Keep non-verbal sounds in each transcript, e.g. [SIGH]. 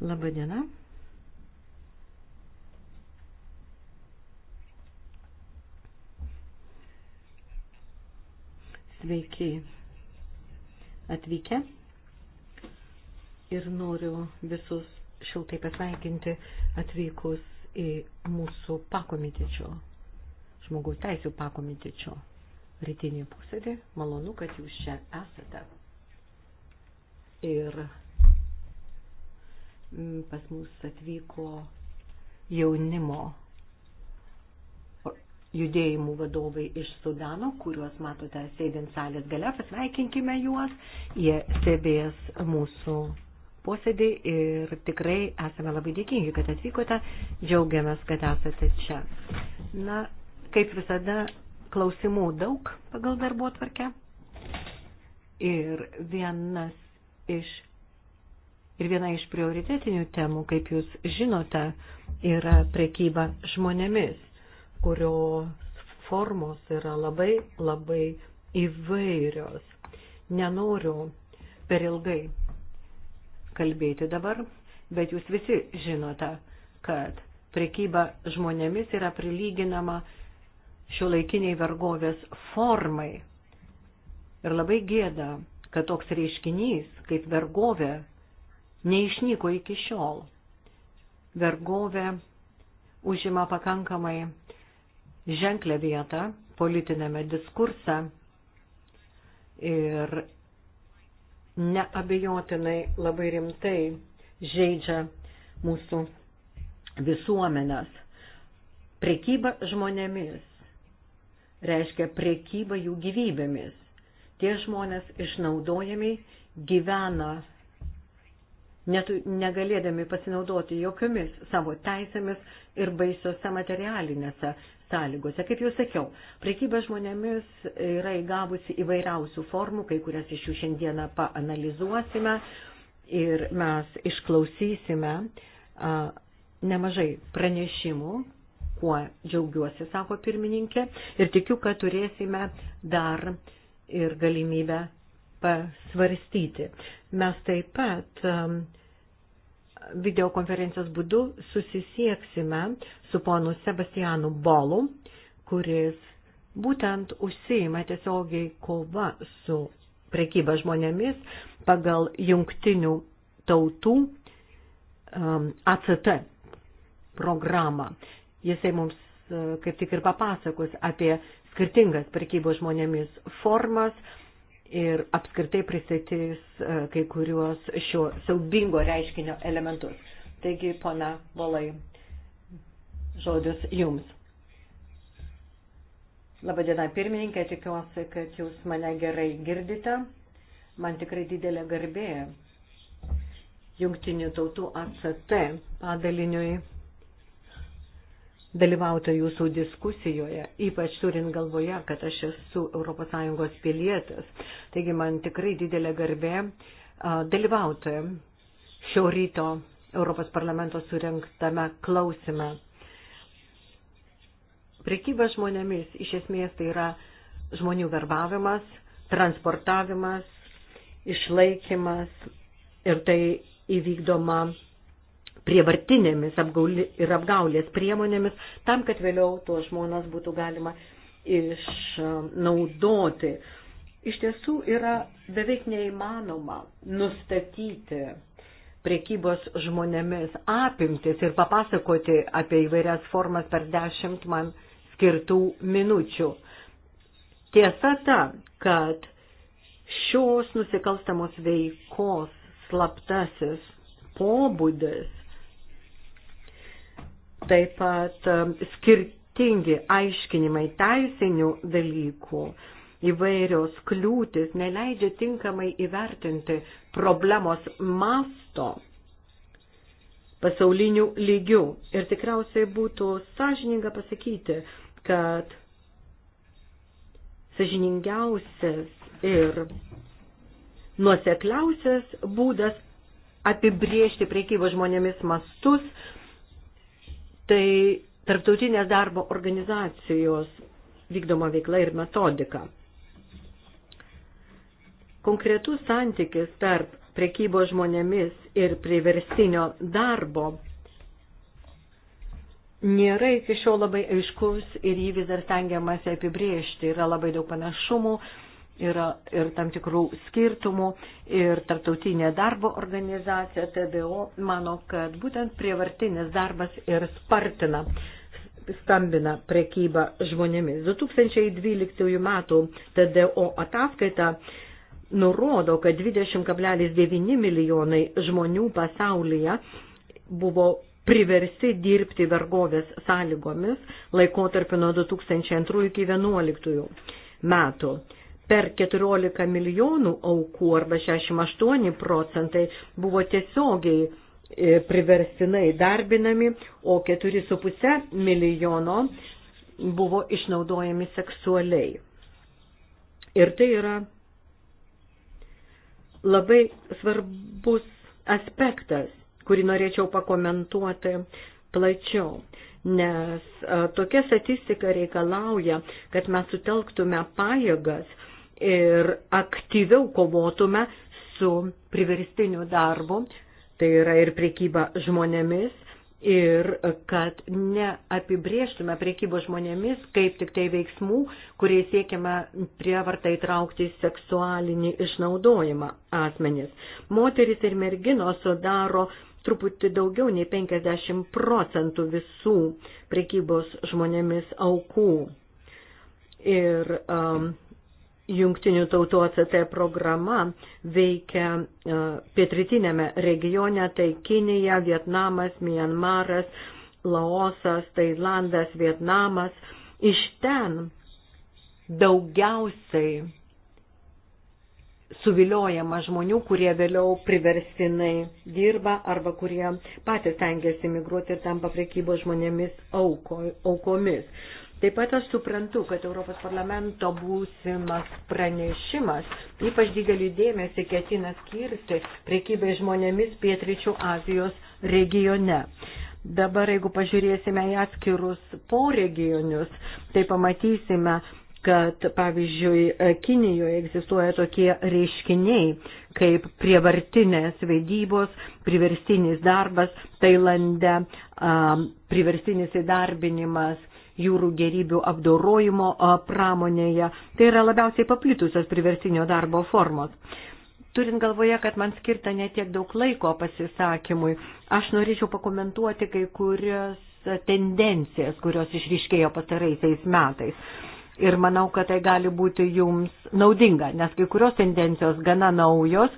Labadiena. Sveiki atvykę ir noriu visus šiltai pasveikinti atvykus į mūsų pakomitečio, žmogaus teisų pakomitečio rytinį posėdį. Malonu, kad jūs čia esate. Ir Mm, pas mus atvyko jaunimo judėjimų vadovai iš Sudano, kuriuos matote sėdint salės gale. Pasveikinkime juos, jie stebės mūsų posėdį ir tikrai esame labai dėkingi, kad atvykote, džiaugiamės, kad esate čia. Na, kaip visada, klausimų daug pagal darbo tvarkę. Ir vienas iš Ir viena iš prioritetinių temų, kaip jūs žinote, yra prekyba žmonėmis, kurio formos yra labai, labai įvairios. Nenoriu per ilgai kalbėti dabar, bet jūs visi žinote, kad prekyba žmonėmis yra prilyginama šiuolaikiniai vergovės formai. Ir labai gėda, kad toks reiškinys kaip vergovė neišnyko iki šiol. Vergovė užima pakankamai ženklę vietą politinėme diskurse ir neabejotinai labai rimtai žaidžia mūsų visuomenės. Prekyba žmonėmis reiškia prekyba jų gyvybėmis. Tie žmonės išnaudojami gyvena netu, negalėdami pasinaudoti jokiomis savo teisėmis ir baisiose materialinėse sąlygose. Kaip jau sakiau, prekyba žmonėmis yra įgavusi įvairiausių formų, kai kurias iš jų šiandieną paanalizuosime ir mes išklausysime a, nemažai pranešimų kuo džiaugiuosi, sako pirmininkė, ir tikiu, kad turėsime dar ir galimybę pasvarstyti. Mes taip pat um, videokonferencijos būdu susisieksime su ponu Sebastianu Bolu, kuris būtent užsiima tiesiogiai kova su prekyba žmonėmis pagal jungtinių tautų um, ACT programą. Jisai mums uh, kaip tik ir papasakos apie skirtingas prekybos žmonėmis formas, ir apskritai pristatys e, kai kuriuos šio siaubingo reiškinio elementus. Taigi, pona Volai, žodis jums. Labadiena pirmininkė, tikiuosi, kad jūs mane gerai girdite. Man tikrai didelė garbė jungtinių tautų ACT padaliniui dalyvauti jūsų diskusijoje, ypač turint galvoje, kad aš esu ES pilietis. Taigi man tikrai didelė garbė dalyvauti šio ryto Europos parlamento surinktame klausime. Prekyba žmonėmis iš esmės tai yra žmonių verbavimas, transportavimas, išlaikimas ir tai įvykdoma prievartinėmis apgauli, ir apgaulės priemonėmis, tam, kad vėliau tuos žmonas būtų galima išnaudoti. Iš tiesų yra beveik neįmanoma nustatyti priekybos žmonėmis apimtis ir papasakoti apie įvairias formas per dešimt man skirtų minučių. Tiesa ta, kad šios nusikalstamos veikos slaptasis pobūdis taip pat um, skirtingi aiškinimai teisinių dalykų, įvairios kliūtis neleidžia tinkamai įvertinti problemos masto pasaulinių lygių. Ir tikriausiai būtų sąžininga pasakyti, kad sažiningiausias ir nuosekliausias būdas apibriežti priekybos žmonėmis mastus tai tarptautinės darbo organizacijos vykdoma veikla ir metodika. Konkretus santykis tarp prekybos žmonėmis ir priverstinio darbo nėra iki šiol labai aiškus ir jį vis dar stengiamasi apibriežti. Yra labai daug panašumų, yra ir tam tikrų skirtumų ir tarptautinė darbo organizacija TBO mano, kad būtent prievartinis darbas ir spartina stambina prekybą žmonėmis. 2012 metų TDO ataskaita nurodo, kad 20,9 milijonai žmonių pasaulyje buvo priversti dirbti vergovės sąlygomis laikotarpiu nuo 2002 iki 2011 metų per 14 milijonų aukų arba 68 procentai buvo tiesiogiai e, priverstinai darbinami, o 4,5 milijono buvo išnaudojami seksualiai. Ir tai yra labai svarbus aspektas, kurį norėčiau pakomentuoti plačiau, nes e, tokia statistika reikalauja, kad mes sutelktume pajėgas ir aktyviau kovotume su priverstiniu darbu, tai yra ir priekyba žmonėmis, ir kad neapibrieštume priekybos žmonėmis kaip tik tai veiksmų, kurie siekiame prievartą įtraukti į seksualinį išnaudojimą asmenis. Moteris ir merginos sudaro truputį daugiau nei 50 procentų visų priekybos žmonėmis aukų. Ir um, Jungtinių tautų ACT programa veikia e, pietrytinėme regione, tai Kinija, Vietnamas, Mianmaras, Laosas, Tailandas, Vietnamas. Iš ten daugiausiai suviliojama žmonių, kurie vėliau priverstinai dirba arba kurie patys tengiasi migruoti ir tampa prekybos žmonėmis auko, aukomis. Taip pat aš suprantu, kad Europos parlamento būsimas pranešimas ypač didelį dėmesį ketina skirti priekybai žmonėmis Pietričių Azijos regione. Dabar, jeigu pažiūrėsime į atskirus poregionius, tai pamatysime, kad, pavyzdžiui, Kinijoje egzistuoja tokie reiškiniai, kaip prievartinės vedybos, priverstinis darbas, Tailande, priverstinis įdarbinimas jūrų gerybių apdorojimo pramonėje. Tai yra labiausiai paplitusios priversinio darbo formos. Turint galvoje, kad man skirta netiek daug laiko pasisakymui, aš norėčiau pakomentuoti kai kurias tendencijas, kurios išryškėjo pastaraisiais metais. Ir manau, kad tai gali būti jums naudinga, nes kai kurios tendencijos gana naujos,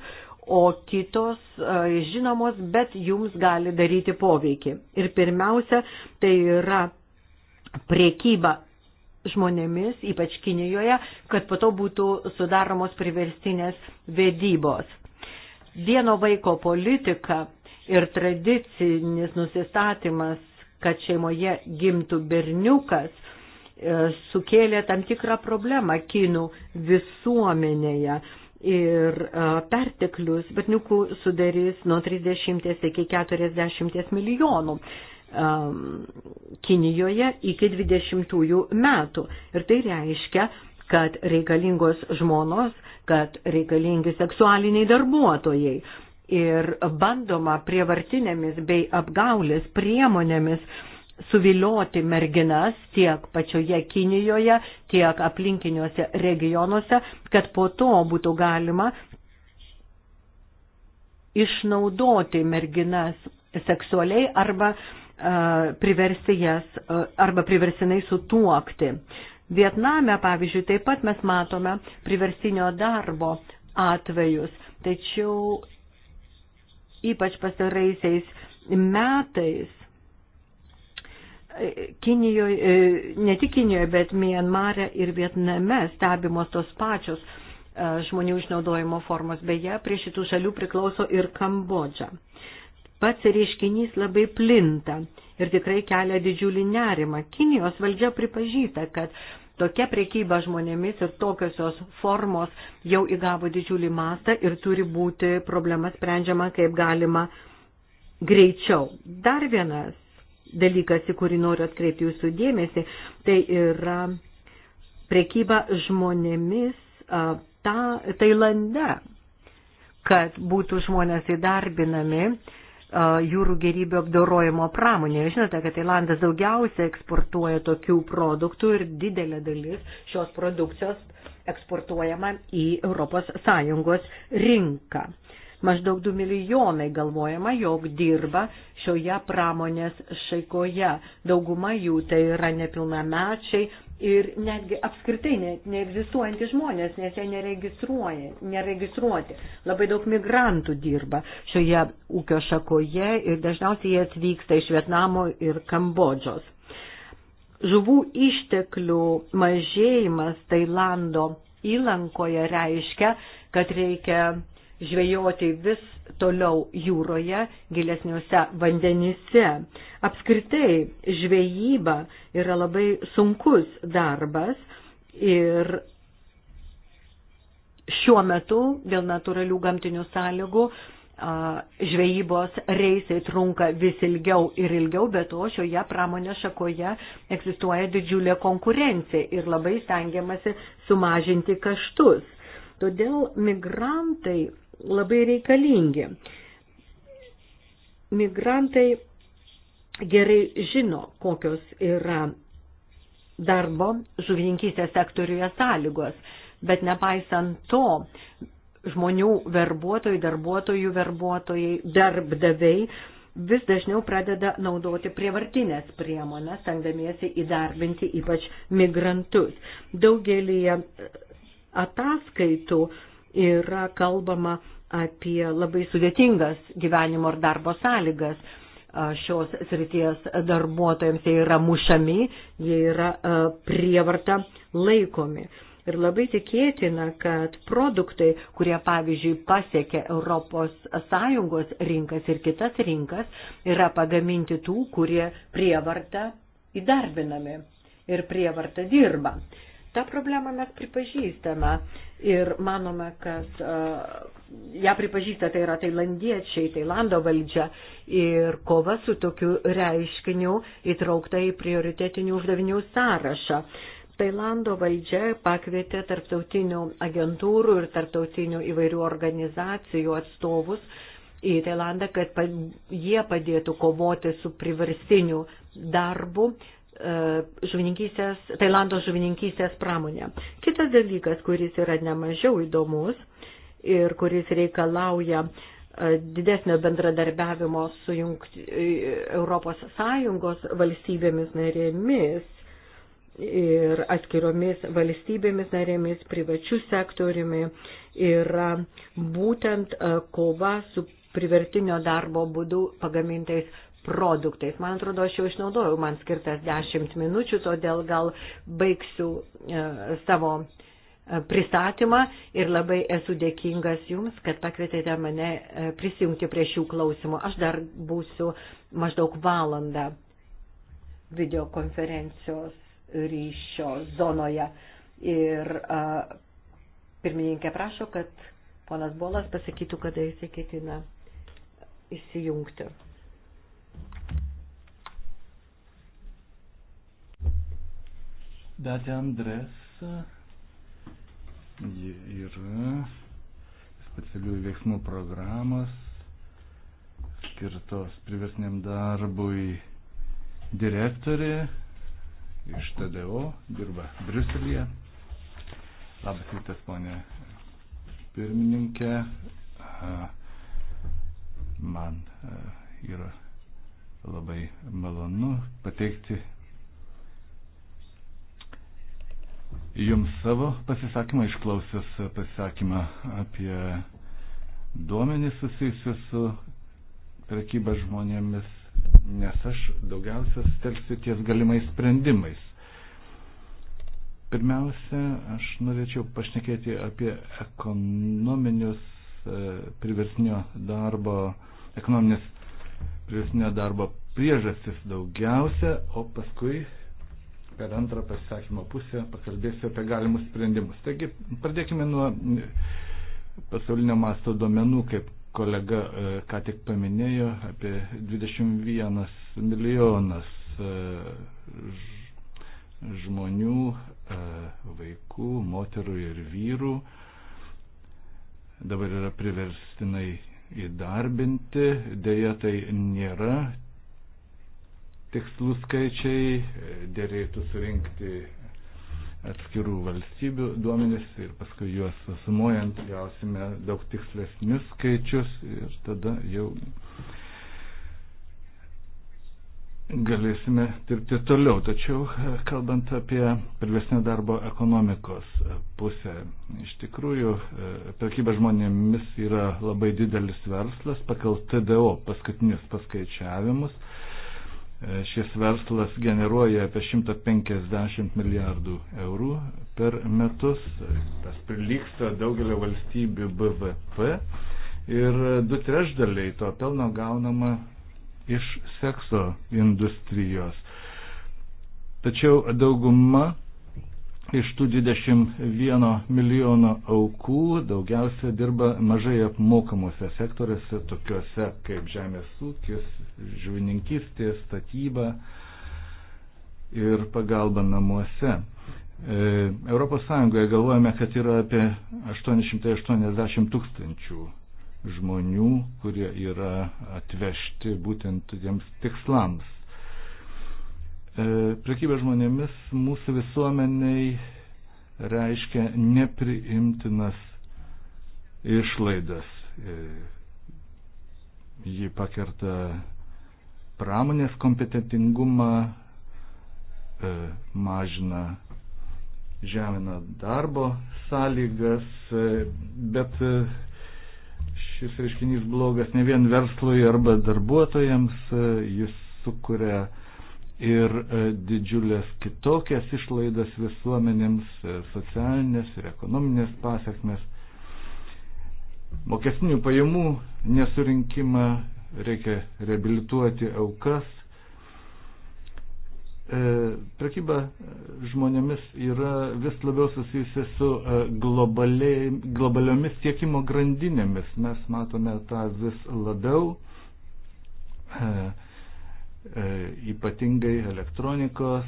o kitos žinomos, bet jums gali daryti poveikį. Ir pirmiausia, tai yra priekybą žmonėmis, ypač Kinijoje, kad po to būtų sudaromos priverstinės vedybos. Vieno vaiko politika ir tradicinis nusistatymas, kad šeimoje gimtų berniukas, e, sukėlė tam tikrą problemą kinų visuomenėje. Ir e, perteklius berniukų sudarys nuo 30 iki 40 milijonų. Um, Kinijoje iki 20 metų. Ir tai reiškia, kad reikalingos žmonos, kad reikalingi seksualiniai darbuotojai. Ir bandoma prievartinėmis bei apgaulės priemonėmis suvilioti merginas tiek pačioje Kinijoje, tiek aplinkiniuose regionuose, kad po to būtų galima išnaudoti merginas seksualiai arba uh, priversti jas arba priversinai sutuokti. Vietname, pavyzdžiui, taip pat mes matome priverstinio darbo atvejus, tačiau ypač pastaraisiais metais Kinijoje, e, ne tik Kinijoje, bet Mianmare ir Vietname stebimos tos pačios žmonių išnaudojimo formos. Beje, prie šitų šalių priklauso ir Kambodža pats reiškinys labai plinta ir tikrai kelia didžiulį nerimą. Kinijos valdžia pripažįsta, kad tokia priekyba žmonėmis ir tokiosios formos jau įgavo didžiulį mastą ir turi būti problema sprendžiama kaip galima greičiau. Dar vienas dalykas, į kurį noriu atkreipti jūsų dėmesį, tai yra priekyba žmonėmis ta, Tailande, kad būtų žmonės įdarbinami jūrų gerybių apdorojimo pramonėje. Žinote, kad Tailandas daugiausia eksportuoja tokių produktų ir didelė dalis šios produkcijos eksportuojama į ES rinką. Maždaug 2 milijonai galvojama, jog dirba šioje pramonės šaikoje. Dauguma jų tai yra nepilnamečiai ir netgi apskritai ne, neegzistuojantys žmonės, nes jie neregistruoja, neregistruoti. Labai daug migrantų dirba šioje ūkio šakoje ir dažniausiai jie atvyksta iš Vietnamo ir Kambodžos žuvų išteklių mažėjimas Tailando įlankoje reiškia, kad reikia žvejoti vis toliau jūroje, gilesniuose vandenyse. Apskritai žvejyba yra labai sunkus darbas ir šiuo metu dėl natūralių gamtinių sąlygų žvejybos reisai trunka vis ilgiau ir ilgiau, bet o šioje pramonės šakoje egzistuoja didžiulė konkurencija ir labai stengiamasi sumažinti kaštus. Todėl migrantai labai reikalingi. Migrantai gerai žino, kokios yra darbo žuvininkystės sektoriuje sąlygos, bet nepaisant to, žmonių verbuotojai, darbuotojų verbuotojai, darbdaviai vis dažniau pradeda naudoti prievartinės priemonės, stengdamiesi įdarbinti ypač migrantus. Daugelį ataskaitų uh, yra kalbama apie labai sudėtingas gyvenimo ir darbo sąlygas šios srities darbuotojams. Jie yra mušami, jie yra prievarta laikomi. Ir labai tikėtina, kad produktai, kurie pavyzdžiui pasiekia ES rinkas ir kitas rinkas, yra pagaminti tų, kurie prievarta įdarbinami ir prievarta dirba tą problemą mes pripažįstame ir manome, kad e, ją pripažįsta tai yra tailandiečiai, Tailando valdžia ir kova su tokiu reiškiniu įtraukta į prioritetinių uždavinių sąrašą. Tailando valdžia pakvietė tarptautinių agentūrų ir tarptautinių įvairių organizacijų atstovus į Tailandą, kad jie padėtų kovoti su priversiniu darbu, E, žuvininkystės, Tailando žuvininkystės pramonę. Kitas dalykas, kuris yra nemažiau įdomus ir kuris reikalauja e, didesnio bendradarbiavimo su jungti, e, Europos Sąjungos valstybėmis narėmis ir atskiromis valstybėmis narėmis, privačių sektoriumi yra būtent kova su privertinio darbo būdu pagamintais produktais. Man atrodo, aš jau išnaudojau man skirtas 10 minučių, todėl gal baigsiu e, savo e, pristatymą ir labai esu dėkingas Jums, kad pakvietėte mane e, prisijungti prie šių klausimų. Aš dar būsiu maždaug valandą videokonferencijos ryšio zonoje. Ir a, e, pirmininkė prašo, kad ponas Bolas pasakytų, kada jis ketina įsijungti. Beate Andres ji yra specialiųjų veiksmų programos skirtos priversniam darbui direktorė iš TDO, dirba Briuselėje. Labas rytas, ponė pirmininkė. Man yra labai malonu pateikti Jums savo pasisakymą išklausius pasisakymą apie duomenys susijusius su prekyba žmonėmis, nes aš daugiausia stelsiu ties galimais sprendimais. Pirmiausia, aš norėčiau pašnekėti apie ekonominius e, priversnio darbo, ekonominės priversnio darbo priežastis daugiausia, o paskui per antrą pasisakymo pusę pakalbėsiu apie galimus sprendimus. Taigi, pradėkime nuo pasaulinio masto duomenų, kaip kolega e, ką tik paminėjo, apie 21 milijonas e, žmonių, e, vaikų, moterų ir vyrų dabar yra priverstinai įdarbinti, dėja tai nėra tikslų skaičiai, e, dėrėtų surinkti atskirų valstybių duomenis ir paskui juos sumuojant gausime daug tikslesnius skaičius ir tada jau galėsime dirbti toliau. Tačiau e, kalbant apie privesnio darbo ekonomikos e, pusę, iš tikrųjų prekyba žmonėmis yra labai didelis verslas, pagal TDO paskutinius paskaičiavimus E, šis verslas generuoja apie 150 milijardų eurų per metus. Tas prilyksta daugelio valstybių BVP ir du trešdaliai to pelno gaunama iš sekso industrijos. Tačiau dauguma Iš tų 21 milijono aukų daugiausia dirba mažai apmokamuose sektoriuose, tokiuose kaip žemės ūkis, žuvininkistė, statyba ir pagalba namuose. E, Europos Sąjungoje galvojame, kad yra apie 880 tūkstančių žmonių, kurie yra atvežti būtent tiems tikslams. E, Prekybė žmonėmis mūsų visuomeniai reiškia nepriimtinas išlaidas. E, ji pakerta pramonės kompetitingumą, e, mažina žemina darbo sąlygas, bet šis reiškinys blogas ne vien verslui arba darbuotojams, jis sukuria ir e, didžiulės kitokias išlaidas visuomenėms, e, socialinės ir ekonominės pasiekmes. Mokesnių pajamų nesurinkimą reikia reabilituoti aukas. E, prekyba žmonėmis yra vis labiau susijusi su globaliomis tiekimo grandinėmis. Mes matome tą vis labiau. E, E, ypatingai elektronikos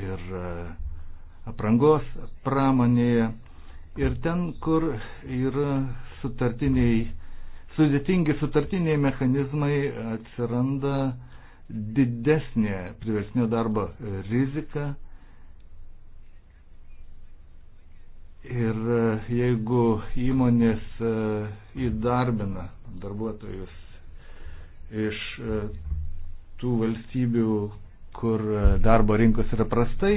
ir e, aprangos pramonėje. Ir ten, kur yra sutartiniai, sudėtingi sutartiniai mechanizmai, atsiranda didesnė priversnio darbo rizika. Ir e, jeigu įmonės įdarbina darbuotojus iš tų valstybių, kur e, darbo rinkos yra prastai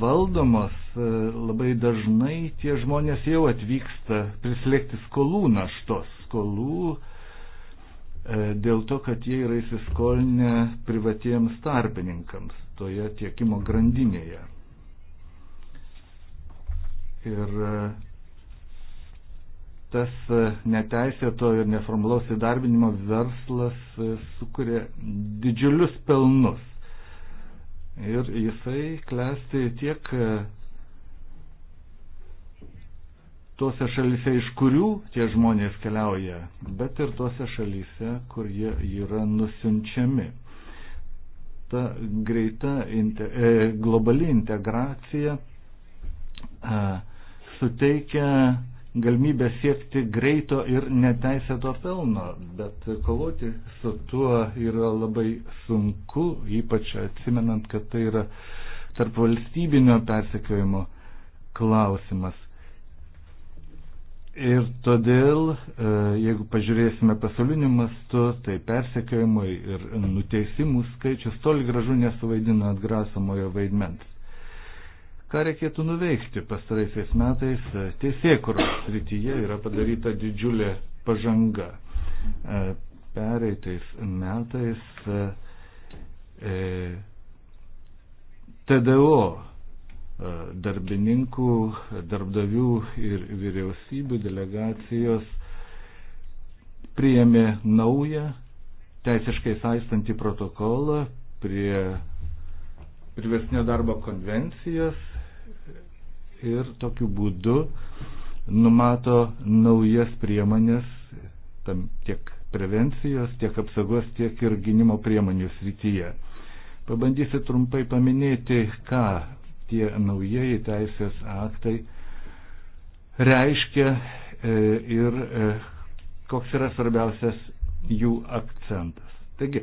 valdomos, e, labai dažnai tie žmonės jau atvyksta prislėgti skolų naštos, skolų e, dėl to, kad jie yra įsiskolinę privatiems tarpininkams toje tiekimo grandinėje. Ir tas e, neteisėto ir neformalaus įdarbinimo verslas e, sukuria didžiulius pelnus. Ir jisai klesti tiek e, tose šalyse, iš kurių tie žmonės keliauja, bet ir tose šalyse, kur jie yra nusinčiami. Ta greita inte, e, globali integracija e, suteikia galimybę siekti greito ir neteisėto pelno, bet kovoti su tuo yra labai sunku, ypač atsimenant, kad tai yra tarp valstybinio persekiojimo klausimas. Ir todėl, e, jeigu pažiūrėsime pasauliniu mastu, tai persekiojimai ir nuteisimų skaičius toli gražu nesuvaidina atgrasomojo vaidmens. Ką reikėtų nuveikti pastaraisiais metais? Teisėkuros srityje yra padaryta didžiulė pažanga. E, pereitais metais e, e TDO e, darbininkų, darbdavių ir vyriausybių delegacijos priėmė naują teisiškai saistantį protokolą prie priversnio darbo konvencijos ir tokiu būdu numato naujas priemonės tam tiek prevencijos, tiek apsaugos, tiek ir gynimo priemonių srityje. Pabandysiu trumpai paminėti, ką tie naujieji teisės aktai reiškia e, ir e, koks yra svarbiausias jų akcentas. Taigi,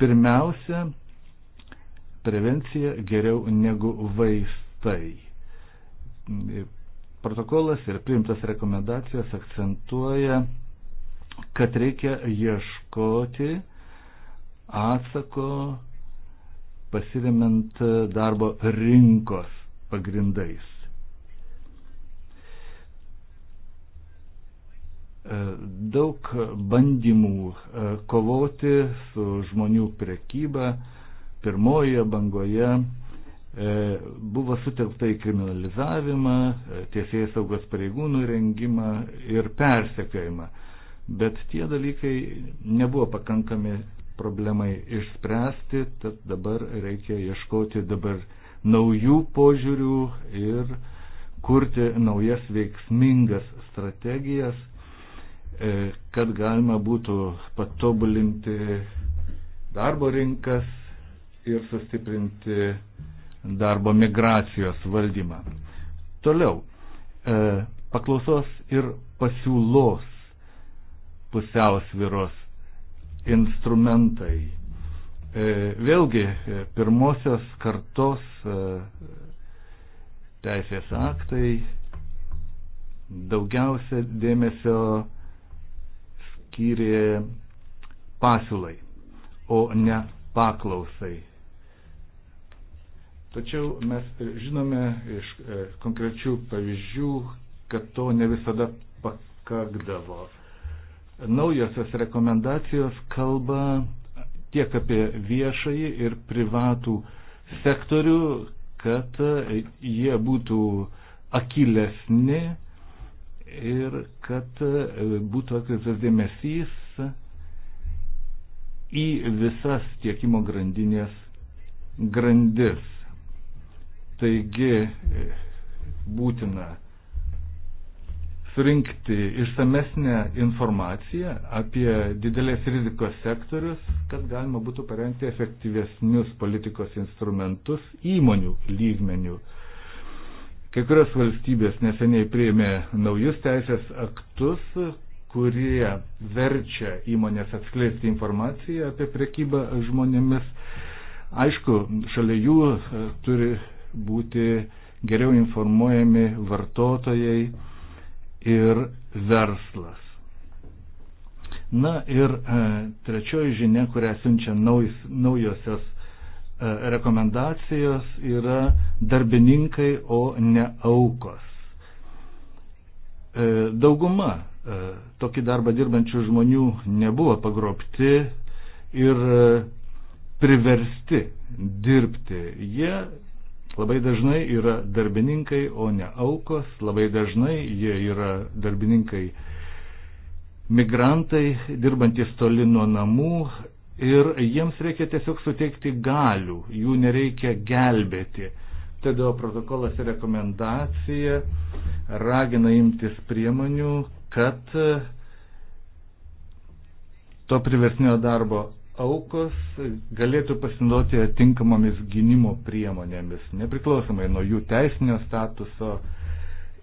pirmiausia, prevencija geriau negu vaistai protokolas ir priimtas rekomendacijos akcentuoja, kad reikia ieškoti atsako pasiremiant darbo rinkos pagrindais. Daug bandymų e, kovoti su žmonių prekyba pirmoje bangoje E, buvo sutelkta į kriminalizavimą, e, tiesiai saugos pareigūnų rengimą ir persekiojimą. Bet tie dalykai nebuvo pakankami problemai išspręsti, tad dabar reikia ieškoti dabar naujų požiūrių ir kurti naujas veiksmingas strategijas, e, kad galima būtų patobulinti darbo rinkas ir sustiprinti darbo migracijos valdymą. Toliau, e, paklausos ir pasiūlos pusiausviros instrumentai. E, vėlgi, e, pirmosios kartos e, teisės aktai daugiausia dėmesio skyrė pasiūlai, o ne paklausai Tačiau mes žinome iš e, konkrečių pavyzdžių, kad to ne visada pakakdavo. Naujosios rekomendacijos kalba tiek apie viešąjį ir privatų sektorių, kad jie būtų akilesni ir kad e, būtų atkreiptas dėmesys į visas tiekimo grandinės grandis. Taigi e, būtina surinkti išsamesnę informaciją apie didelės rizikos sektorius, kad galima būtų parengti efektyvesnius politikos instrumentus įmonių lygmenių. Kai kurios valstybės neseniai prieimė naujus teisės aktus, kurie verčia įmonės atskleisti informaciją apie prekybą žmonėmis. Aišku, šalia jų e, turi būti geriau informuojami vartotojai ir verslas. Na ir e, trečioji žinia, kurią siunčia naujus, naujosios e, rekomendacijos, yra darbininkai, o ne aukos. E, dauguma e, tokį darbą dirbančių žmonių nebuvo pagrobti ir e, priversti dirbti. Jie Labai dažnai yra darbininkai, o ne aukos, labai dažnai jie yra darbininkai migrantai, dirbantis toli nuo namų ir jiems reikia tiesiog suteikti galių, jų nereikia gelbėti. TDO protokolas ir rekomendacija ragina imtis priemonių, kad to priversnio darbo aukos galėtų pasinaudoti atinkamomis gynimo priemonėmis, nepriklausomai nuo jų teisinio statuso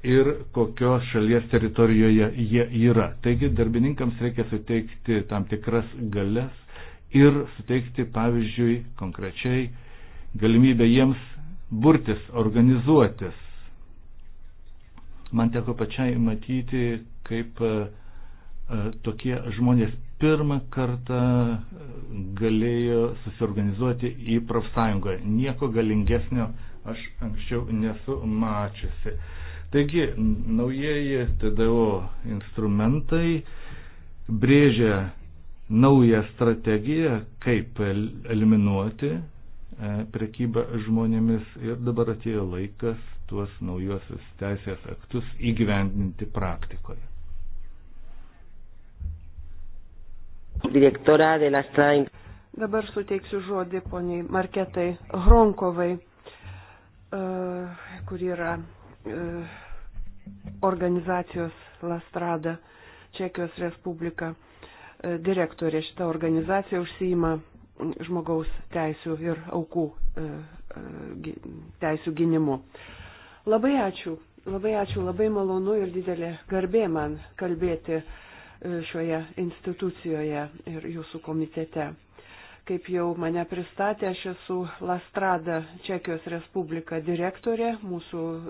ir kokios šalies teritorijoje jie yra. Taigi darbininkams reikia suteikti tam tikras galias ir suteikti, pavyzdžiui, konkrečiai galimybę jiems burtis, organizuotis. Man teko pačiai matyti, kaip e, tokie žmonės pirmą kartą galėjo susiorganizuoti į profsąjungą. Nieko galingesnio aš anksčiau nesu mačiusi. Taigi, naujieji TDO instrumentai brėžia naują strategiją, kaip eliminuoti e, prekybą žmonėmis ir dabar atėjo laikas tuos naujosius teisės aktus įgyvendinti praktikoje. Direktora de la Strain. Dabar suteiksiu žodį poniai Marketai Hronkovai, e, kur yra e, organizacijos Lastrada Čekijos Respublika. E, direktorė šitą organizaciją užsijima žmogaus teisų ir aukų teisų gynimu. Labai ačiū, labai ačiū, labai malonu ir didelė garbė man kalbėti uh, šioje institucijoje ir jūsų komitete. Kaip jau mane pristatė, aš esu Lastrada Čekijos Respublika direktorė, mūsų e,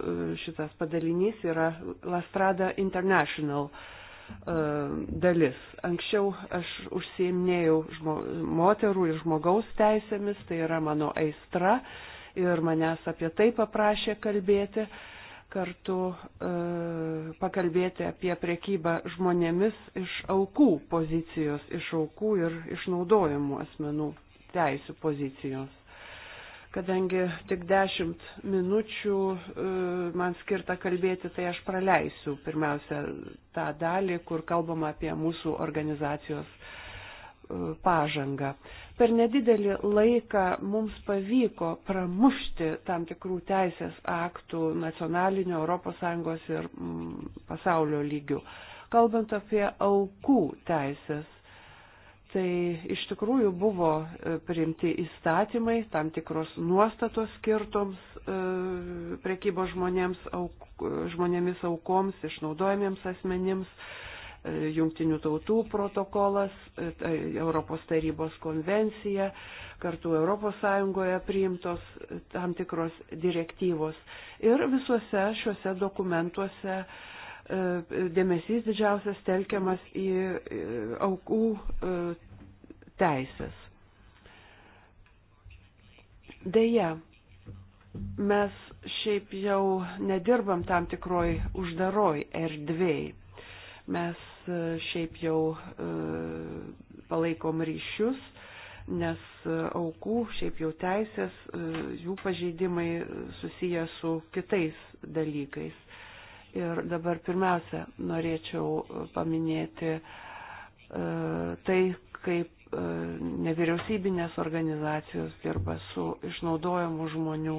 šitas padalinys yra Lastrada International e, dalis. Anksčiau aš užsiemnėjau žmo, moterų ir žmogaus teisėmis, tai yra mano aistra ir manęs apie tai paprašė kalbėti kartu e, pakalbėti apie priekybą žmonėmis iš aukų pozicijos, iš aukų ir išnaudojimų asmenų teisų pozicijos. Kadangi tik dešimt minučių e, man skirta kalbėti, tai aš praleisiu pirmiausia tą dalį, kur kalbama apie mūsų organizacijos e, pažangą per nedidelį laiką mums pavyko pramušti tam tikrų teisės aktų nacionalinio ES ir mm, pasaulio lygių. Kalbant apie aukų teisės, tai iš tikrųjų buvo e, priimti įstatymai, tam tikros nuostatos skirtoms e, prekybos žmonėms, auk, žmonėmis aukoms, išnaudojamiems asmenims. E, E, Jungtinių tautų protokolas, e, tai Europos tarybos konvencija, kartu ES priimtos e, tam tikros direktyvos. Ir visuose šiuose dokumentuose dėmesys didžiausias telkiamas į aukų teisės. Deja, mes šiaip jau nedirbam tam tikroj uždaroj erdvėjai. Mes e, šiaip jau e, palaikom ryšius, nes aukų, šiaip jau teisės, e, jų pažeidimai susiję su kitais dalykais. Ir dabar pirmiausia, norėčiau paminėti tai, kaip nevyriausybinės organizacijos dirba su išnaudojimu žmonių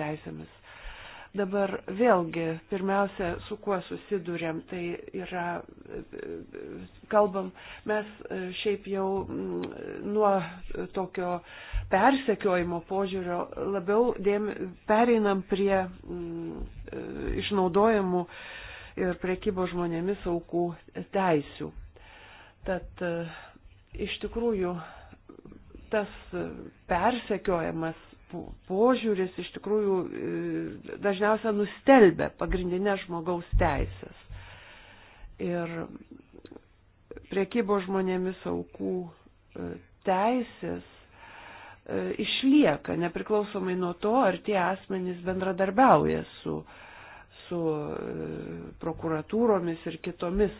teisėmis. Dabar vėlgi, pirmiausia, su kuo susidurėm, tai yra, kalbam, mes e, šiaip jau mm, nuo tokio persekiojimo požiūrio labiau dėm, pereinam prie m, mm, e, išnaudojimų ir priekybo žmonėmis aukų teisių. Tad e, iš tikrųjų tas persekiojimas požiūris iš tikrųjų e, dažniausia nustelbia pagrindinės žmogaus teisės. Ir priekybo žmonėmis aukų e, teisės e, išlieka, nepriklausomai nuo to, ar tie asmenys bendradarbiauja su, su prokuratūromis ir kitomis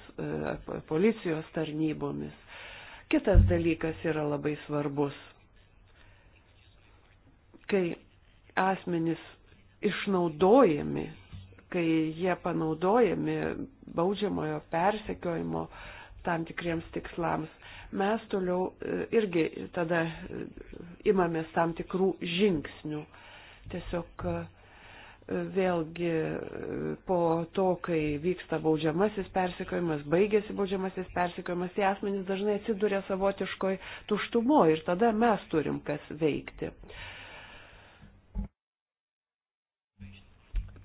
policijos tarnybomis. Kitas dalykas yra labai svarbus kai asmenys išnaudojami, kai jie panaudojami baudžiamojo persekiojimo tam tikriems tikslams, mes toliau e, irgi tada e, imamės tam tikrų žingsnių. Tiesiog e, vėlgi po to, kai vyksta baudžiamasis persikiojimas, baigėsi baudžiamasis persikiojimas, tie asmenys dažnai atsiduria savotiškoj tuštumo ir tada mes turim kas veikti. Uh,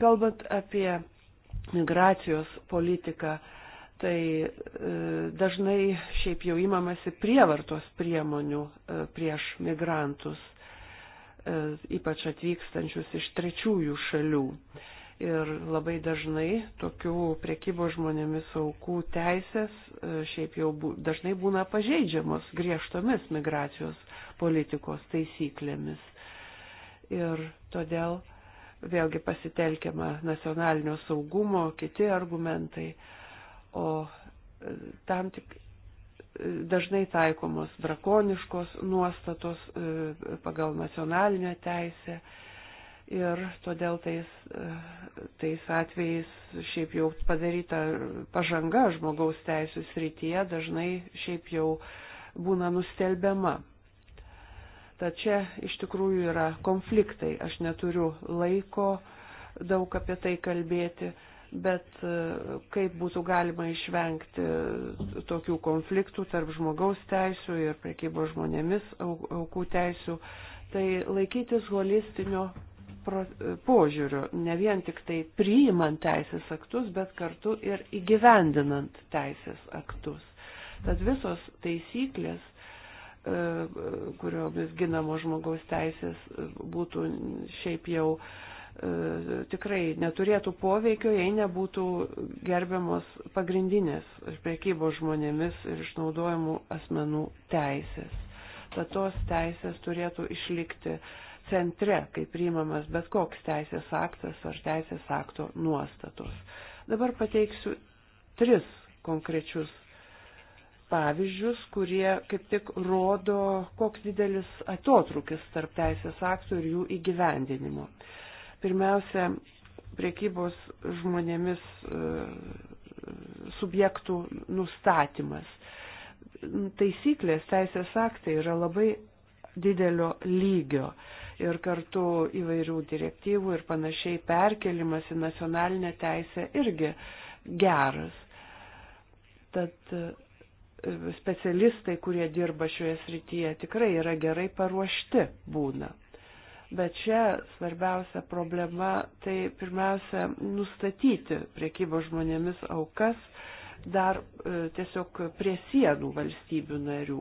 Kalbant apie migracijos politiką, tai e, dažnai šiaip jau imamasi prievartos priemonių e, prieš migrantus, e, ypač atvykstančius iš trečiųjų šalių. Ir labai dažnai tokių priekybo žmonėmis aukų teisės šiaip jau bū, dažnai būna pažeidžiamos griežtomis migracijos politikos taisyklėmis. Ir todėl vėlgi pasitelkiama nacionalinio saugumo, kiti argumentai, o e, tam tik e, dažnai taikomos drakoniškos nuostatos e, pagal nacionalinę teisę ir todėl tais, tais atvejais šiaip jau padaryta pažanga žmogaus teisų srityje dažnai šiaip jau būna nustelbiama. Tad čia iš tikrųjų yra konfliktai. Aš neturiu laiko daug apie tai kalbėti, bet e, kaip būtų galima išvengti tokių konfliktų tarp žmogaus teisų ir prekybos žmonėmis aukų teisų, tai laikytis holistinio e, požiūriu, ne vien tik tai priimant teisės aktus, bet kartu ir įgyvendinant teisės aktus. Tad visos taisyklės E, kuriomis ginamo žmogaus teisės e, būtų šiaip jau e, tikrai neturėtų poveikio, jei nebūtų gerbiamos pagrindinės priekybos žmonėmis ir išnaudojimų asmenų teisės. Tad tos teisės turėtų išlikti centre, kai priimamas bet koks teisės aktas ar teisės akto nuostatos. Dabar pateiksiu tris konkrečius pavyzdžius, kurie kaip tik rodo, koks didelis atotrukis tarp teisės aktų ir jų įgyvendinimo. Pirmiausia, priekybos žmonėmis e, subjektų nustatymas. Taisyklės, teisės aktai yra labai didelio lygio ir kartu įvairių direktyvų ir panašiai perkelimas į nacionalinę teisę irgi geras. Tad specialistai, kurie dirba šioje srityje, tikrai yra gerai paruošti būna. Bet čia svarbiausia problema tai pirmiausia nustatyti priekybos žmonėmis aukas dar e, tiesiog prie sienų valstybių narių,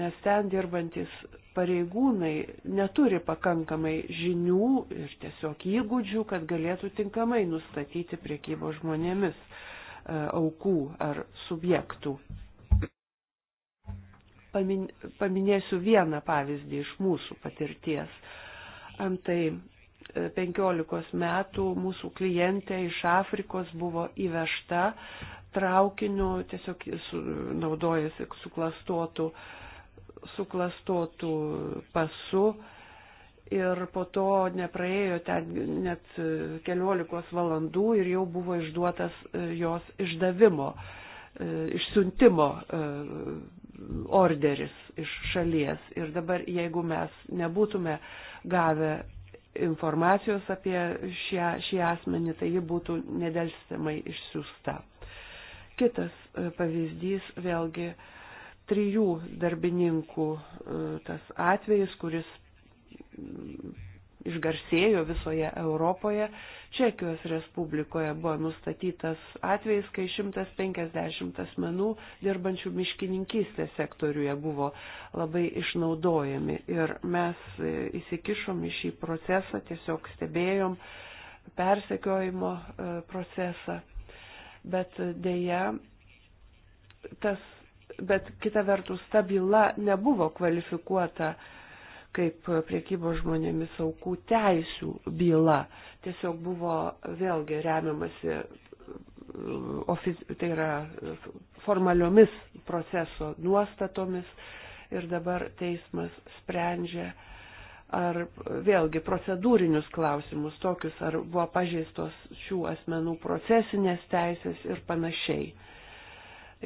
nes ten dirbantis pareigūnai neturi pakankamai žinių ir tiesiog įgūdžių, kad galėtų tinkamai nustatyti priekybos žmonėmis e, aukų ar subjektų paminėsiu vieną pavyzdį iš mūsų patirties. Antai 15 e, metų mūsų klientė iš Afrikos buvo įvežta traukiniu, tiesiog su, naudojasi suklastotų, suklastotų pasu. Ir po to nepraėjo ten net keliolikos valandų ir jau buvo išduotas e, jos išdavimo, e, išsiuntimo orderis iš šalies. Ir dabar, jeigu mes nebūtume gavę informacijos apie šią, šį asmenį, tai ji būtų nedelstamai išsiųsta. Kitas e, pavyzdys vėlgi trijų darbininkų e, tas atvejis, kuris išgarsėjo visoje Europoje. Čekijos Respublikoje buvo nustatytas atvejis, kai 150 asmenų dirbančių miškininkystės sektoriuje buvo labai išnaudojami. Ir mes įsikišom į šį procesą, tiesiog stebėjom persekiojimo e, procesą. Bet dėja, tas, bet kita vertus, ta byla nebuvo kvalifikuota uh, kaip priekybos žmonėmis aukų teisų byla. Tiesiog buvo vėlgi remiamasi, ofic, tai yra formaliomis proceso nuostatomis ir dabar teismas sprendžia ar vėlgi procedūrinius klausimus tokius, ar buvo pažeistos šių asmenų procesinės teisės ir panašiai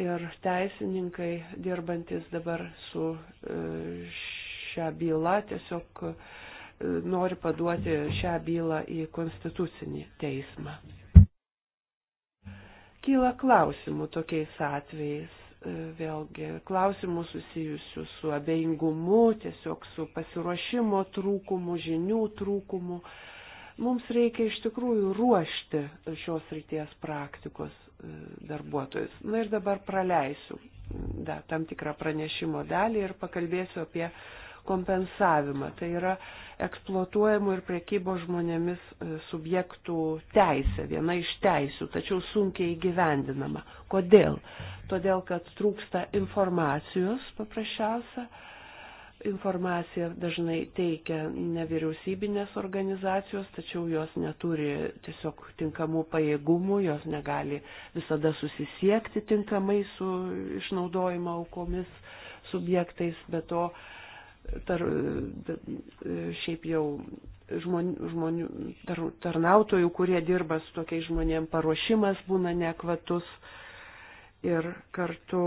ir teisininkai dirbantis dabar su e, šią bylą, tiesiog e, nori paduoti šią bylą į konstitucinį teismą. Kyla klausimų tokiais atvejais, e, vėlgi klausimų susijusių su abejingumu, tiesiog su pasiruošimo trūkumu, žinių trūkumu. Mums reikia iš tikrųjų ruošti šios ryties praktikos e, darbuotojus. Na ir dabar praleisiu da, tam tikrą pranešimo dalį ir pakalbėsiu apie kompensavimą. Tai yra eksploatuojamų ir priekybo žmonėmis e, subjektų teisė, viena iš teisių, tačiau sunkiai įgyvendinama. Kodėl? Todėl, kad trūksta informacijos paprasčiausia. Informaciją dažnai teikia nevyriausybinės organizacijos, tačiau jos neturi tiesiog tinkamų pajėgumų, jos negali visada susisiekti tinkamai su išnaudojimo aukomis subjektais, bet to tar, e, e, šiaip jau žmonių, žmonių tar, tarnautojų, kurie dirba su tokiais žmonėm, paruošimas būna nekvatus ir kartu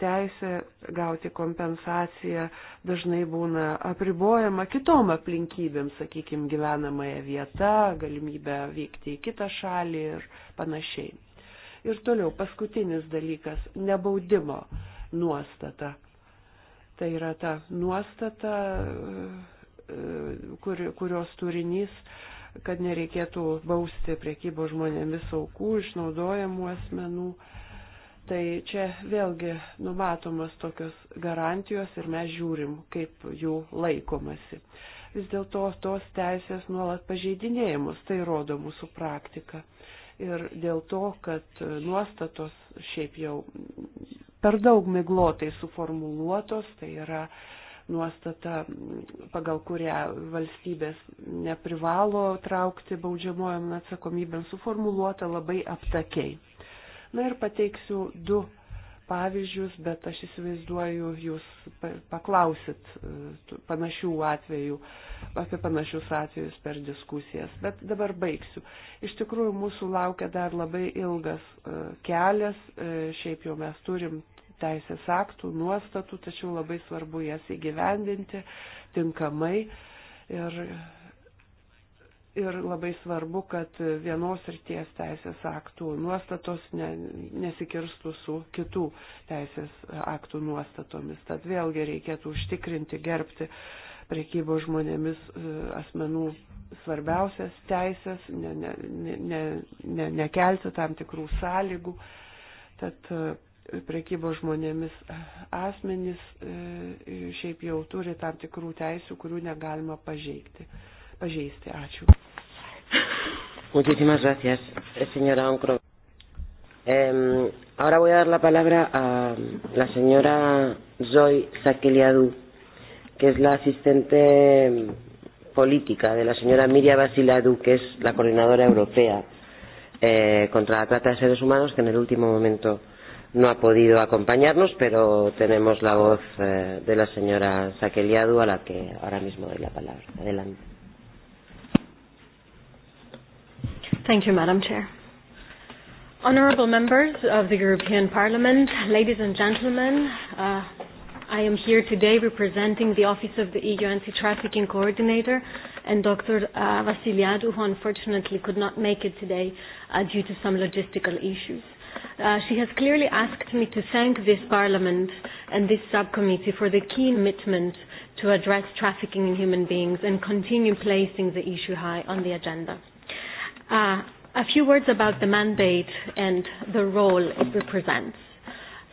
teisė gauti kompensaciją dažnai būna apribojama kitom aplinkybėm, sakykime, gyvenamąją vietą, galimybę vykti į kitą šalį ir panašiai. Ir toliau paskutinis dalykas - nebaudimo nuostata Tai yra ta nuostata, e, e, kur, kurios turinys, kad nereikėtų bausti priekybo žmonėmis aukų, išnaudojamų asmenų. Tai čia vėlgi numatomas tokios garantijos ir mes žiūrim, kaip jų laikomasi. Vis dėlto tos teisės nuolat pažeidinėjimus, tai rodo mūsų praktika ir dėl to, kad nuostatos šiaip jau per daug miglotai suformuluotos, tai yra nuostata, pagal kurią valstybės neprivalo traukti baudžiamojom atsakomybėm, suformuluota labai aptakiai. Na ir pateiksiu du pavyzdžius, bet aš įsivaizduoju, jūs paklausit e, panašių atvejų, apie panašius atvejus per diskusijas. Bet dabar baigsiu. Iš tikrųjų, mūsų laukia dar labai ilgas e, kelias, e, šiaip jau mes turim teisės aktų, nuostatų, tačiau labai svarbu jas įgyvendinti tinkamai. Ir ir labai svarbu, kad vienos ir ties teisės aktų nuostatos ne, nesikirstų su kitų teisės aktų nuostatomis. Tad vėlgi reikėtų užtikrinti, gerbti priekybo žmonėmis e, asmenų svarbiausias teisės, ne, ne, ne, ne, nekelti tam tikrų sąlygų. Tad e, priekybo žmonėmis e, asmenys šiaip jau turi tam tikrų teisių, kurių negalima pažeikti pažeisti. Ačiū. Muchísimas gracias, señora Oncro. Eh, ahora voy a dar la palabra a la señora Zoe Sakeliadou, que es la asistente política de la señora Miria Basiladou, que es la coordinadora europea eh, contra la trata de seres humanos, que en el último momento no ha podido acompañarnos, pero tenemos la voz eh, de la señora Sakeliadou, a la que ahora mismo doy la palabra. Adelante. Thank you, Madam Chair. Honourable members of the European Parliament, ladies and gentlemen, uh, I am here today representing the Office of the EU Anti-Trafficking Coordinator and Dr. Uh, Vassiliadou, who unfortunately could not make it today uh, due to some logistical issues. Uh, she has clearly asked me to thank this Parliament and this subcommittee for the keen commitment to address trafficking in human beings and continue placing the issue high on the agenda. Uh, a few words about the mandate and the role it represents.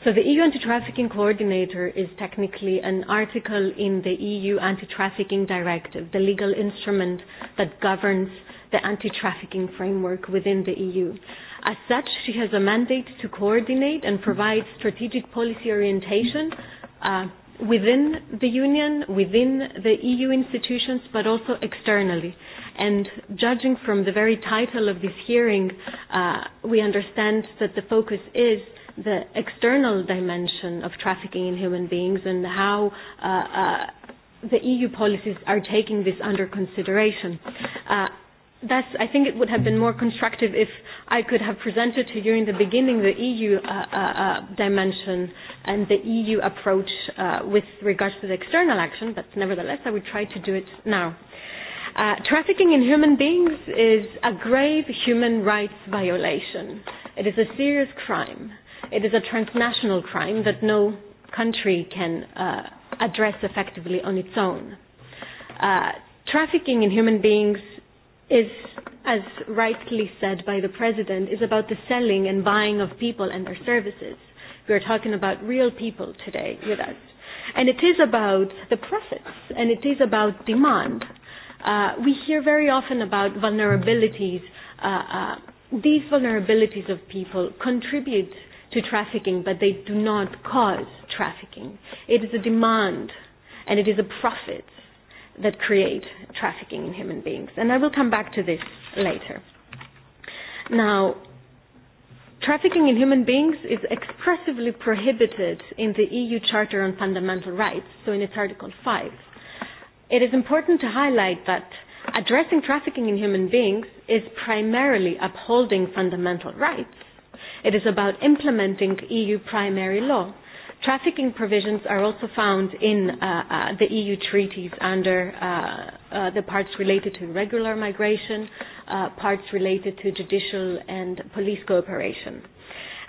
So the EU Anti-Trafficking Coordinator is technically an article in the EU Anti-Trafficking Directive, the legal instrument that governs the anti-trafficking framework within the EU. As such, she has a mandate to coordinate and provide strategic policy orientation uh, within the Union, within the EU institutions, but also externally And judging from the very title of this hearing, uh, we understand that the focus is the external dimension of trafficking in human beings and how uh, uh, the EU policies are taking this under consideration. Uh, thus, I think it would have been more constructive if I could have presented to you in the beginning the EU uh, uh, uh, dimension and the EU approach uh, with regards to the external action, but nevertheless, I would try to do it now. Uh, trafficking in human beings is a grave human rights violation. It is a serious crime. It is a transnational crime that no country can uh, address effectively on its own. Uh, trafficking in human beings is, as rightly said by the President, is about the selling and buying of people and their services. We are talking about real people today with us. And it is about the profits, and it is about demand. Uh, Uh, we hear very often about vulnerabilities. Uh, uh, these vulnerabilities of people contribute to trafficking, but they do not cause trafficking. It is a demand and it is a profit that create trafficking in human beings. And I will come back to this later. Now, trafficking in human beings is expressively prohibited in the EU Charter on Fundamental Rights, so in its Article 5 It is important to highlight that addressing trafficking in human beings is primarily upholding fundamental rights. It is about implementing EU primary law. Trafficking provisions are also found in uh, uh, the EU treaties under uh, uh, the parts related to regular migration, uh, parts related to judicial and police cooperation.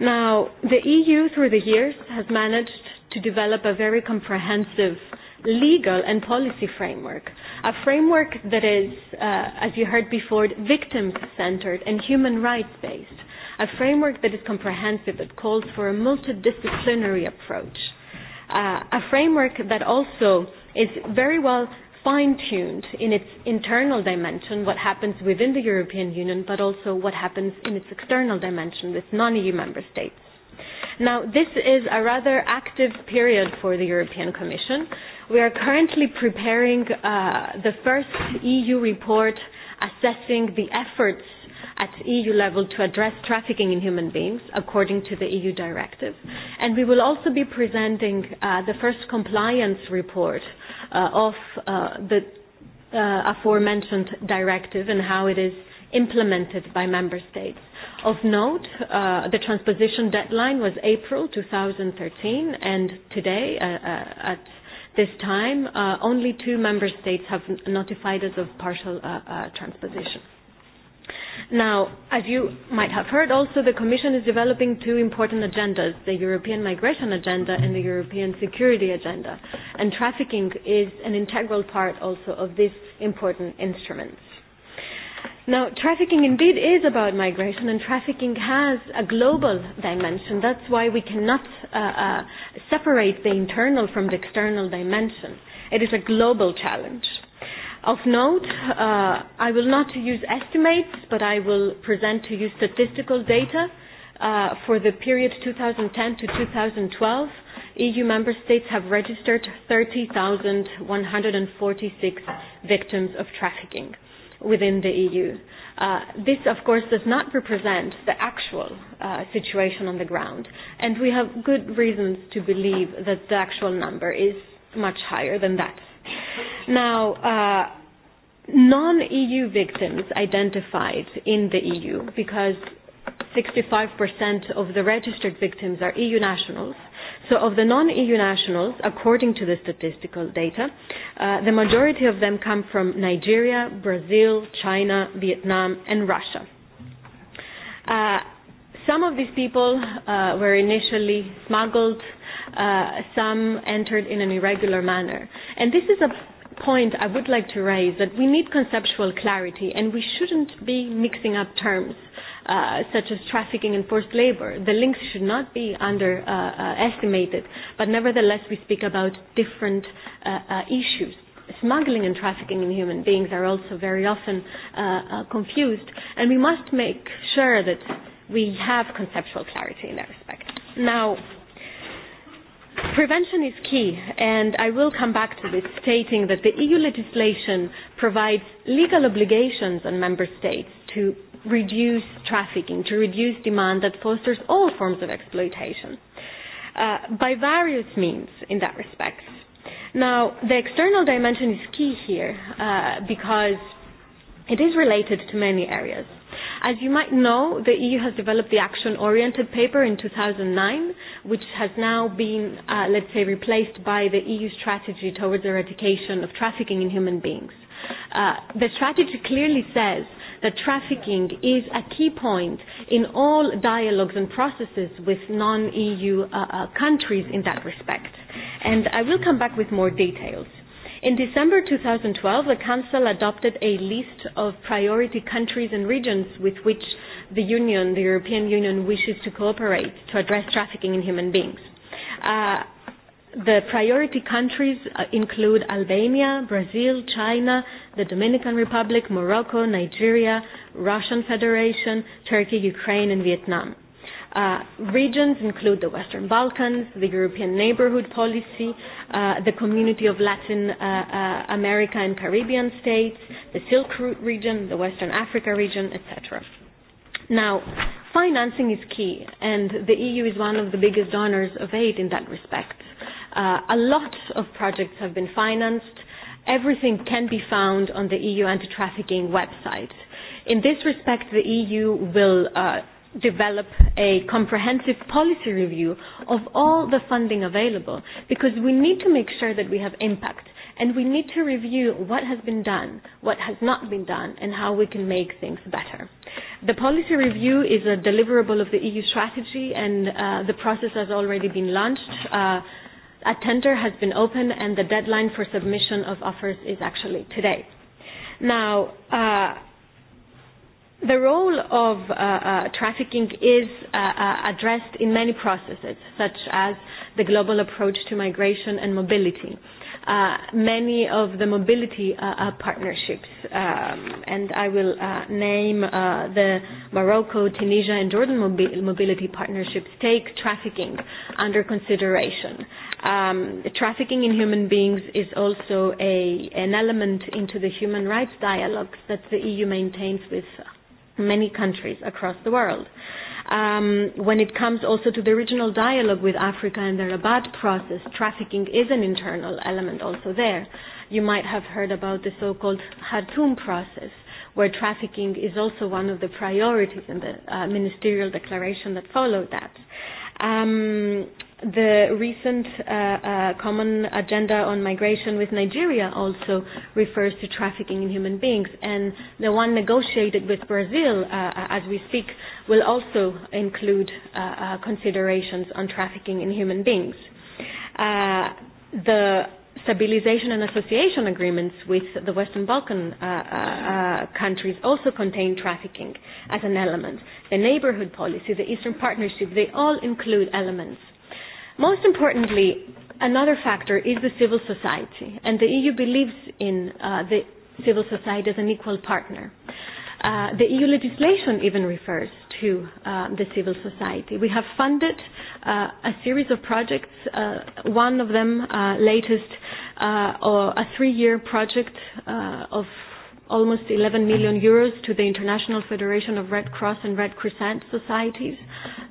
Now, the EU through the years has managed to develop a very comprehensive uh, legal and policy framework, a framework that is, uh, as you heard before, victim-centered and human rights-based, a framework that is comprehensive, that calls for a multidisciplinary approach, uh, a framework that also is very well fine-tuned in its internal dimension, what happens within the European Union, but also what happens in its external dimension with non-EU member states Now, this is a rather active period for the European Commission. We are currently preparing uh, the first EU report assessing the efforts at EU level to address trafficking in human beings according to the EU directive. And we will also be presenting uh, the first compliance report uh, of uh, the uh, aforementioned directive and how it is uh, implemented by member states. Of note, uh, the transposition deadline was April 2013, and today, uh, uh, at this time, uh, only two member states have notified us of partial uh, uh, transposition. Now, as you might have heard, also the Commission is developing two important agendas, the European Migration Agenda and the European Security Agenda. And trafficking is an integral part also of these important instruments. Now, trafficking indeed is about migration, and trafficking has a global dimension. That's why we cannot uh, uh, separate the internal from the external dimension. It is a global challenge. Of note, uh, I will not use estimates, but I will present to you statistical data uh, for the period 2010 to 2012. EU member states have registered 30,146 victims of trafficking within the EU. Uh, this, of course, does not represent the actual uh, situation on the ground, and we have good reasons to believe that the actual number is much higher than that. Now, uh, non-EU victims identified in the EU, because 65% of the registered victims are EU nationals, So of the non-EU nationals, according to the statistical data, uh, the majority of them come from Nigeria, Brazil, China, Vietnam, and Russia. Uh, some of these people uh, were initially smuggled, uh, some entered in an irregular manner. And this is a point I would like to raise that we need conceptual clarity and we shouldn't be mixing up terms uh, such as trafficking and forced labor. The links should not be underestimated, uh, uh, but nevertheless, we speak about different uh, uh, issues. Smuggling and trafficking in human beings are also very often uh, uh, confused, and we must make sure that we have conceptual clarity in that respect. Now, Prevention is key, and I will come back to this, stating that the EU legislation provides legal obligations on member states to reduce trafficking, to reduce demand that fosters all forms of exploitation uh, by various means in that respect. Now, the external dimension is key here uh, because it is related to many areas. As you might know, the EU has developed the action oriented paper in 2009, which has now been, uh, let's say, replaced by the EU strategy towards eradication of trafficking in human beings. Uh, the strategy clearly says that trafficking is a key point in all dialogues and processes with non-EU uh, uh, countries in that respect. And I will come back with more details. In December 2012, the Council adopted a list of priority countries and regions with which the Union, the European Union, wishes to cooperate to address trafficking in human beings. Uh, The priority countries uh, include Albania, Brazil, China, the Dominican Republic, Morocco, Nigeria, Russian Federation, Turkey, Ukraine, and Vietnam. Uh, regions include the Western Balkans, the European Neighborhood Policy, uh, the Community of Latin uh, uh, America and Caribbean States, the Silk Route region, the Western Africa region, etc. Now, financing is key, and the EU is one of the biggest donors of aid in that respect. Uh, a lot of projects have been financed. Everything can be found on the EU anti-trafficking website. In this respect, the EU will uh, develop a comprehensive policy review of all the funding available because we need to make sure that we have impact and we need to review what has been done, what has not been done, and how we can make things better. The policy review is a deliverable of the EU strategy, and uh, the process has already been launched. Uh, A tender has been opened and the deadline for submission of offers is actually today. Now, uh, the role of uh, uh, trafficking is uh, uh, addressed in many processes, such as the global approach to migration and mobility. Uh, uh, many of the mobility uh, uh, partnerships, um, and I will uh, name uh, the Morocco, Tunisia, and Jordan mobi- mobility partnerships take trafficking under consideration. Um, trafficking in human beings is also a, an element into the human rights dialogues that the EU maintains with many countries across the world. Uh, Um, when it comes also to the regional dialogue with Africa and the Rabat process, trafficking is an internal element also there. You might have heard about the so-called Khartoum process, where trafficking is also one of the priorities in the uh, ministerial declaration that followed that. Um, the recent uh, uh, common agenda on migration with Nigeria also refers to trafficking in human beings, and the one negotiated with Brazil uh, uh as we speak will also include uh, uh, considerations on trafficking in human beings. Uh, the stabilization and association agreements with the Western Balkan uh, uh, uh, countries also contain trafficking as an element. The neighborhood policy, the Eastern Partnership, they all include elements. Most importantly, another factor is the civil society, and the EU believes in uh, the civil society as an equal partner. Uh, Uh, the EU legislation even refers to uh, the civil society. We have funded uh, a series of projects, uh, one of them uh, latest, uh, or a three-year project uh, of almost 11 million mm-hmm. euros to the International Federation of Red Cross and Red Crescent Societies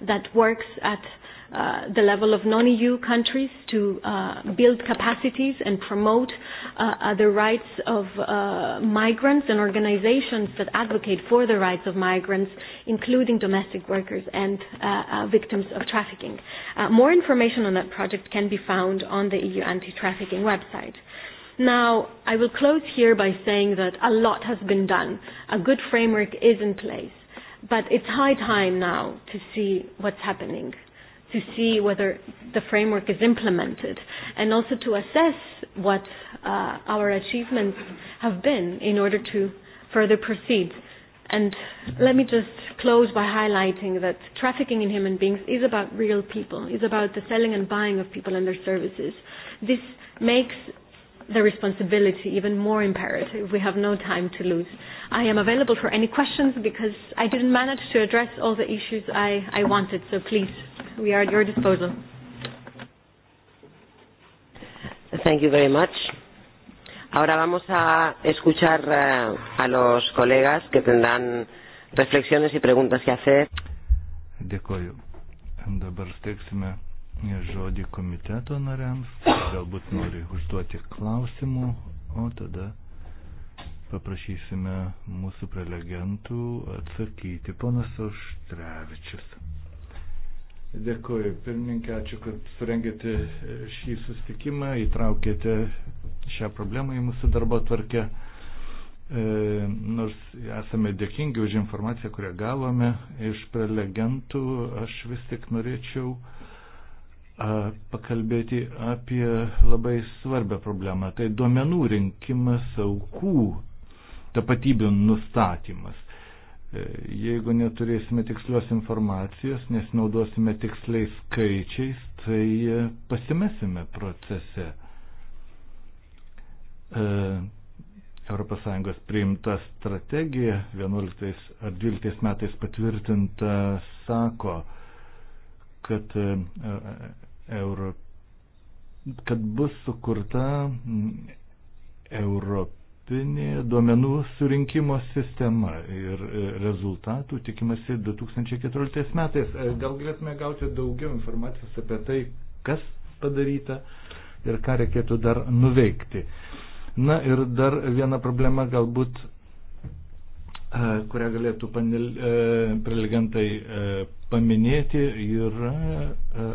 that works at uh, uh, the level of non-EU countries to uh, build capacities and promote uh, the rights of uh, migrants and organizations that advocate for the rights of migrants, including domestic workers and uh, uh, victims of trafficking. Uh, more information on that project can be found on the EU anti-trafficking website. Now, I will close here by saying that a lot has been done. A good framework is in place. But it's high time now to see what's happening to see whether the framework is implemented and also to assess what uh, our achievements have been in order to further proceed. And let me just close by highlighting that trafficking in human beings is about real people, is about the selling and buying of people and their services. This makes the responsibility even more imperative. We have no time to lose. I am available for any questions because I didn't manage to address all the issues I, I wanted, so please, we are at your disposal. Thank you very much. Ahora vamos a escuchar uh, a los colegas que tendrán reflexiones y preguntas que hacer. Dėkoju. Dabar steiksime žodį komiteto nariams, galbūt nori užduoti klausimų, o tada paprašysime mūsų prelegentų atsakyti. Ponas Oštrevičius. Dėkuoju, pirmininkė, ačiū, kad surengėte šį sustikimą, įtraukėte šią problemą į mūsų darbo tvarkę. E, nors esame dėkingi už informaciją, kurią gavome iš prelegentų, aš vis tik norėčiau e, pakalbėti apie labai svarbę problemą. Tai duomenų rinkimas aukų tapatybių nustatymas. E, jeigu neturėsime tikslios informacijos, nesinaudosime tiksliais skaičiais, tai e, pasimesime procese. ES priimta strategija 11 ar 12 metais patvirtinta sako, kad e, euro, kad bus sukurta mm, europinė duomenų surinkimo sistema ir e, rezultatų tikimasi 2014 metais. E, gal galėtume gauti daugiau informacijos apie tai, kas padaryta ir ką reikėtų dar nuveikti. Na ir dar viena problema galbūt E, kurią galėtų e, prelegentai e, paminėti, yra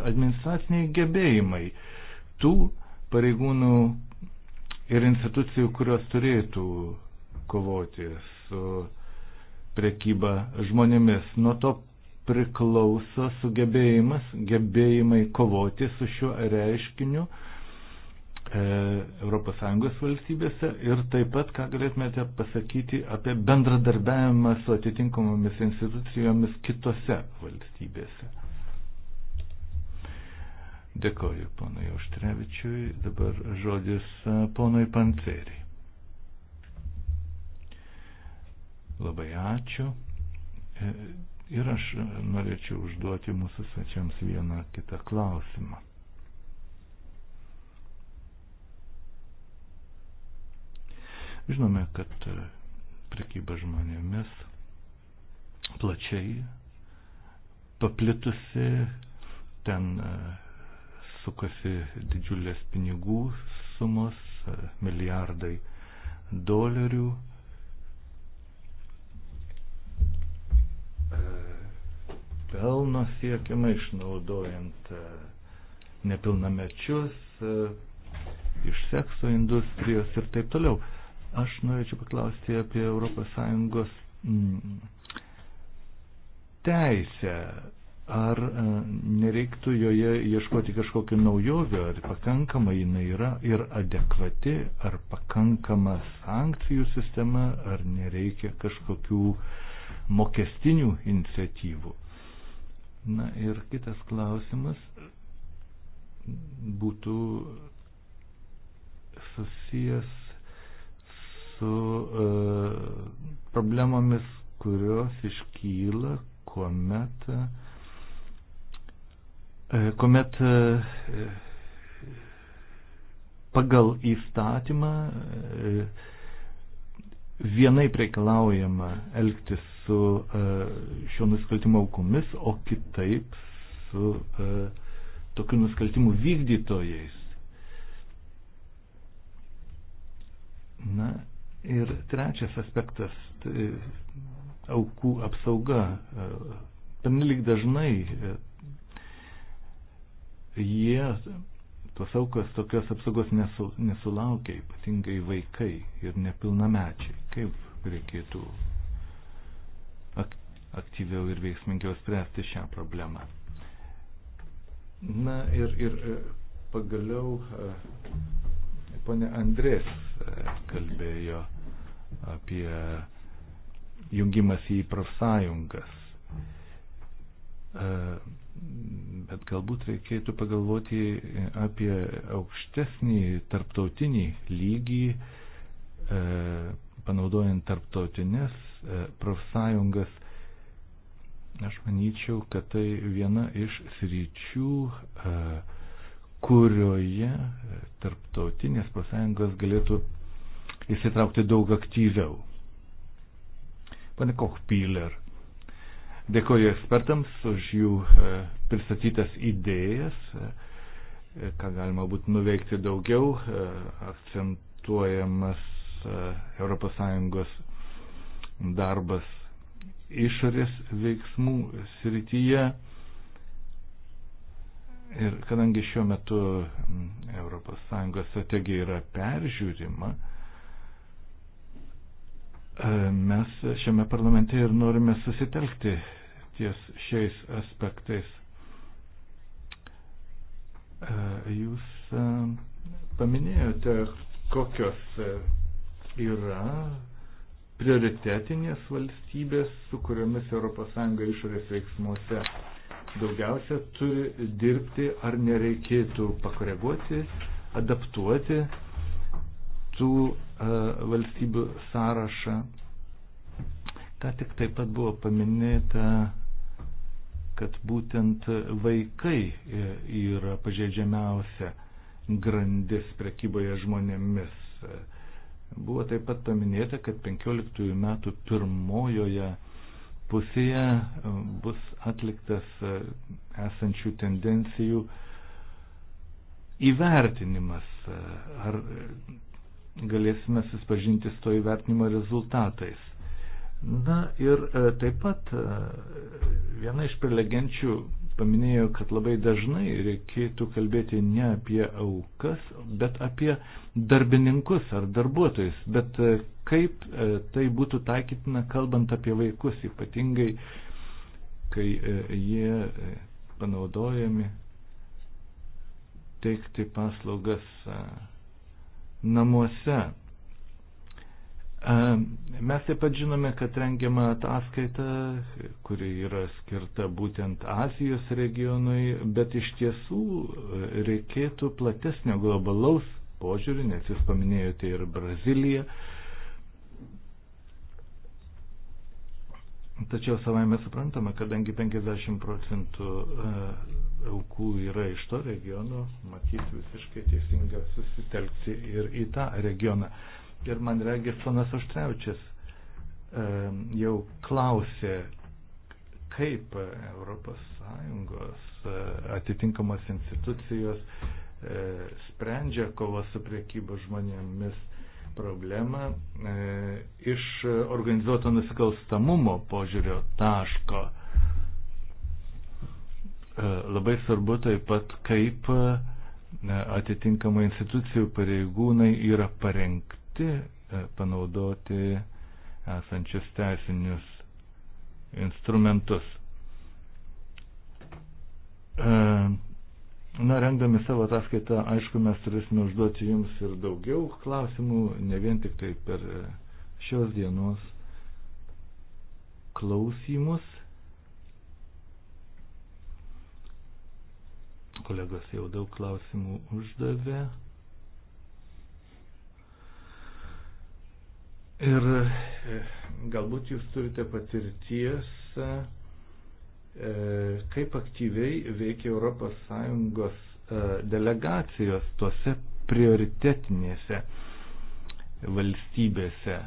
administraciniai gebėjimai tų pareigūnų ir institucijų, kurios turėtų kovoti su prekyba žmonėmis. Nuo to priklauso sugebėjimas, gebėjimai kovoti su šiuo reiškiniu ES valstybėse ir taip pat, ką galėtumėte pasakyti apie bendradarbiavimą su atitinkamomis institucijomis kitose valstybėse. Dėkoju ponui Auštrevičiui, dabar žodis e, ponui Panceriai. Labai ačiū. E, ir aš norėčiau užduoti mūsų svečiams vieną kitą klausimą. Žinome, kad e, prekyba žmonėmis plačiai paplitusi, ten e, sukasi didžiulės pinigų sumos, e, milijardai dolerių. Pelno siekiama išnaudojant nepilnamečius iš sekso industrijos ir taip toliau. Aš norėčiau paklausti apie ES mm, teisę. Ar e, nereiktų joje ieškoti kažkokio naujovio, ar pakankamai jinai yra ir adekvati, ar pakankama sankcijų sistema, ar nereikia kažkokių mokestinių iniciatyvų. Na ir kitas klausimas būtų susijęs su e, problemomis, kurios iškyla, kuomet, e, kuomet e, pagal įstatymą e, vienai reikalaujama elgtis su e, šio nusikaltimo aukomis, o kitaip su e, tokių nusikaltimų vykdytojais. Na Ir trečias aspektas tai - aukų apsauga. Pernelik dažnai e, jie, tos aukos tokios apsaugos nesu, nesulaukia, ypatingai vaikai ir nepilnamečiai. Kaip reikėtų aktyviau ir veiksmingiau spręsti šią problemą. Na ir, ir e, pagaliau e, Pone Andrės e, kalbėjo apie jungimas į profsąjungas. E, bet galbūt reikėtų pagalvoti apie aukštesnį tarptautinį lygį, e, panaudojant tarptautinės profsąjungas. Aš manyčiau, kad tai viena iš sričių, uh, kurioje tarptautinės pasąjungos galėtų įsitraukti daug aktyviau. Pane Kochpiler, dėkoju ekspertams už jų e, pristatytas idėjas, e, ką galima būtų nuveikti daugiau, e, akcentuojamas ES darbas išorės veiksmų srityje Ir kadangi šiuo metu mm, ES strategija yra peržiūrima, e, mes šiame parlamente ir norime susitelkti ties šiais aspektais. E, jūs e, paminėjote, kokios yra prioritetinės valstybės, su kuriomis ES išorės veiksmuose daugiausia turi dirbti, ar nereikėtų pakoreguoti, adaptuoti tų e, valstybių sąrašą. Ką tik taip pat buvo paminėta, kad būtent vaikai e, yra pažeidžiamiausia grandis prekyboje žmonėmis. E, buvo taip pat paminėta, kad 15 metų pirmojoje pusėje e, bus atliktas e, esančių tendencijų įvertinimas. E, ar galėsime suspažinti su to įvertinimo rezultatais. Na ir taip pat viena iš prelegenčių paminėjo, kad labai dažnai reikėtų kalbėti ne apie aukas, bet apie darbininkus ar darbuotojus. Bet e, kaip e, tai būtų taikytina, kalbant apie vaikus, ypatingai, kai e, jie panaudojami teikti paslaugas namuose. Mes taip pat žinome, kad rengiama ataskaita, kuri yra skirta būtent Azijos regionui, bet iš tiesų reikėtų platesnio globalaus požiūrį, nes jūs paminėjote ir Braziliją. Tačiau savaime suprantama, kadangi 50 procentų e, aukų yra iš to regiono, matyt visiškai teisinga susitelkti ir į tą regioną ir man regis ponas Užtrevičius jau klausė, kaip ES e, atitinkamos institucijos e, sprendžia kovos su priekyba žmonėmis problemą e, iš organizuoto nusikalstamumo požiūrio taško. Labai svarbu taip pat, kaip atitinkamai institucijų pareigūnai yra parengti verti e, panaudoti esančius teisinius instrumentus. E, na, rengdami savo ataskaitą, aišku, mes turėsime užduoti jums ir daugiau klausimų, ne vien tik tai per e, šios dienos klausimus. Kolegos jau daug klausimų uždavė. Ir e, galbūt jūs turite patirties, e, kaip aktyviai veikia ES e, delegacijos tuose prioritetinėse valstybėse.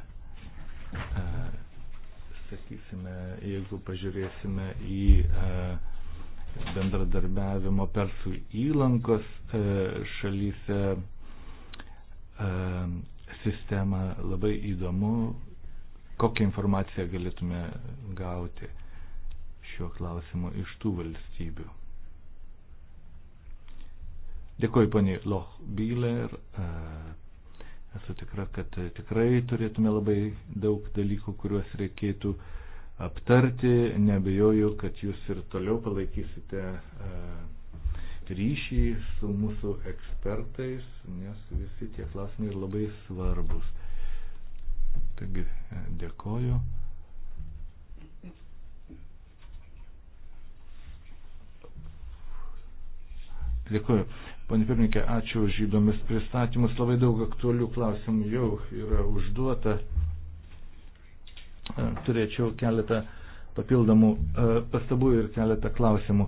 Sakysime, jeigu pažiūrėsime į bendradarbiavimo persų įlankos šalyse sistemą. Labai įdomu, kokią informaciją galėtume gauti šiuo klausimu iš tų valstybių. Dėkuoju, poniai Loch Bieler. Esu tikra, kad tikrai turėtume labai daug dalykų, kuriuos reikėtų aptarti. Nebejoju, kad jūs ir toliau palaikysite. Uh, ryšį su mūsų ekspertais, nes visi tie klausimai yra labai svarbus. Taigi, e, dėkoju. Dėkuoju. Pane pirmininkė, ačiū už įdomius pristatymus. Labai daug aktualių klausimų jau yra užduota. E, turėčiau keletą papildomų e, pastabų ir keletą klausimų.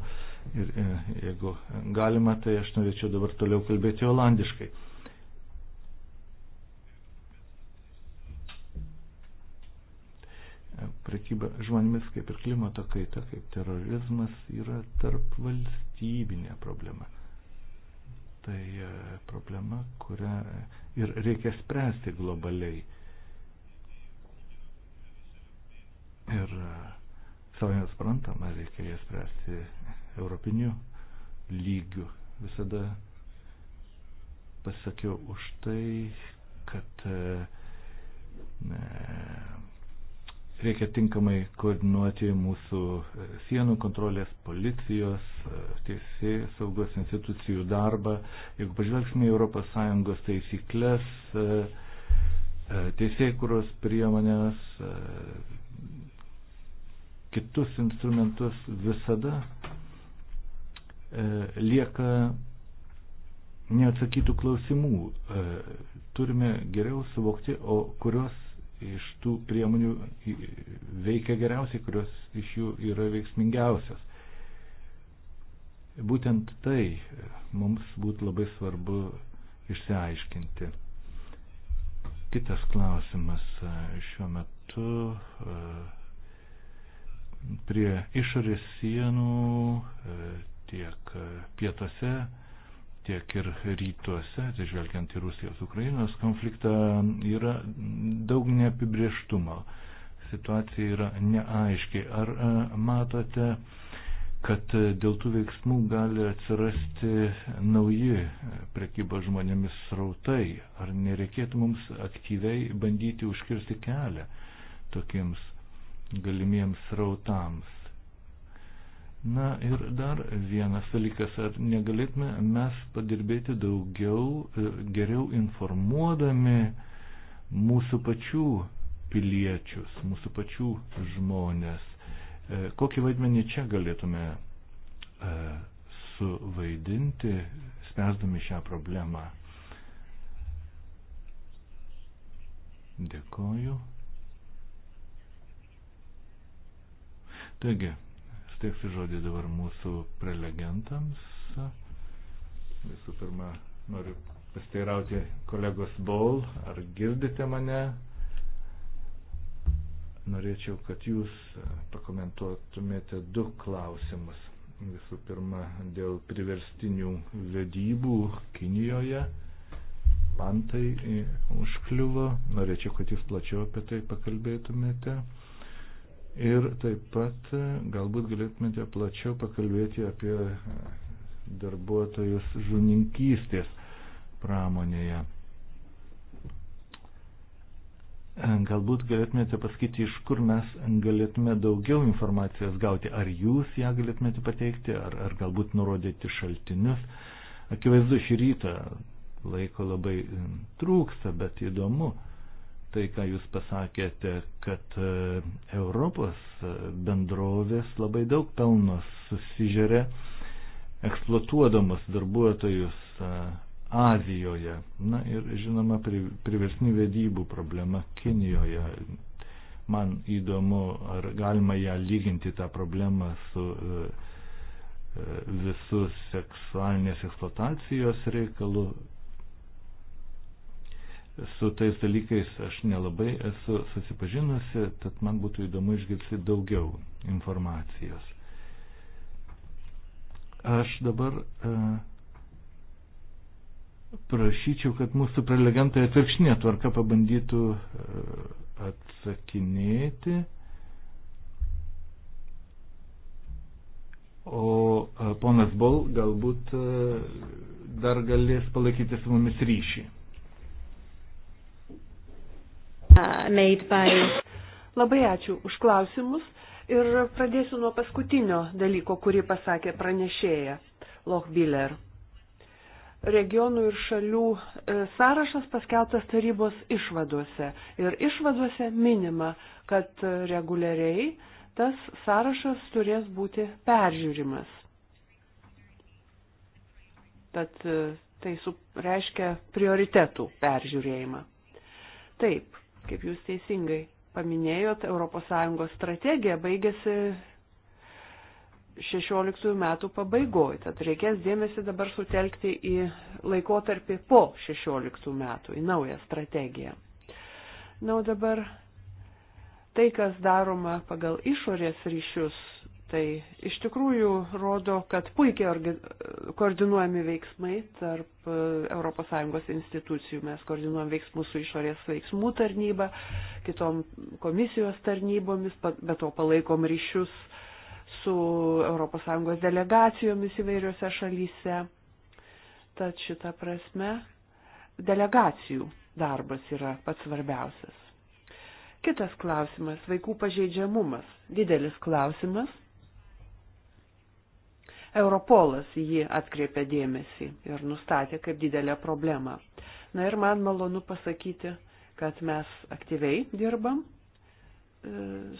Ir e, jeigu galima, tai aš norėčiau dabar toliau kalbėti olandiškai. Prekyba žmonėmis kaip ir klimato kaita, kaip terorizmas yra tarp valstybinė problema. Tai e, problema, kurią e, ir reikia spręsti globaliai. Ir savai nesprantama, reikia jas spręsti europiniu lygiu. Visada pasakiau už tai, kad e, e, reikia tinkamai koordinuoti mūsų e, sienų kontrolės, policijos, teisėjų saugos institucijų darbą. Jeigu pažvelgsime į ES taisyklės, teisėkuros priemonės, kitus instrumentus, visada E, lieka neatsakytų klausimų. E, turime geriau suvokti, o kurios iš tų priemonių veikia geriausiai, kurios iš jų yra veiksmingiausios. Būtent tai mums būtų labai svarbu išsiaiškinti. Kitas klausimas e, šiuo metu prie išorės sienų tiek pietuose, tiek ir rytuose, atsižvelgiant į Rusijos-Ukrainos konfliktą, yra daug neapibrieštumo. Situacija yra neaiškiai. Ar e, matote, kad dėl tų veiksmų gali atsirasti nauji prekybo žmonėmis srautai? Ar nereikėtų mums aktyviai bandyti užkirsti kelią tokiems galimiems srautams? Na ir dar vienas dalykas, ar negalėtume mes padirbėti daugiau, e, geriau informuodami mūsų pačių piliečius, mūsų pačių žmonės. E, kokį vaidmenį čia galėtume e, suvaidinti, spręsdami šią problemą? Dėkoju. Taigi, suteiksiu žodį dabar mūsų prelegentams. Visų pirma, noriu pasteirauti kolegos Bol, ar girdite mane? Norėčiau, kad jūs pakomentuotumėte du klausimus. Visų pirma, dėl priverstinių vedybų Kinijoje. Man tai užkliuvo. Norėčiau, kad jūs plačiau apie tai pakalbėtumėte. Ir taip pat e, galbūt galėtumėte plačiau pakalbėti apie e, darbuotojus žuninkystės pramonėje. E, galbūt galėtumėte pasakyti, iš kur mes galėtume daugiau informacijos gauti. Ar jūs ją galėtumėte pateikti, ar, ar galbūt nurodyti šaltinius. Akivaizdu, šį rytą laiko labai trūksta, bet įdomu tai, ką Jūs pasakėte, kad e, Europos e, bendrovės labai daug pelnos susižiūrė eksploatuodamos darbuotojus e, Azijoje. Na ir žinoma, priversnių vedybų problema Kinijoje. Man įdomu, ar galima ją lyginti tą problemą su visus seksualinės eksploatacijos reikalų su tais dalykais aš nelabai esu susipažinusi, tad man būtų įdomu išgirsti daugiau informacijos. Aš dabar e, prašyčiau, kad mūsų prelegentai atvirkštinė tvarka pabandytų e, atsakinėti. O e, ponas Bol galbūt e, dar galės palaikyti su mumis ryšį by... Labai ačiū už klausimus ir pradėsiu nuo paskutinio dalyko, kurį pasakė pranešėja Lochbiller. Regionų ir šalių e, sąrašas paskeltas tarybos išvaduose ir išvaduose minima, kad reguliariai tas sąrašas turės būti peržiūrimas. Tad e, tai reiškia prioritetų peržiūrėjimą. Taip, kaip jūs teisingai paminėjot, ES strategija baigėsi 16 metų pabaigoje, tad reikės dėmesį dabar sutelkti į laikotarpį po 16 metų, į naują strategiją. Na, o dabar tai, kas daroma pagal išorės ryšius Tai iš tikrųjų rodo, kad puikiai koordinuojami veiksmai tarp ES institucijų. Mes koordinuojam veiksmus su išorės veiksmų tarnyba, kitom komisijos tarnybomis, be to palaikom ryšius su ES delegacijomis įvairiose šalyse. Tad šita prasme delegacijų darbas yra pats svarbiausias. Kitas klausimas - vaikų pažeidžiamumas. Didelis klausimas Europolas jį atkreipė dėmesį ir nustatė kaip didelę problemą. Na ir man malonu pasakyti, kad mes aktyviai dirbam e,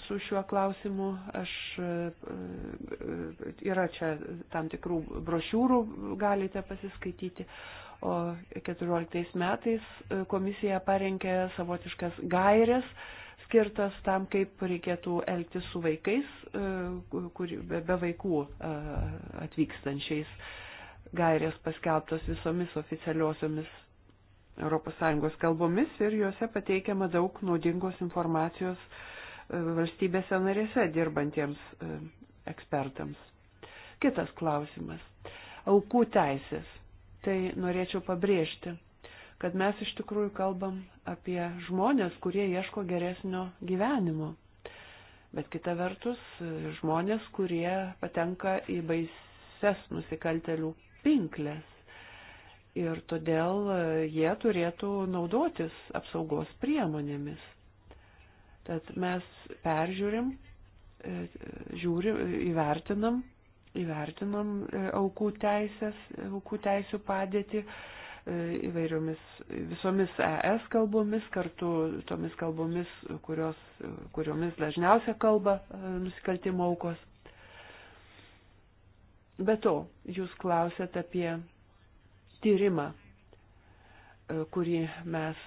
su šiuo klausimu. Aš e, e, yra čia tam tikrų brošiūrų, galite pasiskaityti. O 14 metais komisija parengė savotiškas gairias skirtas tam, kaip reikėtų elgtis su vaikais, e, kur, be vaikų e, atvykstančiais. Gairės paskelbtos visomis oficialiosiomis ES kalbomis ir juose pateikiama daug naudingos informacijos e, valstybėse narėse dirbantiems ekspertams. Kitas klausimas. Aukų teisės. Tai norėčiau pabrėžti kad mes iš tikrųjų kalbam apie žmonės, kurie ieško geresnio gyvenimo. Bet kita vertus, žmonės, kurie patenka į baises nusikaltelių pinklės. Ir todėl e, jie turėtų naudotis apsaugos priemonėmis. Tad mes peržiūrim, e, žiūrim, įvertinam, įvertinam e, aukų teisės, aukų teisų padėtį E, įvairiomis visomis ES kalbomis, kartu tomis kalbomis, kurios, e, kuriomis dažniausia kalba e, nusikaltimo aukos. Be to, jūs klausėt apie tyrimą, kurį mes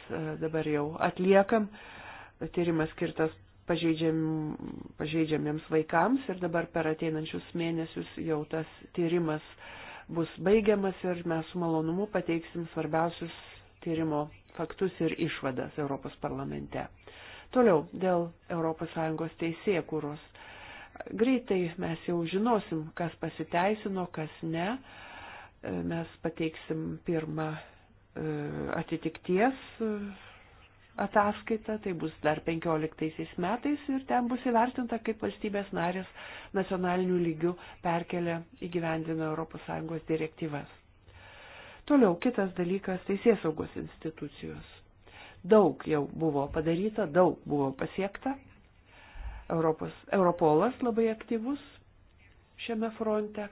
dabar jau atliekam. Tyrimas skirtas pažeidžiam, pažeidžiamiems vaikams ir dabar per ateinančius mėnesius jau tas tyrimas uh, bus baigiamas ir mes su malonumu pateiksim svarbiausius tyrimo faktus ir išvadas Europos parlamente. Toliau dėl ES teisėkūros. Greitai mes jau žinosim, kas pasiteisino, kas ne. Mes pateiksim pirmą e, atitikties ataskaita, tai bus dar 15 metais ir ten bus įvertinta, kaip valstybės narės nacionalinių lygių perkelia įgyvendina ES direktyvas. Toliau kitas dalykas - teisėsaugos institucijos. Daug jau buvo padaryta, daug buvo pasiekta. Europos, Europolas labai aktyvus šiame fronte.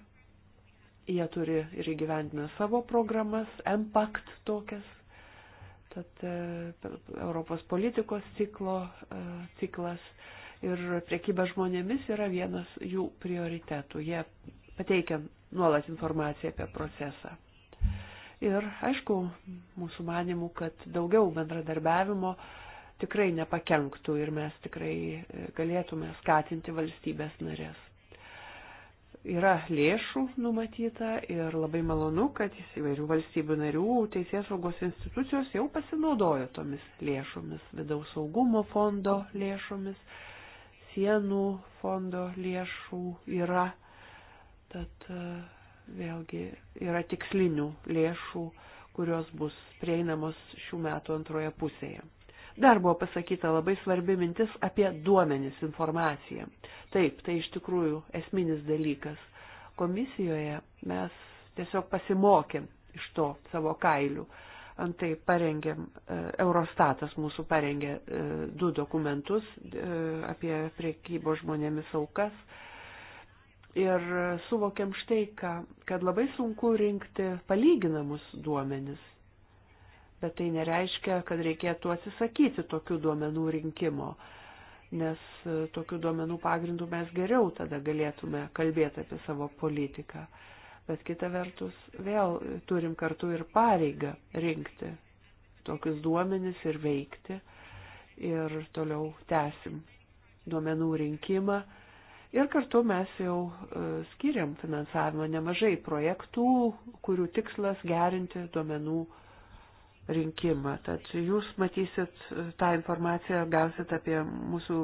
Jie turi ir įgyvendina savo programas, MPACT tokias tad e, Europos politikos ciklo, e, ciklas ir priekyba žmonėmis yra vienas jų prioritetų. Jie pateikia nuolat informaciją apie procesą. Ir aišku, mūsų manimų, kad daugiau bendradarbiavimo tikrai nepakenktų ir mes tikrai e, galėtume skatinti valstybės narės yra lėšų numatyta ir labai malonu, kad įvairių valstybių narių teisės saugos institucijos jau pasinaudojo tomis lėšomis, vidaus saugumo fondo lėšomis, sienų fondo lėšų yra, tad e, vėlgi yra tikslinių lėšų, kurios bus prieinamos šių metų antroje pusėje. Dar buvo pasakyta labai svarbi mintis apie duomenis, informaciją. Taip, tai iš tikrųjų esminis dalykas. Komisijoje mes tiesiog pasimokėm iš to savo kailių. Antai parengėm, e, Eurostatas mūsų parengė e, du dokumentus e, apie priekybo žmonėmis aukas. Ir suvokiam štai ką, kad labai sunku rinkti palyginamus duomenis, bet tai nereiškia, kad reikėtų atsisakyti tokių duomenų rinkimo, nes e, tokių duomenų pagrindų mes geriau tada galėtume kalbėti apie savo politiką. Bet kita vertus, vėl turim kartu ir pareigą rinkti tokius duomenis ir veikti. Ir toliau tęsim duomenų rinkimą. Ir kartu mes jau e, skiriam finansavimą nemažai projektų, kurių tikslas gerinti duomenų rinkimą rinkimą. Tad jūs matysit tą informaciją, gausit apie mūsų,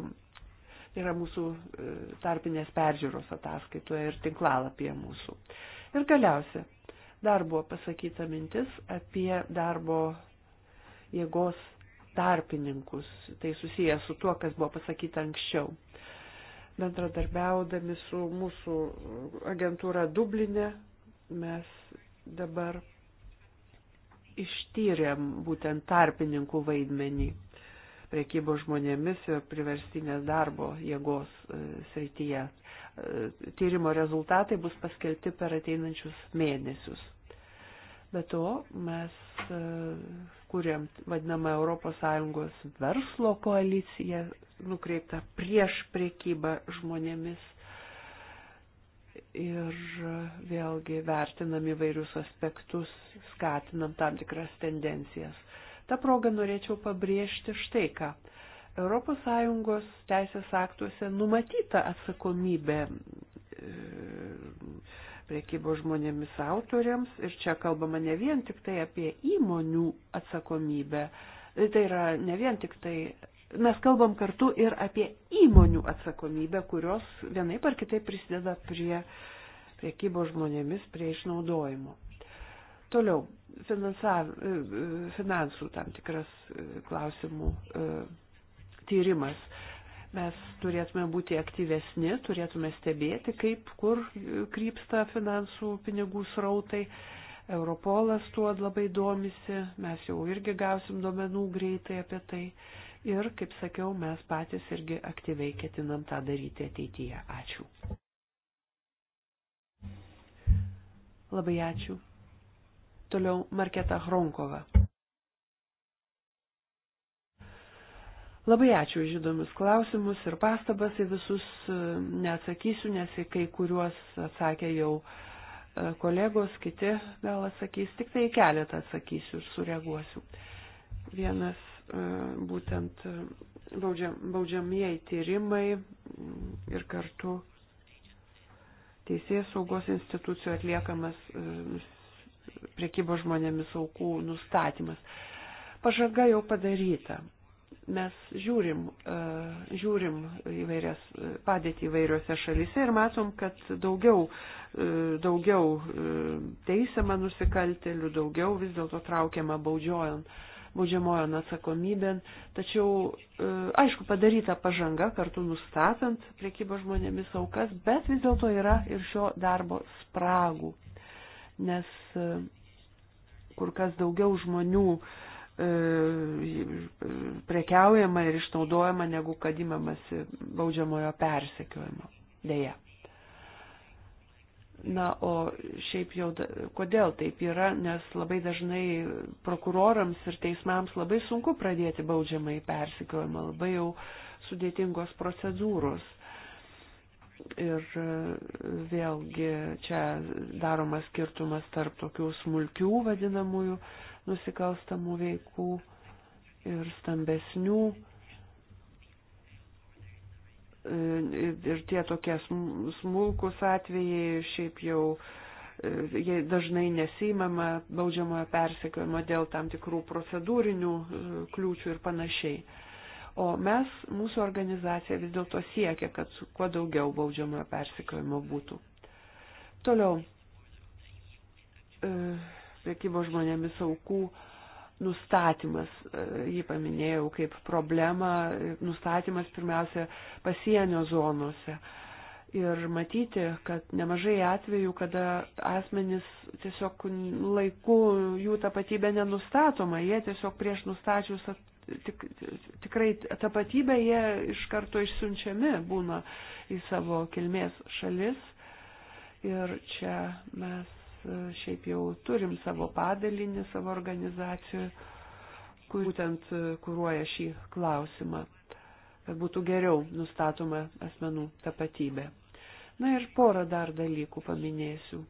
yra mūsų e, tarpinės peržiūros ataskaitoje ir tinklalapyje mūsų. Ir galiausia, dar buvo pasakyta mintis apie darbo jėgos tarpininkus. Tai susijęs su tuo, kas buvo pasakyta anksčiau. Bendradarbiaudami su mūsų agentūra Dublinė mes dabar ištyrėm būtent tarpininkų vaidmenį priekybos žmonėmis ir priverstinės darbo jėgos e, srityje. E, tyrimo rezultatai bus paskelbti per ateinančius mėnesius. Be to, mes e, kuriam vadinamą ES verslo koaliciją nukreiptą prieš priekybą žmonėmis ir vėlgi vertinam įvairius aspektus, skatinam tam tikras tendencijas. Ta proga norėčiau pabrėžti štai ką. ES teisės aktuose numatyta atsakomybė e, priekybo žmonėmis autoriams ir čia kalbama ne vien tik tai apie įmonių atsakomybę, tai yra ne vien tik tai mes kalbam kartu ir apie įmonių atsakomybę, kurios vienai par kitaip prisideda prie priekybo žmonėmis, prie išnaudojimo. Toliau, finansav, e, e, finansų tam tikras e, klausimų tyrimas. Mes turėtume būti aktyvesni, turėtume stebėti, kaip, kur krypsta finansų pinigų srautai. Europolas tuo labai domisi, mes jau irgi gausim duomenų greitai apie tai. Uh, ir, kaip sakiau, mes patys irgi aktyviai ketinam tą daryti ateityje. Ačiū. Labai ačiū. Toliau Marketa Hronkova. Labai ačiū už įdomius klausimus ir pastabas, į visus e, neatsakysiu, nes į kai kuriuos atsakė jau e, kolegos, kiti gal atsakys, tik tai keletą atsakysiu ir sureaguosiu. Vienas E, būtent baudžiamieji tyrimai ir kartu teisės saugos institucijų atliekamas e, priekybos žmonėmis aukų nustatymas. Pažanga jau padaryta. Mes žiūrim, e, žiūrim įvairias padėtį įvairiose šalise ir matom, kad daugiau, daugiau teisiama nusikaltelių, daugiau vis dėlto traukiama baudžiojant baudžiamojon atsakomybėn, tačiau e, aišku padaryta pažanga kartu nustatant priekybą žmonėmis aukas, bet vis dėlto yra ir šio darbo spragų, nes e, kur kas daugiau žmonių e, prekiaujama ir išnaudojama, negu kad imamasi baudžiamojo persekiojimo. Deja. Na, o šiaip jau kodėl taip yra, nes labai dažnai prokurorams ir teismams labai sunku pradėti baudžiamai persikiojimą, labai jau sudėtingos procedūros. Ir e, vėlgi čia daromas skirtumas tarp tokių smulkių vadinamųjų nusikalstamų veikų ir stambesnių E, ir tie tokie smulkus atvejai šiaip jau e, jie dažnai nesimama baudžiamojo persekiojimo dėl tam tikrų procedūrinių e, kliūčių ir panašiai. O mes, mūsų organizacija vis dėlto siekia, kad kuo daugiau baudžiamojo persekiojimo būtų. Toliau, priekybos žmonėmis aukų nustatymas, e, jį paminėjau kaip problemą, nustatymas pirmiausia pasienio zonose. Ir matyti, kad nemažai atvejų, kada asmenys tiesiog laiku jų tapatybė nenustatoma, jie tiesiog prieš nustačius tik, tikrai tapatybę jie iš karto išsiunčiami būna į savo kilmės šalis. Ir čia mes šiaip jau turim savo padalinį, savo organizacijų, kur būtent e, kūruoja šį klausimą, kad būtų geriau nustatoma asmenų tapatybė. Na ir porą dar dalykų paminėsiu.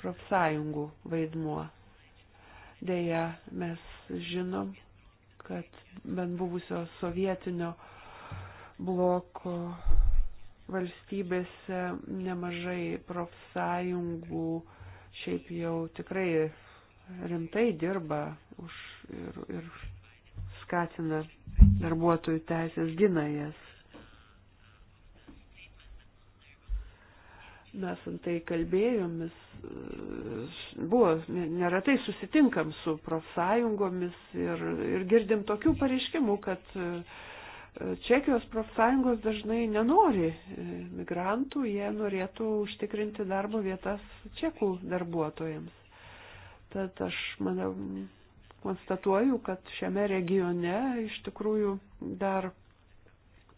Profsąjungų vaidmuo. Deja, mes žinom, kad bent buvusio sovietinio bloko valstybėse nemažai profsąjungų šiaip jau tikrai rimtai dirba už, ir, ir skatina darbuotojų teisės, gina jas. Mes antai kalbėjomis, buvo, neretai susitinkam su profsąjungomis ir, ir girdim tokių pareiškimų, kad uh, Čekijos profsąjungos dažnai nenori e, migrantų, jie norėtų užtikrinti darbo vietas čekų darbuotojams. Tad aš manau, konstatuoju, kad šiame regione iš tikrųjų dar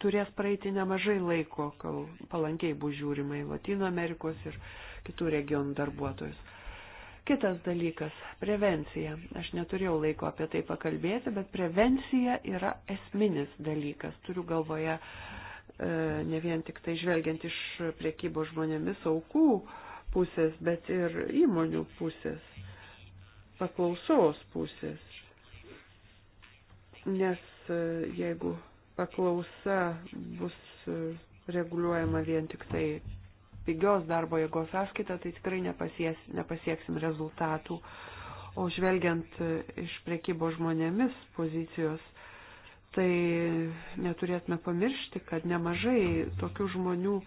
turės praeiti nemažai laiko, kol palankiai bus žiūrima į Latino Amerikos ir kitų regionų darbuotojus. Kitas dalykas - prevencija. Aš neturėjau laiko apie tai pakalbėti, bet prevencija yra esminis dalykas. Turiu galvoje e, ne vien tik tai žvelgiant iš priekybo žmonėmis aukų pusės, bet ir įmonių pusės, paklausos pusės. Nes e, jeigu paklausa bus e, reguliuojama vien tik tai pigios darbo jėgos sąskaita, tai tikrai nepasies, nepasieksim rezultatų. O žvelgiant iš priekybo žmonėmis pozicijos, tai neturėtume pamiršti, kad nemažai tokių žmonių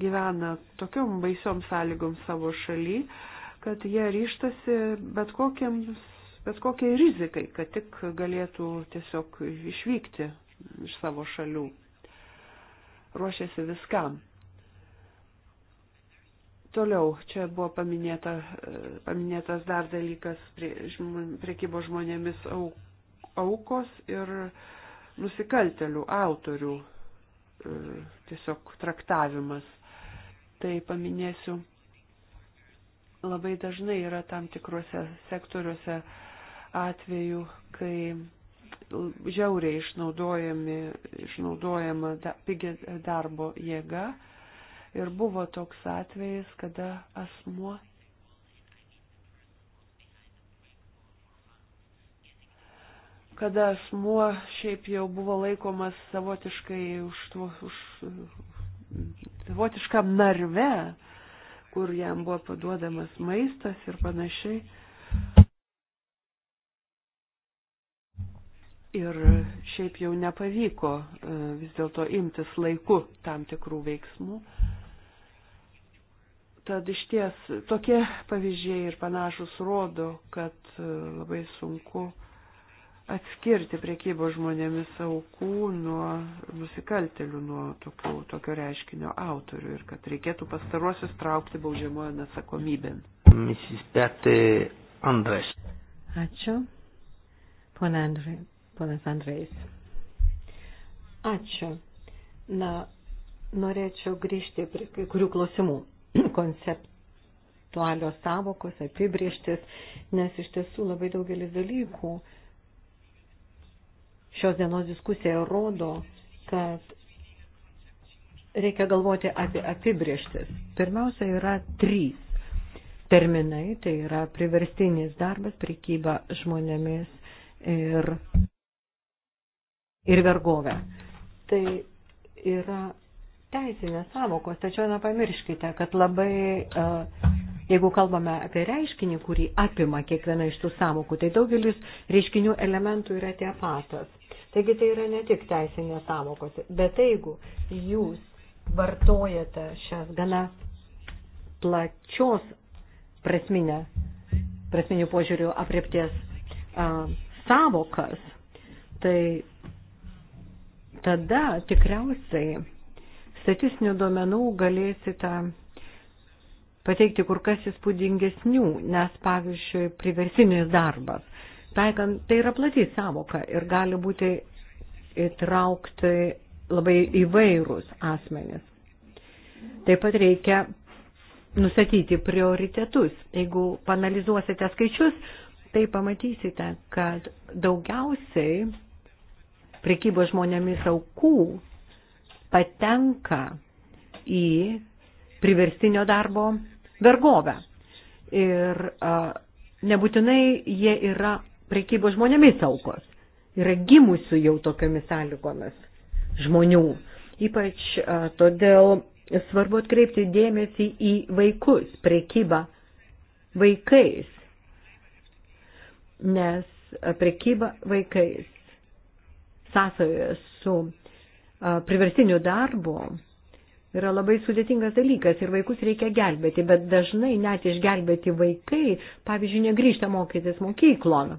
gyvena tokiom baisiom sąlygom savo šaly, kad jie ryštasi bet, kokiems, bet kokiai rizikai, kad tik galėtų tiesiog išvykti iš savo šalių. Ruošiasi viskam. Toliau, čia buvo paminėta, paminėtas dar dalykas prie, žmon, priekybo žmonėmis aukos ir nusikaltelių, autorių e, tiesiog traktavimas. Tai paminėsiu, labai dažnai yra tam tikrose sektoriuose atveju, kai žiauriai išnaudojama da, pigi darbo jėga ir buvo toks atvejis, kada asmuo kada asmuo šiaip jau buvo laikomas savotiškai už, tuo, už savotiškam narve, kur jam buvo paduodamas maistas ir panašiai. Ir šiaip jau nepavyko e, vis dėlto imtis laiku tam tikrų veiksmų. Tad iš ties tokie pavyzdžiai ir panašus rodo, kad e, labai sunku atskirti priekybos žmonėmis aukų nuo nusikaltelių, nuo tokių, tokio reiškinio autorių ir kad reikėtų pastaruosius traukti baudžiamojo atsakomybėn. Mrs. Betė Andres. Ačiū. Pone Andrei, ponas Andrejs. Ačiū. Na, norėčiau grįžti prie kai kurių klausimų. [CLEARS THROAT] konceptualios savokos, apibrieštis, nes iš tiesų labai daugelis dalykų šios dienos diskusija rodo, kad reikia galvoti apie apibrieštis. Pirmiausia yra trys terminai, tai yra priverstinis darbas, prekyba žmonėmis ir, ir vergovė. Tai yra teisinės savokos, tačiau nepamirškite, kad labai, e, jeigu kalbame apie reiškinį, kurį apima kiekviena iš tų savokų, tai daugelis reiškinių elementų yra tie patas. Taigi tai yra ne tik teisinės savokos, bet jeigu jūs vartojate šias gana plačios prasminę, prasminių požiūrių apriepties a, e, savokas, tai tada tikriausiai statistinių duomenų galėsite pateikti kur kas įspūdingesnių, nes pavyzdžiui, priversinis darbas. Taikant, tai yra plati savoka ir gali būti įtraukti labai įvairūs asmenys. Taip pat reikia nustatyti prioritetus. Jeigu panalizuosite skaičius, tai pamatysite, kad daugiausiai prekybos žmonėmis aukų patenka į priverstinio darbo vergovę. Ir a, nebūtinai jie yra prekybos žmonėmis aukos. Yra gimusių jau tokiamis sąlygomis žmonių. Ypač a, todėl svarbu atkreipti dėmesį į vaikus, prekybą vaikais. Nes prekyba vaikais sąsajoje su priverstiniu darbu yra labai sudėtingas dalykas ir vaikus reikia gelbėti, bet dažnai net išgelbėti vaikai, pavyzdžiui, negrįžta mokytis mokyklon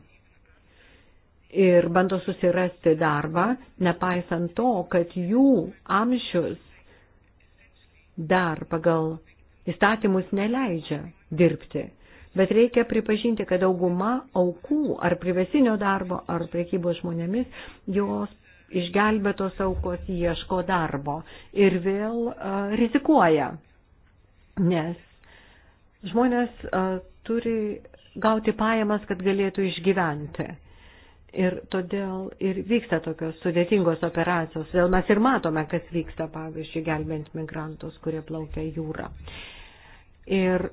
ir bando susirasti darbą, nepaisant to, kad jų amžius dar pagal įstatymus neleidžia dirbti. Bet reikia pripažinti, kad dauguma aukų ar privesinio darbo, ar priekybos žmonėmis, jos išgelbėtos aukos ieško darbo ir vėl uh, rizikuoja, nes žmonės uh, turi gauti pajamas, kad galėtų išgyventi. Ir todėl ir vyksta tokios sudėtingos operacijos. Vėl mes ir matome, kas vyksta, pavyzdžiui, gelbent migrantus, kurie plaukia jūrą. Ir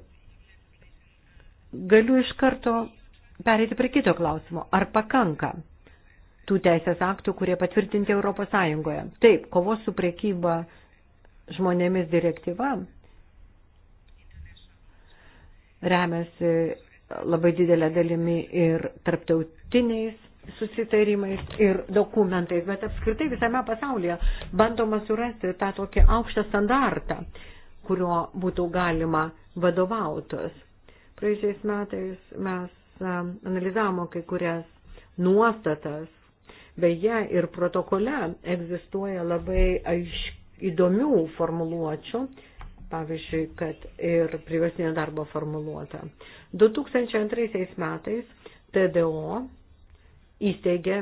galiu iš karto perėti prie kito klausimo. Ar pakanka tų teisės aktų, kurie patvirtinti Europos Sąjungoje. Taip, kovos su priekyba žmonėmis direktyva remiasi labai didelę dalimi ir tarptautiniais susitarimais ir dokumentais, bet apskritai visame pasaulyje bandoma surasti tą tokį aukštą standartą, kurio būtų galima vadovautos. Praėjusiais metais mes analizavome kai kurias nuostatas Beje, ir protokole egzistuoja labai aiškiai įdomių formuluočių, pavyzdžiui, kad ir priverstinio darbo formuluota. 2002 metais TDO įsteigė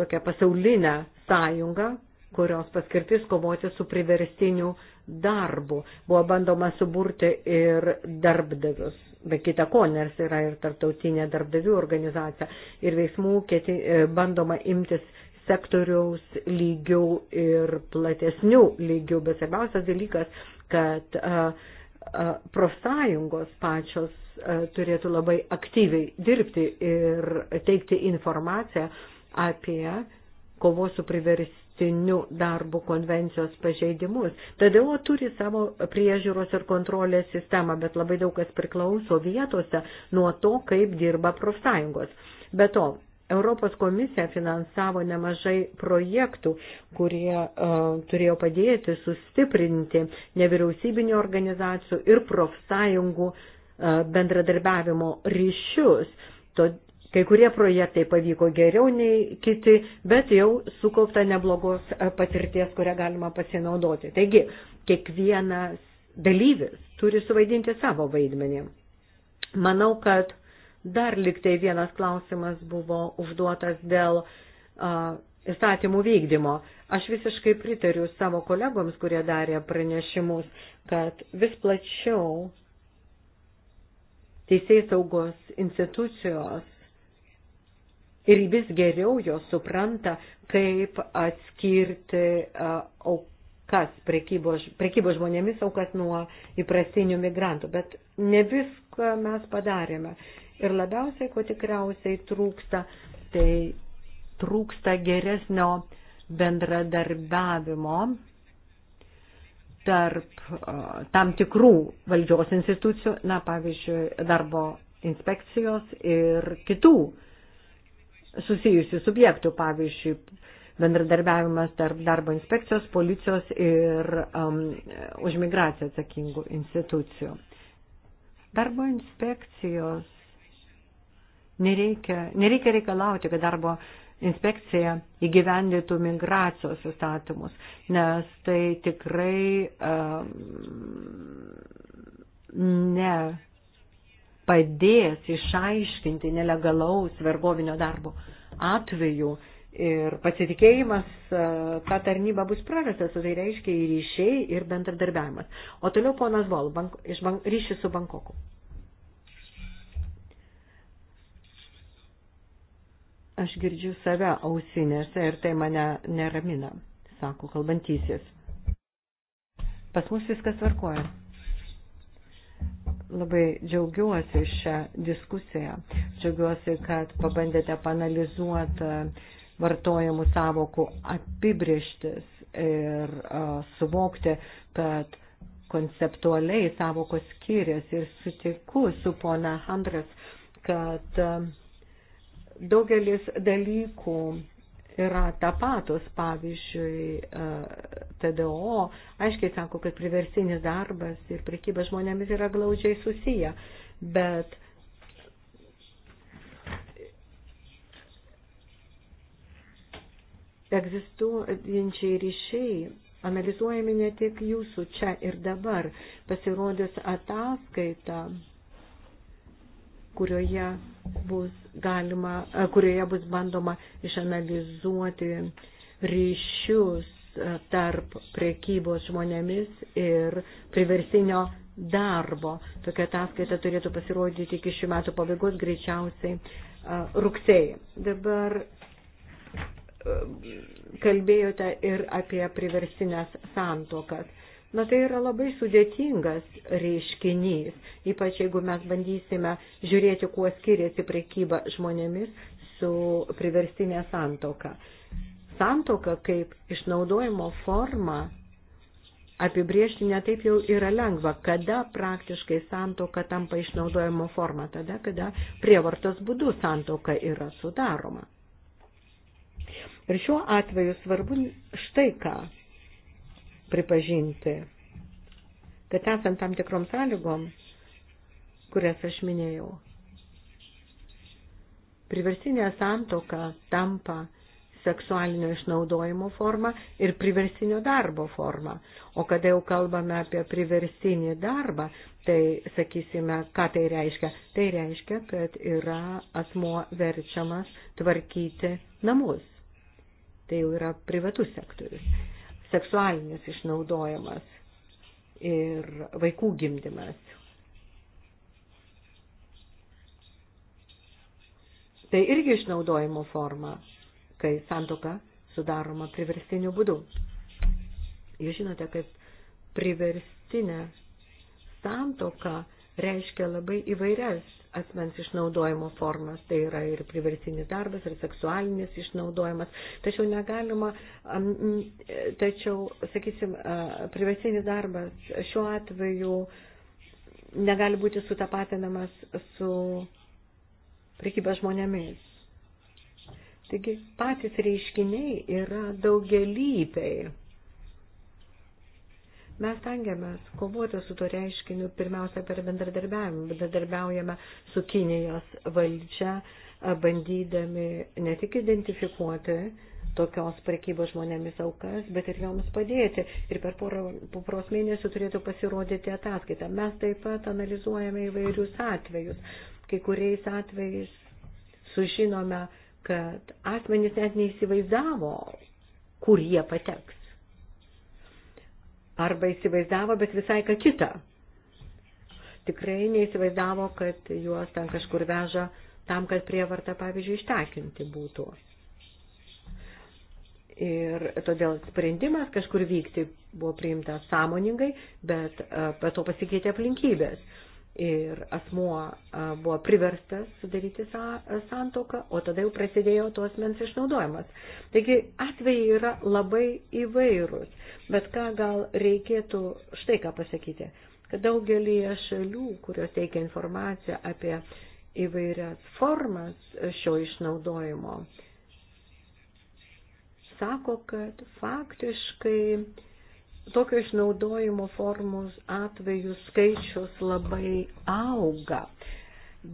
tokią pasaulinę sąjungą, kurios paskirtis kovoti su priverstiniu darbu. Buvo bandoma suburti ir darbdavius. Be kita ko, nes yra ir tarptautinė darbdavių organizacija ir veiksmų keti, e, bandoma imtis sektoriaus lygių ir platesnių lygių. Bet svarbiausias dalykas, kad a, e, a, e, profsąjungos pačios a, turėtų labai aktyviai dirbti ir teikti informaciją apie kovos su priversti nuolatiniu darbo konvencijos pažeidimus. TDO turi savo priežiūros ir kontrolės sistemą, bet labai daug kas priklauso vietose nuo to, kaip dirba profsąjungos. Be to, Europos komisija finansavo nemažai projektų, kurie uh, turėjo padėti sustiprinti nevyriausybinio organizacijų ir profsąjungų uh, bendradarbiavimo ryšius. To, Kai kurie projektai pavyko geriau nei kiti, bet jau sukaupta neblogos e, patirties, kurią galima pasinaudoti. Taigi, kiekvienas dalyvis turi suvaidinti savo vaidmenį. Manau, kad dar liktai vienas klausimas buvo užduotas dėl uh, įstatymų vykdymo. Aš visiškai pritariu savo kolegoms, kurie darė pranešimus, kad vis plačiau teisėjai saugos institucijos ir vis geriau jos supranta, kaip atskirti aukas, prekybos, prekybos žmonėmis aukas nuo įprastinių migrantų. Bet ne viską mes padarėme. Ir labiausiai, ko tikriausiai trūksta, tai trūksta geresnio bendradarbiavimo tarp tam tikrų valdžios institucijų, na, pavyzdžiui, darbo inspekcijos ir kitų uh, susijusių subjektų, pavyzdžiui, bendradarbiavimas tarp darbo inspekcijos, policijos ir um, už migraciją atsakingų institucijų. Darbo inspekcijos nereikia, nereikia reikalauti, kad darbo inspekcija įgyvendytų migracijos įstatymus, nes tai tikrai um, ne padės išaiškinti nelegalaus vergovinio darbo atveju ir pasitikėjimas, e, ta tarnyba bus prarastas, o tai reiškia ir ryšiai, ir bendradarbiavimas. O toliau ponas Vol, bank, iš bank, ryšys su Bankoku. Aš girdžiu save ausinėse ir tai mane neramina, sako kalbantysis. Pas mus viskas tvarkoja labai džiaugiuosi šią diskusiją. Džiaugiuosi, kad pabandėte panalizuoti vartojamų savokų apibrieštis ir uh, suvokti, kad konceptualiai savokos skiriasi ir sutiku su pona Andras, kad uh, daugelis dalykų yra tapatus, pavyzdžiui, e, TDO, aiškiai sako, kad priversinis darbas ir prekyba žmonėmis yra glaudžiai susiję, bet egzistuojančiai ryšiai analizuojami ne tik jūsų čia ir dabar. Pasirodys ataskaita kurioje bus, galima, e, kurioje bus bandoma išanalizuoti ryšius e, tarp priekybos žmonėmis ir priversinio darbo. Tokia ataskaita turėtų pasirodyti iki šių metų pabaigos, greičiausiai e, rugsėjai. Dabar kalbėjote ir apie priversinės santokas. Na tai yra labai sudėtingas reiškinys, ypač jeigu mes bandysime žiūrėti, kuo skiriasi prekyba žmonėmis su priverstinė santoka. Santoka kaip išnaudojimo forma apibriežti netaip jau yra lengva, kada praktiškai santoka tampa išnaudojimo forma, tada, kada prievartos būdų santoka yra sudaroma. Ir šiuo atveju svarbu štai ką pripažinti, kad esant tam tikrom sąlygom, kurias aš minėjau, priversinė santoka tampa seksualinio išnaudojimo forma ir priversinio darbo forma. O kada jau kalbame apie priversinį darbą, tai sakysime, ką tai reiškia. Tai reiškia, kad yra asmo verčiamas tvarkyti namus. Tai jau yra privatus sektorius seksualinis išnaudojimas ir vaikų gimdymas. Tai irgi išnaudojimo forma, kai santoka sudaroma priverstiniu būdu. Jūs žinote, kad priverstinė santoka reiškia labai įvairias asmens išnaudojimo formas, tai yra ir priversinis darbas, ir seksualinis išnaudojimas. Tačiau negalima, tačiau, sakysim, priversinis darbas šiuo atveju negali būti sutapatinamas su prekyba žmonėmis. Taigi patys reiškiniai yra daugelypiai Mes tengiamės kovoti su to reiškiniu pirmiausia per bendradarbiavimą. Bendradarbiaujame su Kinijos valdžia, bandydami ne tik identifikuoti tokios prekybos žmonėmis aukas, bet ir joms padėti. Ir per porą, po poros mėnesių turėtų pasirodyti ataskaita. Mes taip pat analizuojame įvairius atvejus. Kai kuriais atvejais sužinome, kad asmenys net neįsivaizdavo, kur jie pateks arba įsivaizdavo, bet visai ką kitą. Tikrai neįsivaizdavo, kad juos ten kažkur veža tam, kad prievarta, pavyzdžiui, ištekinti būtų. Ir todėl sprendimas kažkur vykti buvo priimtas sąmoningai, bet e, be to pasikeitė aplinkybės ir asmuo buvo priverstas sudaryti santoką, o tada jau prasidėjo tos mens išnaudojimas. Taigi atvejai yra labai įvairūs, bet ką gal reikėtų štai ką pasakyti, kad daugelį šalių, kurios teikia informaciją apie įvairias formas šio išnaudojimo, sako, kad faktiškai tokio išnaudojimo formos atvejų skaičius labai auga,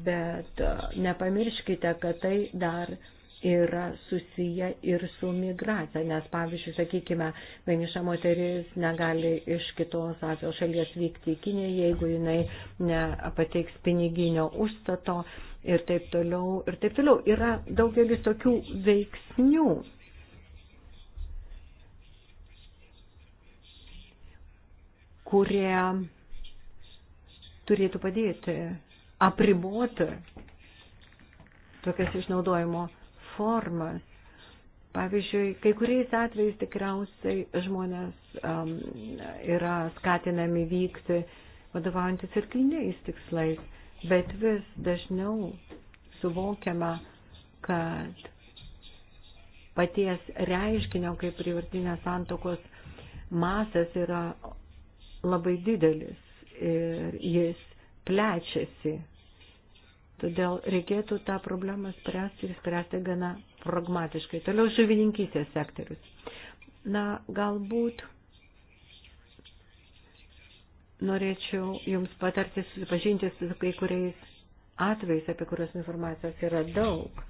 bet e, nepamirškite, kad tai dar yra susiję ir su migracija, nes pavyzdžiui, sakykime, vieniša moteris negali iš kitos Azijos šalies vykti į Kiniją, jeigu jinai nepateiks piniginio užstato ir taip toliau. Ir taip toliau. Yra daugelis tokių veiksnių kurie turėtų padėti apriboti tokias išnaudojimo formas. Pavyzdžiui, kai kuriais atvejais tikriausiai žmonės um, yra skatinami vykti vadovaujantis ir kliniais tikslais, bet vis dažniau suvokiama, kad paties reiškinio kaip privartinės santokos masas yra labai didelis ir jis plečiasi. Todėl reikėtų tą problemą spręsti ir spręsti gana pragmatiškai. Toliau žuvininkystės sektorius. Na, galbūt norėčiau Jums patarti susipažinti su kai kuriais atvejais, apie kurios informacijos yra daug,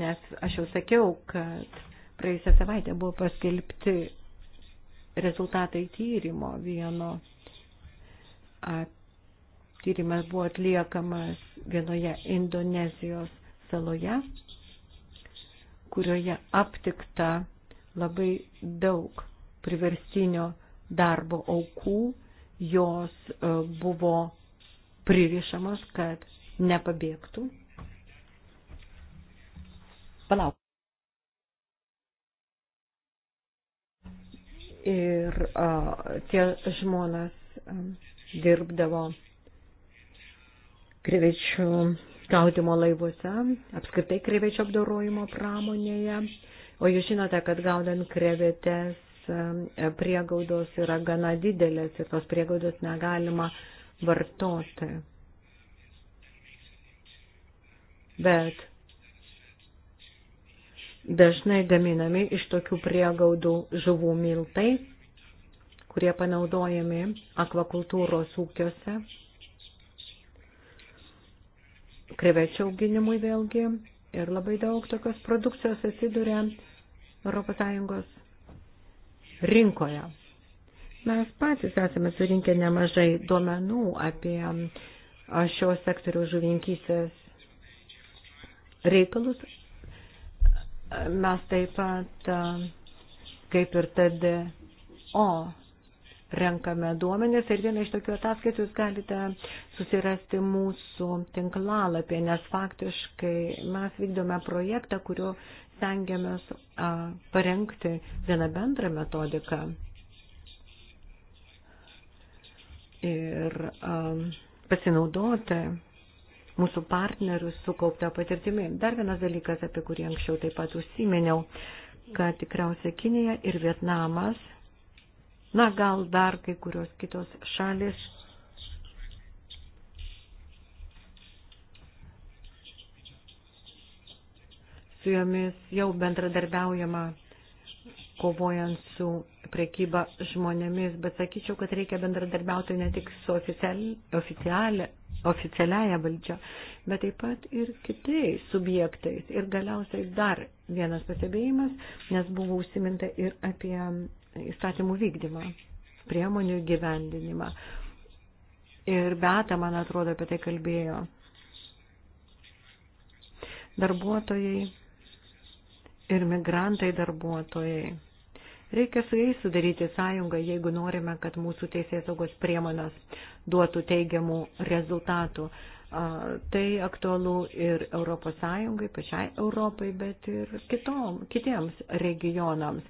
nes aš jau sakiau, kad praėjusią savaitę buvo paskelbti rezultatai tyrimo vieno. A, tyrimas buvo atliekamas vienoje Indonezijos saloje, kurioje aptikta labai daug priverstinio darbo aukų, jos e, buvo pririšamos, kad nepabėgtų. Palauk. ir a, tie žmonės a, dirbdavo krevečių gaudimo laivuose, apskritai krevečių apdorojimo pramonėje. O jūs žinote, kad gaudant krevetės priegaudos yra gana didelės ir tos priegaudos negalima vartoti. Bet Dažnai gaminami iš tokių priegaudų žuvų miltai, kurie panaudojami akvakultūros ūkiuose, krevečio auginimui vėlgi ir labai daug tokios produkcijos atsiduria ES rinkoje. Mes patys esame surinkę nemažai duomenų apie šios sektoriaus žuvinkysės reikalus mes taip pat, e, kaip ir TDO, renkame duomenis ir vieną iš tokių ataskaitų jūs galite susirasti mūsų tinklalapį, nes faktiškai mes vykdome projektą, kuriuo stengiamės a, parengti vieną bendrą metodiką. Ir a, pasinaudoti mūsų partnerių sukauptą patirtimį. Dar vienas dalykas, apie kurį anksčiau taip pat užsiminiau, kad tikriausiai Kinija ir Vietnamas, na gal dar kai kurios kitos šalis su jomis jau bendradarbiaujama kovojant su prekyba žmonėmis, bet sakyčiau, kad reikia bendradarbiauti ne tik su oficialia, oficialiaja valdžia, bet taip pat ir kitais subjektais. Ir galiausiai dar vienas pastebėjimas, nes buvo užsiminta ir apie įstatymų vykdymą, priemonių gyvendinimą. Ir Beta, man atrodo, apie tai kalbėjo. Darbuotojai ir migrantai darbuotojai Reikia su jais sudaryti sąjungą, jeigu norime, kad mūsų teisės saugos priemonės duotų teigiamų rezultatų. Tai aktualu ir Europos Sąjungai, pačiai Europai, bet ir kitom, kitiems regionams.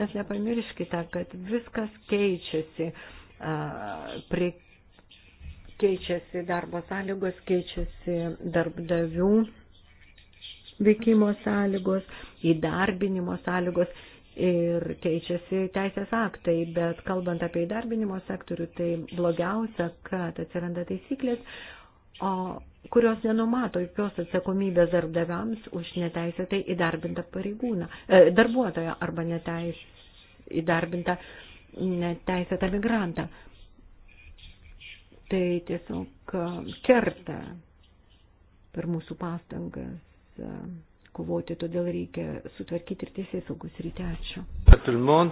Nes nepamirškite, kad viskas keičiasi. Prie keičiasi darbo sąlygos, keičiasi darbdavių veikimo sąlygos, įdarbinimo sąlygos ir keičiasi teisės aktai, bet kalbant apie įdarbinimo sektorių, tai blogiausia, kad atsiranda taisyklės, o, kurios nenumato jokios atsakomybės darbdaviams už neteisėtai įdarbintą pareigūną, e, darbuotoją arba neteis, įdarbintą neteisėtą migrantą. Tai tiesiog e, kerta per mūsų pastangas. E, kovoti, todėl reikia sutvarkyti ir teisės saugus ryte. Ačiū.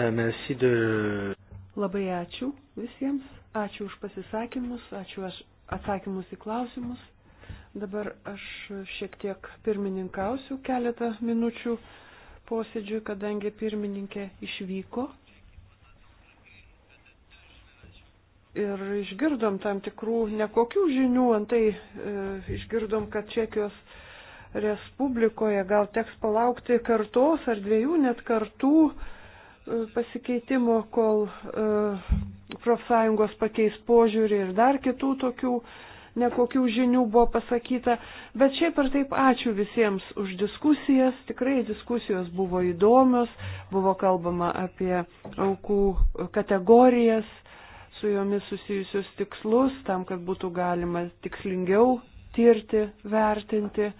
Euh, Labai ačiū visiems, ačiū už pasisakymus, ačiū už atsakymus į klausimus. Dabar aš šiek tiek pirmininkausiu keletą minučių posėdžių, kadangi pirmininkė išvyko. Ir išgirdom tam tikrų nekokių žinių, antai e, išgirdom, kad Čekijos e, Respublikoje gal teks palaukti kartos ar dviejų net kartų e, pasikeitimo, kol e, profsąjungos pakeis požiūrį ir dar kitų tokių nekokių žinių buvo pasakyta. Bet šiaip ar taip ačiū visiems už diskusijas. Tikrai diskusijos buvo įdomios, buvo kalbama apie aukų kategorijas, su jomis susijusius tikslus, tam, kad būtų galima tikslingiau tirti, vertinti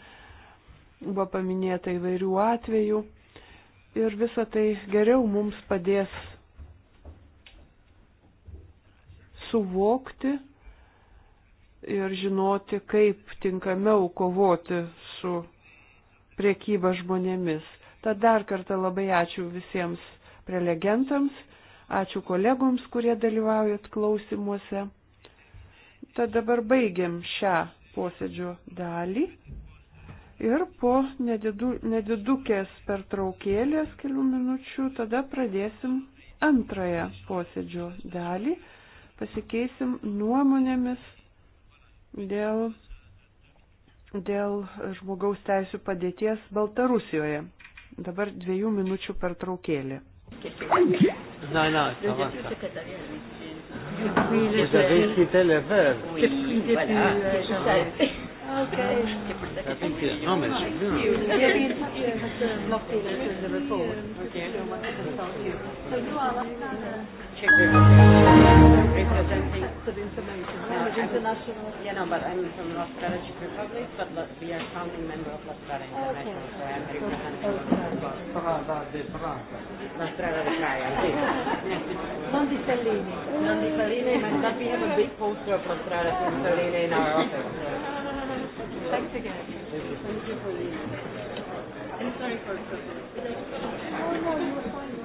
buvo paminėta įvairių atvejų ir visa tai geriau mums padės suvokti ir žinoti, kaip tinkamiau kovoti su priekyba žmonėmis. Tad dar kartą labai ačiū visiems prelegentams, ačiū kolegoms, kurie dalyvaujat klausimuose. Tad dabar baigiam šią posėdžio dalį ir po nedidu, nedidukės pertraukėlės kelių minučių tada pradėsim antrąją posėdžio dalį, pasikeisim nuomonėmis dėl, dėl žmogaus teisų padėties Baltarusijoje. Dabar dviejų minučių pertraukėlė. Non, non, ça va. Vous avez cité les verbes. Qu'est-ce qu'il y a Okay. Jag tänkte, ja men så bra. Jag vill faktiskt blocka in det under report. Okej. Representing international. Yeah, no, but I'm from La Strada Czech Republic, but we are founding member of La Strada International, okay. so I'm representing. Strada de Praga. La Strada de Praga, sì. Non di Salini. Non di Salini, but we have a big poster of La Strada de Salini in our office. Thanks again. Thank you. Thank you for leaving. I'm sorry for trouble. Oh no, you were fine.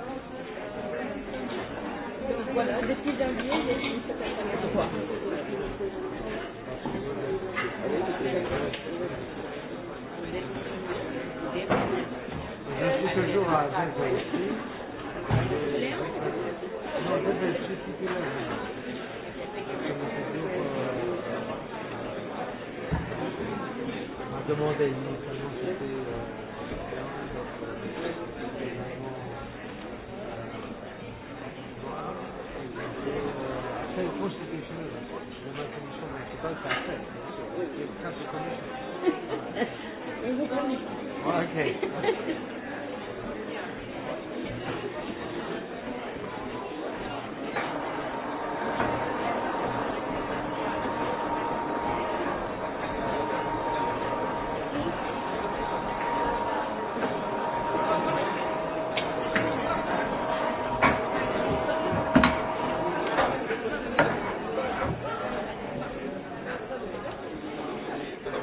Donc voilà, depuis janvier, j'ai fini cette année de droit. Je suis toujours à Genève aussi. Non, je vais suis titulaire. demandait initialement c'était euh, c'est constitutionnel. La commission municipale, c'est après. C'est le principe commission. [LAUGHS] Okay. [LAUGHS]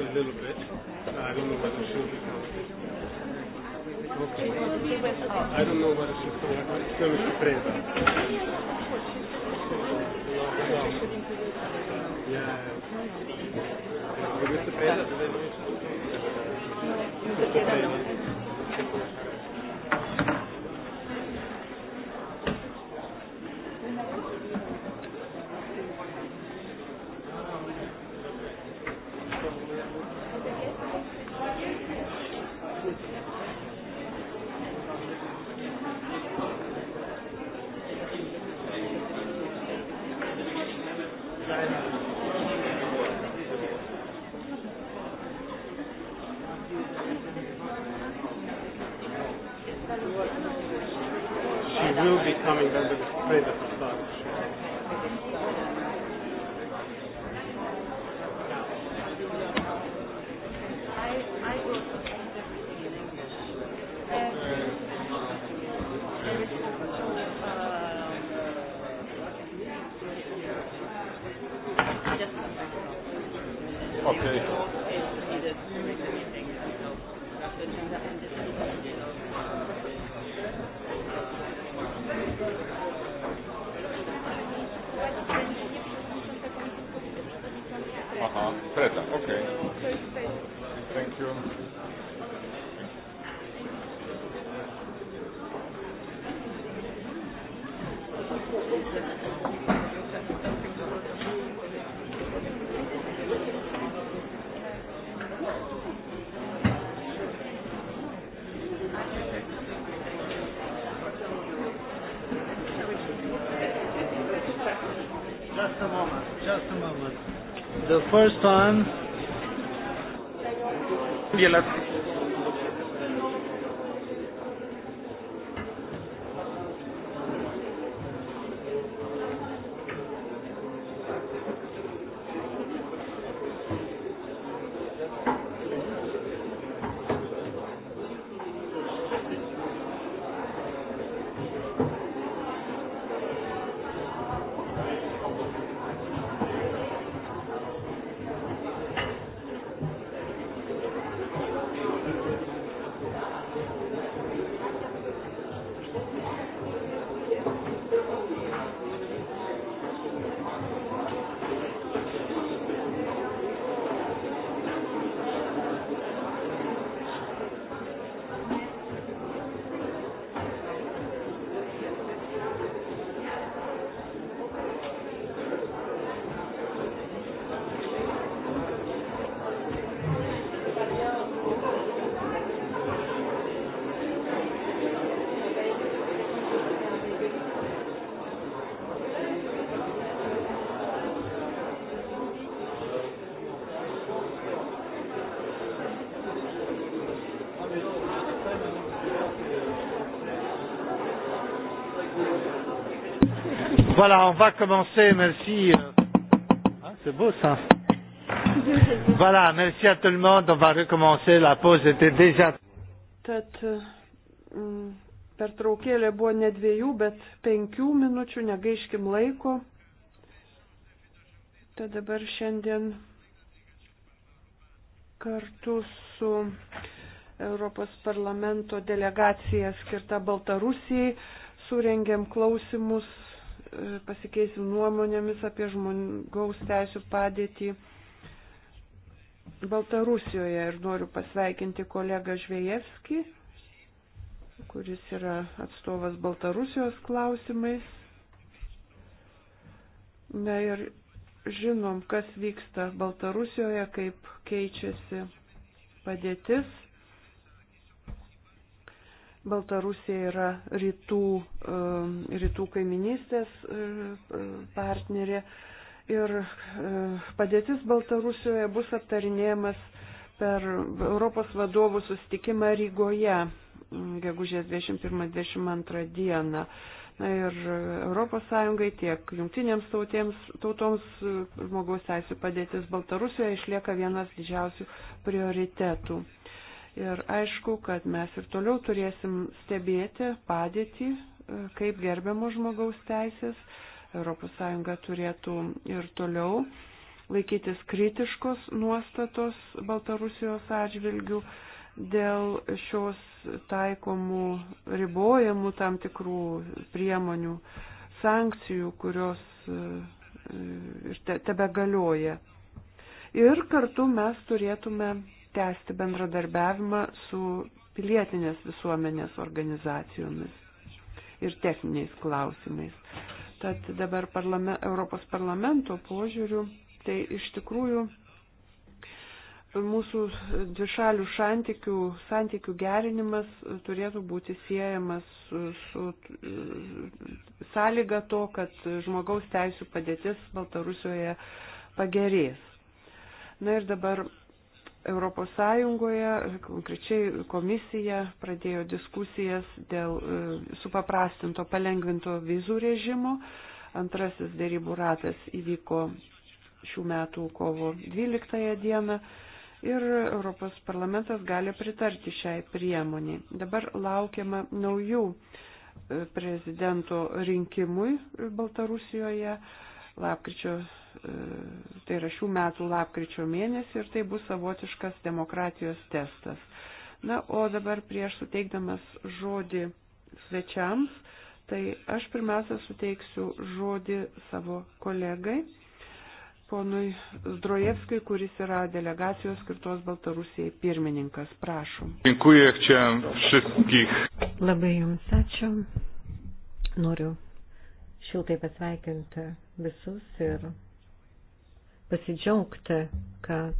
a little bit. I don't know whether she'll be coming. Okay. I don't know whether she's coming. It's going to be Fred. first time. Yeah, let's Voilà, on va commencer. Merci. Ah, c'est beau ça. Voilà, merci à tout le monde. On va recommencer. La pause était déjà. Tad mm, pertraukėlė buvo ne dviejų, bet penkių minučių, negaiškim laiko. Tad dabar šiandien kartu su Europos parlamento delegacija skirta Baltarusijai surengėm klausimus pasikeisim nuomonėmis apie žmogaus teisų padėtį Baltarusijoje ir noriu pasveikinti kolegą Žvėjevskį, kuris yra atstovas Baltarusijos klausimais. Na ir žinom, kas vyksta Baltarusijoje, kaip keičiasi padėtis. Baltarusija yra rytų, um, rytų kaiminystės uh, partnerė ir uh, padėtis Baltarusijoje bus aptarinėjamas per Europos vadovų sustikimą Rygoje um, gegužės 21-22 dieną. Na ir uh, ES tiek jungtinėms tautėms, tautoms žmogaus teisų padėtis Baltarusijoje išlieka vienas didžiausių prioritetų. Ir aišku, kad mes ir toliau turėsim stebėti padėtį, e, kaip gerbiamo žmogaus teisės. ES turėtų ir toliau laikytis kritiškos nuostatos Baltarusijos atžvilgių dėl šios taikomų ribojimų tam tikrų priemonių, sankcijų, kurios e, ir tebe galioja. Ir kartu mes turėtume tęsti bendradarbiavimą su pilietinės visuomenės organizacijomis ir techniniais klausimais. Tad dabar parlame, Europos parlamento požiūrių, tai iš tikrųjų mūsų dvišalių santykių, santykių gerinimas turėtų būti siejamas su, su sąlyga to, kad žmogaus teisų padėtis Baltarusijoje pagerės. Na ir dabar Europos Sąjungoje, konkrečiai komisija pradėjo diskusijas dėl e, supaprastinto palengvinto vizų režimo. Antrasis dėrybų ratas įvyko šių metų kovo 12 dieną ir Europos parlamentas gali pritarti šiai priemoniai. Dabar laukiama naujų e, prezidento rinkimui Baltarusijoje lapkričio E, tai yra šių metų lapkričio mėnesį ir tai bus savotiškas demokratijos testas. Na, o dabar prieš suteikdamas žodį svečiams, tai aš pirmiausia suteiksiu žodį savo kolegai, ponui Zdrojevskui, kuris yra delegacijos skirtos Baltarusijai pirmininkas. Prašom. Dėkuoju čia viskih. Labai jums ačiū. Noriu šiltai pasveikinti visus ir pasidžiaugti, kad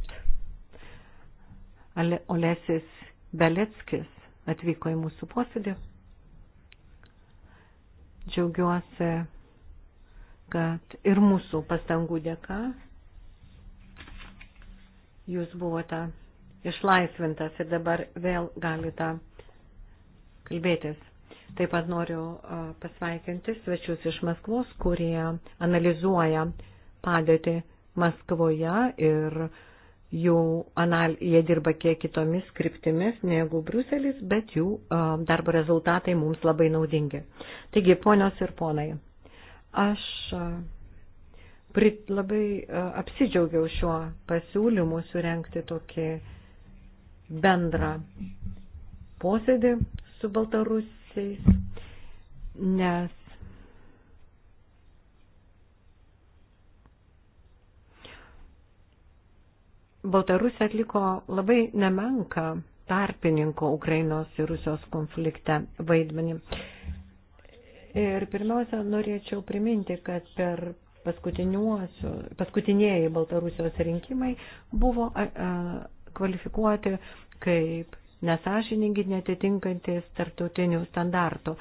Olesis Beleckis atvyko į mūsų posėdį. Džiaugiuosi, kad ir mūsų pastangų dėka jūs buvote išlaisvintas ir dabar vėl galite kalbėtis. Taip pat noriu pasveikinti svečius iš Maskvos, kurie analizuoja padėtį Maskvoje ir jų anal, jie dirba kiek kitomis kryptimis negu Bruselis, bet jų um, darbo rezultatai mums labai naudingi. Taigi, ponios ir ponai, aš uh, prit, labai uh, apsidžiaugiau šiuo pasiūlymu surenkti tokį bendrą posėdį su Baltarusiais, nes Baltarusija atliko labai nemenką tarpininko Ukrainos ir Rusijos konflikte vaidmenį. Ir pirmiausia, norėčiau priminti, kad per paskutiniai Baltarusijos rinkimai buvo a, a, kvalifikuoti kaip nesažiningi, netitinkantis tarptautinių standartų.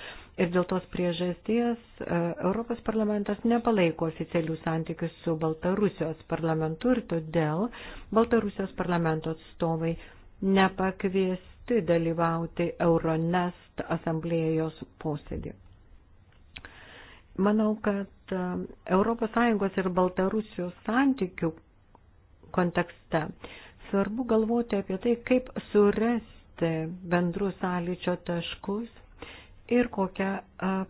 Ir dėl tos priežasties e, Europos parlamentas nepalaiko oficialių santykių su Baltarusijos parlamentu ir todėl Baltarusijos parlamento atstovai nepakviesti dalyvauti Euronest asamblėjos posėdį. Manau, kad ES ir Baltarusijos santykių kontekste svarbu galvoti apie tai, kaip surasti bendrus sąlyčio taškus ir kokią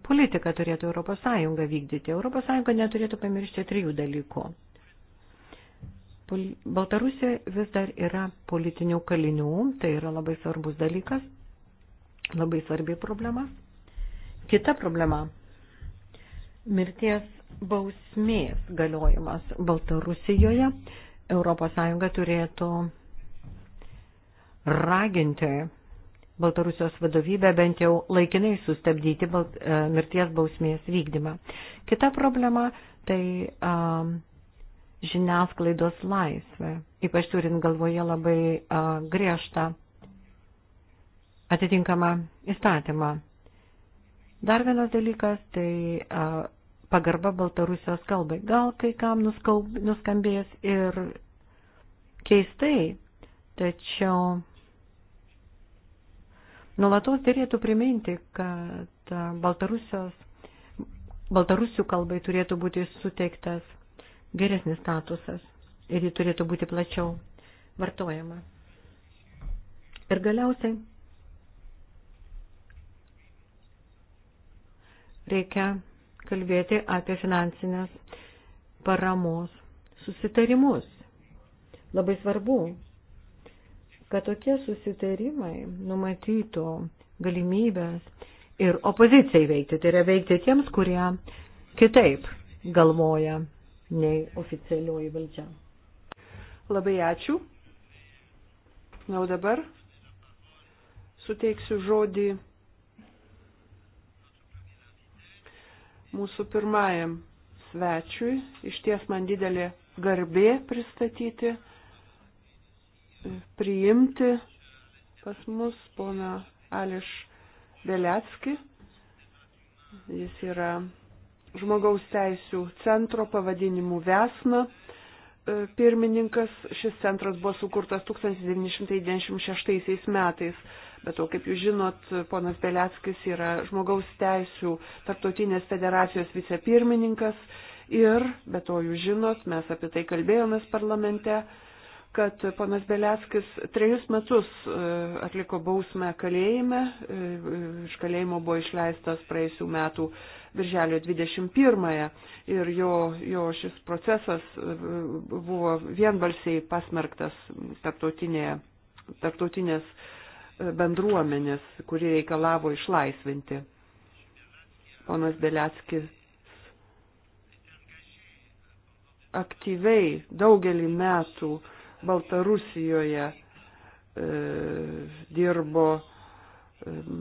politiką turėtų ES vykdyti. ES neturėtų pamiršti trijų dalykų. Baltarusija vis dar yra politinių kalinių, tai yra labai svarbus dalykas, labai svarbi problema. Kita problema - mirties bausmės galiojimas Baltarusijoje. ES turėtų raginti Baltarusijos vadovybę bent jau laikinai sustabdyti balt, e, mirties bausmės vykdymą. Kita problema tai e, žiniasklaidos laisvė, ypač turint galvoje labai e, griežtą atitinkamą įstatymą. Dar vienas dalykas tai e, pagarba Baltarusijos kalbai. Gal kai kam nuskambės ir keistai, tačiau Nulatos dėlėtų priminti, kad Baltarusijos, Baltarusių kalbai turėtų būti suteiktas geresnis statusas ir ji turėtų būti plačiau vartojama. Ir galiausiai reikia kalbėti apie finansinės paramos susitarimus. Labai svarbu, kad tokie susitarimai numatytų galimybės ir opozicijai veikti, tai yra veikti tiems, kurie kitaip galvoja nei oficialioji valdžia. Labai ačiū. Na, o dabar suteiksiu žodį mūsų pirmajam svečiui. Iš ties man didelė garbė pristatyti priimti pas mus poną Ališ Veliatski. Jis yra žmogaus teisų centro pavadinimu Vesna e, pirmininkas. Šis centras buvo sukurtas 1996 metais. Bet to, kaip jūs žinot, ponas Beliackis yra žmogaus teisų tarptautinės federacijos vicepirmininkas ir, bet to jūs žinot, mes apie tai kalbėjomės parlamente, kad ponas Beleskis trejus metus e, atliko bausmę kalėjime, e, iš kalėjimo buvo išleistas praėjusių metų birželio 21-ąją ir jo, jo šis procesas e, buvo vienbalsiai pasmerktas tarptautinė, tarptautinės bendruomenės, kuri reikalavo išlaisvinti. Ponas Beleskis aktyviai daugelį metų uh, Baltarusijoje e, dirbo, e,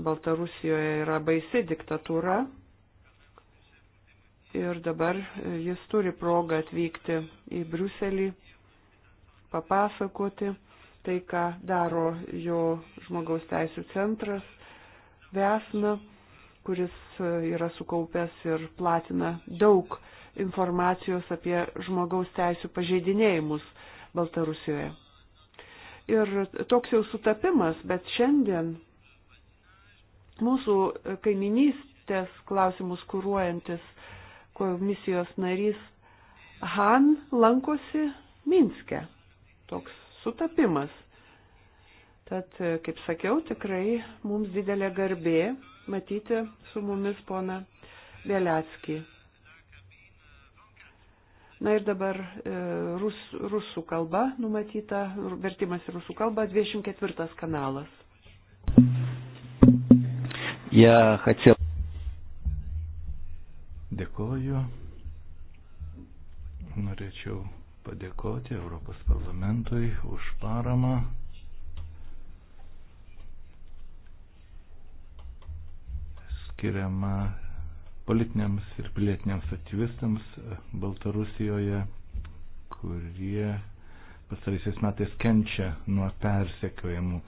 Baltarusijoje yra baisi diktatūra ir dabar e, jis turi progą atvykti į Briuselį, papasakoti tai, ką daro jo žmogaus teisų centras Vesna, kuris e, yra sukaupęs ir platina daug informacijos apie žmogaus teisų pažeidinėjimus Baltarusijoje. Ir toks jau sutapimas, bet šiandien mūsų kaiminystės klausimus kūruojantis komisijos narys Han lankosi Minske. Toks sutapimas. Tad, kaip sakiau, tikrai mums didelė garbė matyti su mumis pona Vėliatskį. Na ir dabar e, rus, rusų kalba numatyta, vertimas į rusų kalbą, 24 kanalas. Ja, хотел... Dėkoju. Norėčiau padėkoti Europos parlamentui už paramą. Skiriama politiniams ir pilietiniams aktyvistams e, Baltarusijoje, kurie pastaraisiais metais kenčia nuo persekiojimų.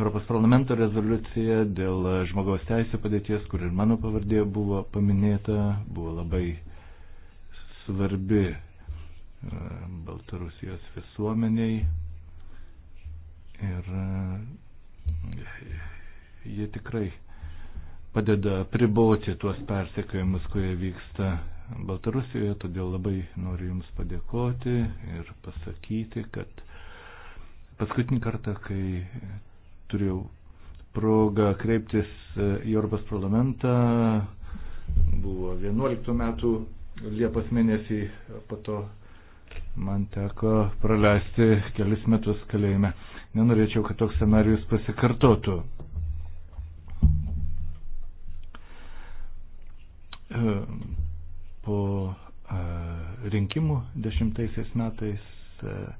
Europos parlamento rezoliucija dėl žmogaus teisų padėties, kur ir mano pavardė buvo paminėta, buvo labai svarbi e, Baltarusijos visuomeniai ir e, jie tikrai padeda priboti tuos persekiojimus, kurie vyksta Baltarusijoje, todėl labai noriu Jums padėkoti ir pasakyti, kad paskutinį kartą, kai turėjau progą kreiptis e, į Europos parlamentą, buvo 11 metų Liepos mėnesį, po to man teko praleisti kelis metus kalėjime. Nenorėčiau, kad toks scenarius pasikartotų. Ehm, po ehm, rinkimų dešimtaisiais metais ehm,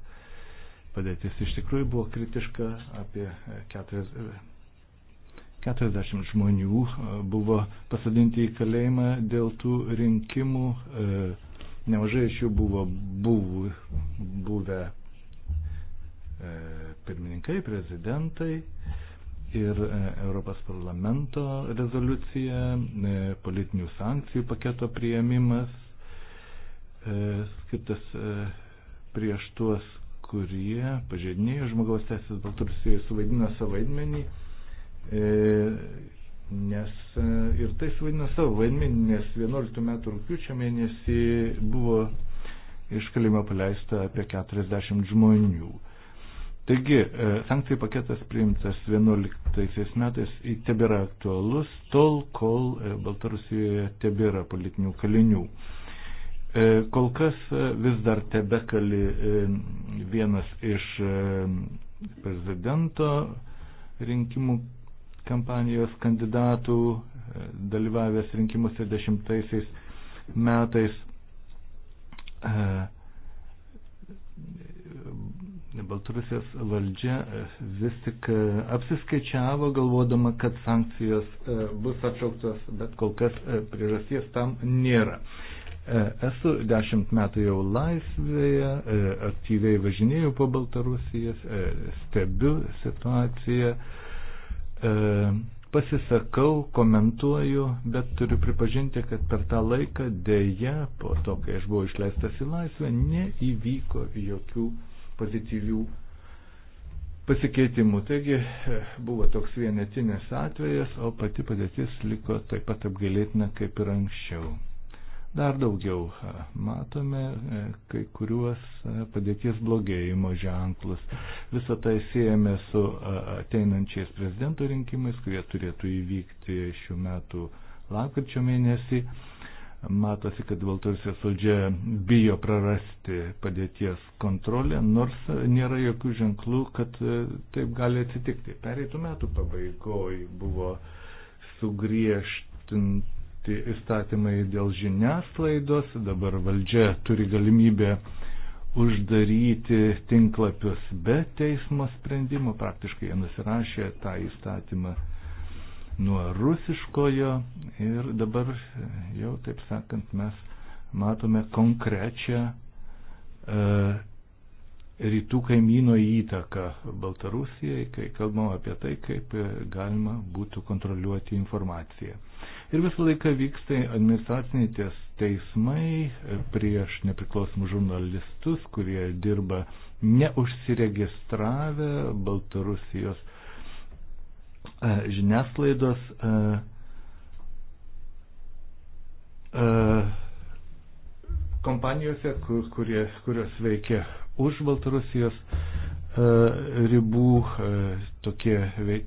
padėtis iš tikrųjų buvo kritiška, apie 40 žmonių buvo pasadinti į kalėjimą dėl tų rinkimų, nemažai iš jų buvo buvę pirmininkai, prezidentai ir e, Europos parlamento rezoliucija, e, politinių sankcijų paketo prieimimas, e, skirtas prieš tuos, kurie pažeidinėjo žmogaus teisės Baltarusijoje suvaidino savo vaidmenį, nes ir tai suvaidino savo vaidmenį, nes 11 metų rūpiučio mėnesį buvo iš kalėjimo paleista apie 40 žmonių. Taigi, e, sankcijų paketas priimtas 11 metais tebėra aktualus tol, kol e, Baltarusijoje tebėra politinių kalinių. E, kol kas vis dar tebekali vienas iš prezidento rinkimų kampanijos kandidatų, dalyvavęs rinkimuose dešimtaisiais metais. Baltarusijos valdžia e, vis tik e, apsiskaičiavo, galvodama, kad sankcijos e, bus atšauktos, bet kol kas priežasties tam nėra. Esu dešimt metų jau laisvėje, aktyviai važinėjau po Baltarusijas, stebiu situaciją, pasisakau, komentuoju, bet turiu pripažinti, kad per tą laiką dėja, po to, kai aš buvau išleistas į laisvę, neįvyko jokių pozityvių pasikeitimų. Taigi e, buvo toks vienetinis atvejas, o pati padėtis liko taip pat apgailėtina kaip ir anksčiau. Dar daugiau e, matome e, kai kuriuos padėties blogėjimo ženklus. Visą tai siejame su ateinančiais prezidento rinkimais, kurie turėtų įvykti šių metų lapkričio mėnesį. Matosi, kad Baltarusijos valdžia bijo prarasti padėties kontrolę, nors nėra jokių ženklų, kad e, taip gali atsitikti. Pereitų metų pabaigoj buvo sugriežtinti įstatymai dėl žiniasklaidos, dabar valdžia turi galimybę uždaryti tinklapius be teismo sprendimo, praktiškai jie nusirašė tą įstatymą nuo rusiškojo ir dabar jau, taip sakant, mes matome konkrečią e, rytų kaimyno įtaką Baltarusijai, kai kalbam apie tai, kaip galima būtų kontroliuoti informaciją. Ir visą laiką vyksta administraciniai ties teismai prieš nepriklausomus žurnalistus, kurie dirba neužsiregistravę Baltarusijos E, žiniasklaidos e, e, kompanijose, kur, kurie, kurios veikia už Baltarusijos ribų. Tokie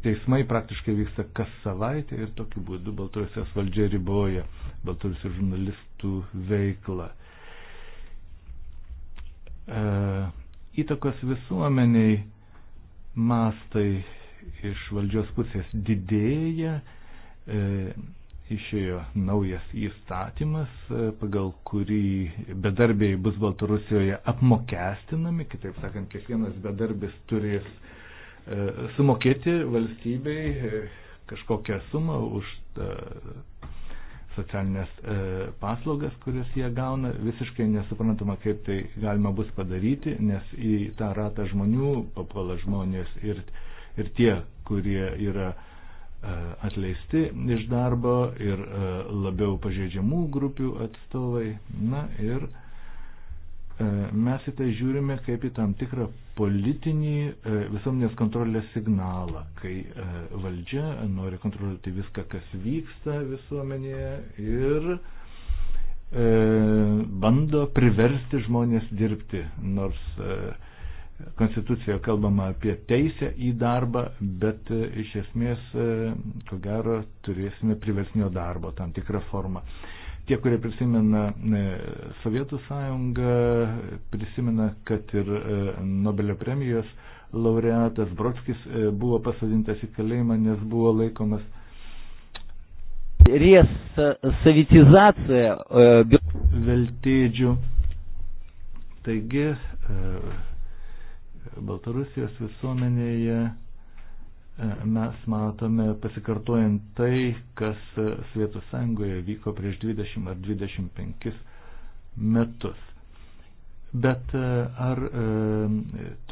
teismai praktiškai vyksta kas savaitę ir tokiu būdu Baltarusijos valdžia riboja Baltarusijos žurnalistų veiklą. Įtakos visuomeniai mastai iš valdžios pusės didėja, e, išėjo naujas įstatymas, e, pagal kurį bedarbiai bus Baltarusijoje apmokestinami, kitaip sakant, kiekvienas bedarbis turės e, sumokėti valstybei e, kažkokią sumą už e, socialinės e, paslaugas, kurias jie gauna. Visiškai nesuprantama, kaip tai galima bus padaryti, nes į tą ratą žmonių papuola žmonės ir e, ir tie, kurie yra e, atleisti iš darbo ir e, labiau pažeidžiamų grupių atstovai. Na ir e, mes į tai žiūrime kaip į tam tikrą politinį visuomenės kontrolės signalą, kai valdžia nori kontroliuoti viską, kas vyksta visuomenėje ir bando priversti žmonės dirbti, nors Konstitucijoje kalbama apie teisę į darbą, bet e, iš esmės, e, ko gero, turėsime priversnio darbo tam tikrą formą. Tie, kurie prisimena e, Sovietų sąjungą, prisimena, kad ir Nobelio premijos laureatas Brodskis buvo pasodintas į kalėjimą, nes buvo laikomas. Ries savitizacija. Veltėdžių. Taigi, Baltarusijos visuomenėje e, mes matome pasikartojant tai, kas Svietų sąjungoje vyko prieš 20 ar 25 metus. Bet e, ar e,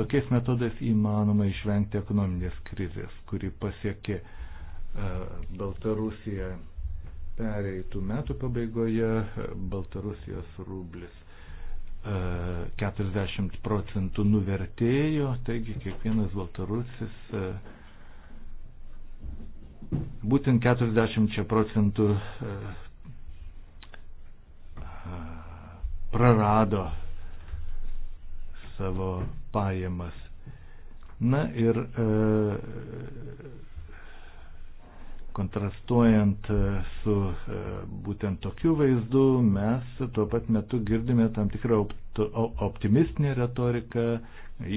tokiais metodais įmanoma išvengti ekonominės krizės, kuri pasiekė e, Baltarusiją pereitų metų pabaigoje, Baltarusijos rublis 40 procentų nuvertėjo, taigi kiekvienas baltarusis e, būtent 40 procentų e, e, prarado savo pajamas. Na ir kontrastuojant e, su e, būtent tokiu vaizdu, mes tuo pat metu girdime tam tikrą optimistinę retoriką,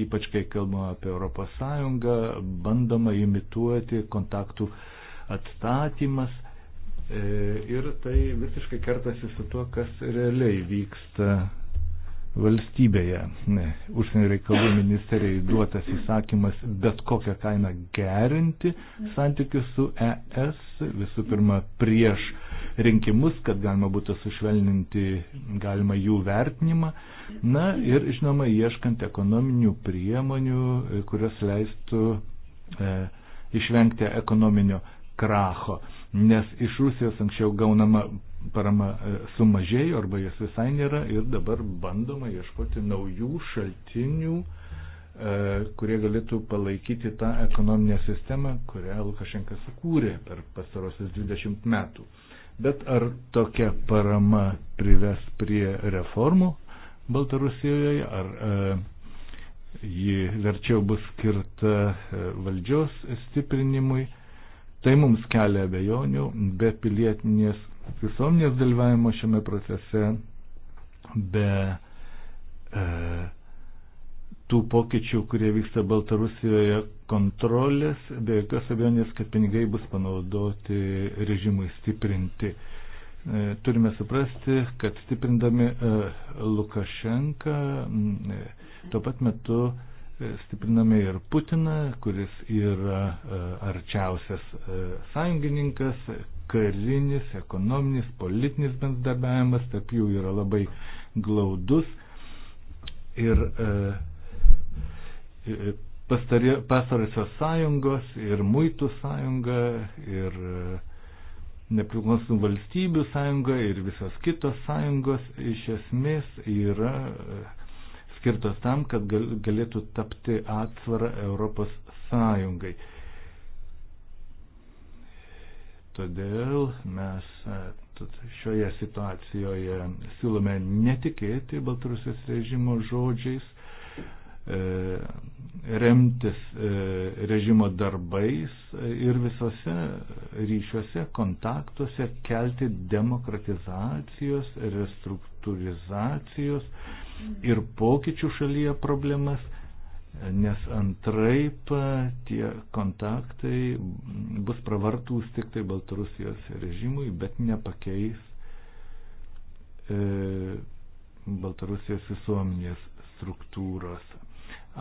ypač kai kalbama apie ES, bandoma imituoti kontaktų atstatymas e, ir tai visiškai kertasi su tuo, kas realiai vyksta valstybėje. Užsienio reikalų ministerijai duotas įsakymas bet kokią kainą gerinti santykius su ES, visų pirma, prieš rinkimus, kad galima būtų sušvelninti galima jų vertinimą. Na ir, žinoma, ieškant ekonominių priemonių, kurios leistų e, išvengti ekonominio kracho, nes iš Rusijos anksčiau gaunama parama e, sumažėjo arba jos visai nėra ir dabar bandoma ieškoti naujų šaltinių, e, kurie galėtų palaikyti tą ekonominę sistemą, kurią Lukašenka sukūrė per pastarosius 20 metų. Bet ar tokia parama prives prie reformų Baltarusijoje, ar e, ji verčiau bus skirta e, valdžios stiprinimui. Tai mums kelia abejonių, be pilietinės visuomenės dalyvavimo šiame procese, be e, tų pokyčių, kurie vyksta Baltarusijoje, kontrolės, be jokios abejonės, kad pinigai bus panaudoti režimui stiprinti. E, turime suprasti, kad stiprindami e, Lukašenką, e, tuo pat metu e, stipriname ir Putiną, kuris yra e, arčiausias e, sąjungininkas, karinis, ekonominis, politinis bendradarbiavimas, tarp jų yra labai glaudus. Ir e, e pastarosios sąjungos ir muitų sąjunga ir e, nepriklausomų valstybių sąjunga ir visos kitos sąjungos iš esmės yra e, skirtos tam, kad galėtų tapti atsvarą Europos sąjungai. E, Todėl mes e, šioje situacijoje siūlome netikėti Baltarusijos režimo žodžiais, e, remtis e, režimo darbais ir visose ryšiuose, kontaktuose kelti demokratizacijos, restruktūrizacijos ir pokyčių šalyje problemas nes antraip tie kontaktai bus pravartūs tik tai Baltarusijos režimui, bet nepakeis e, Baltarusijos visuomenės struktūros.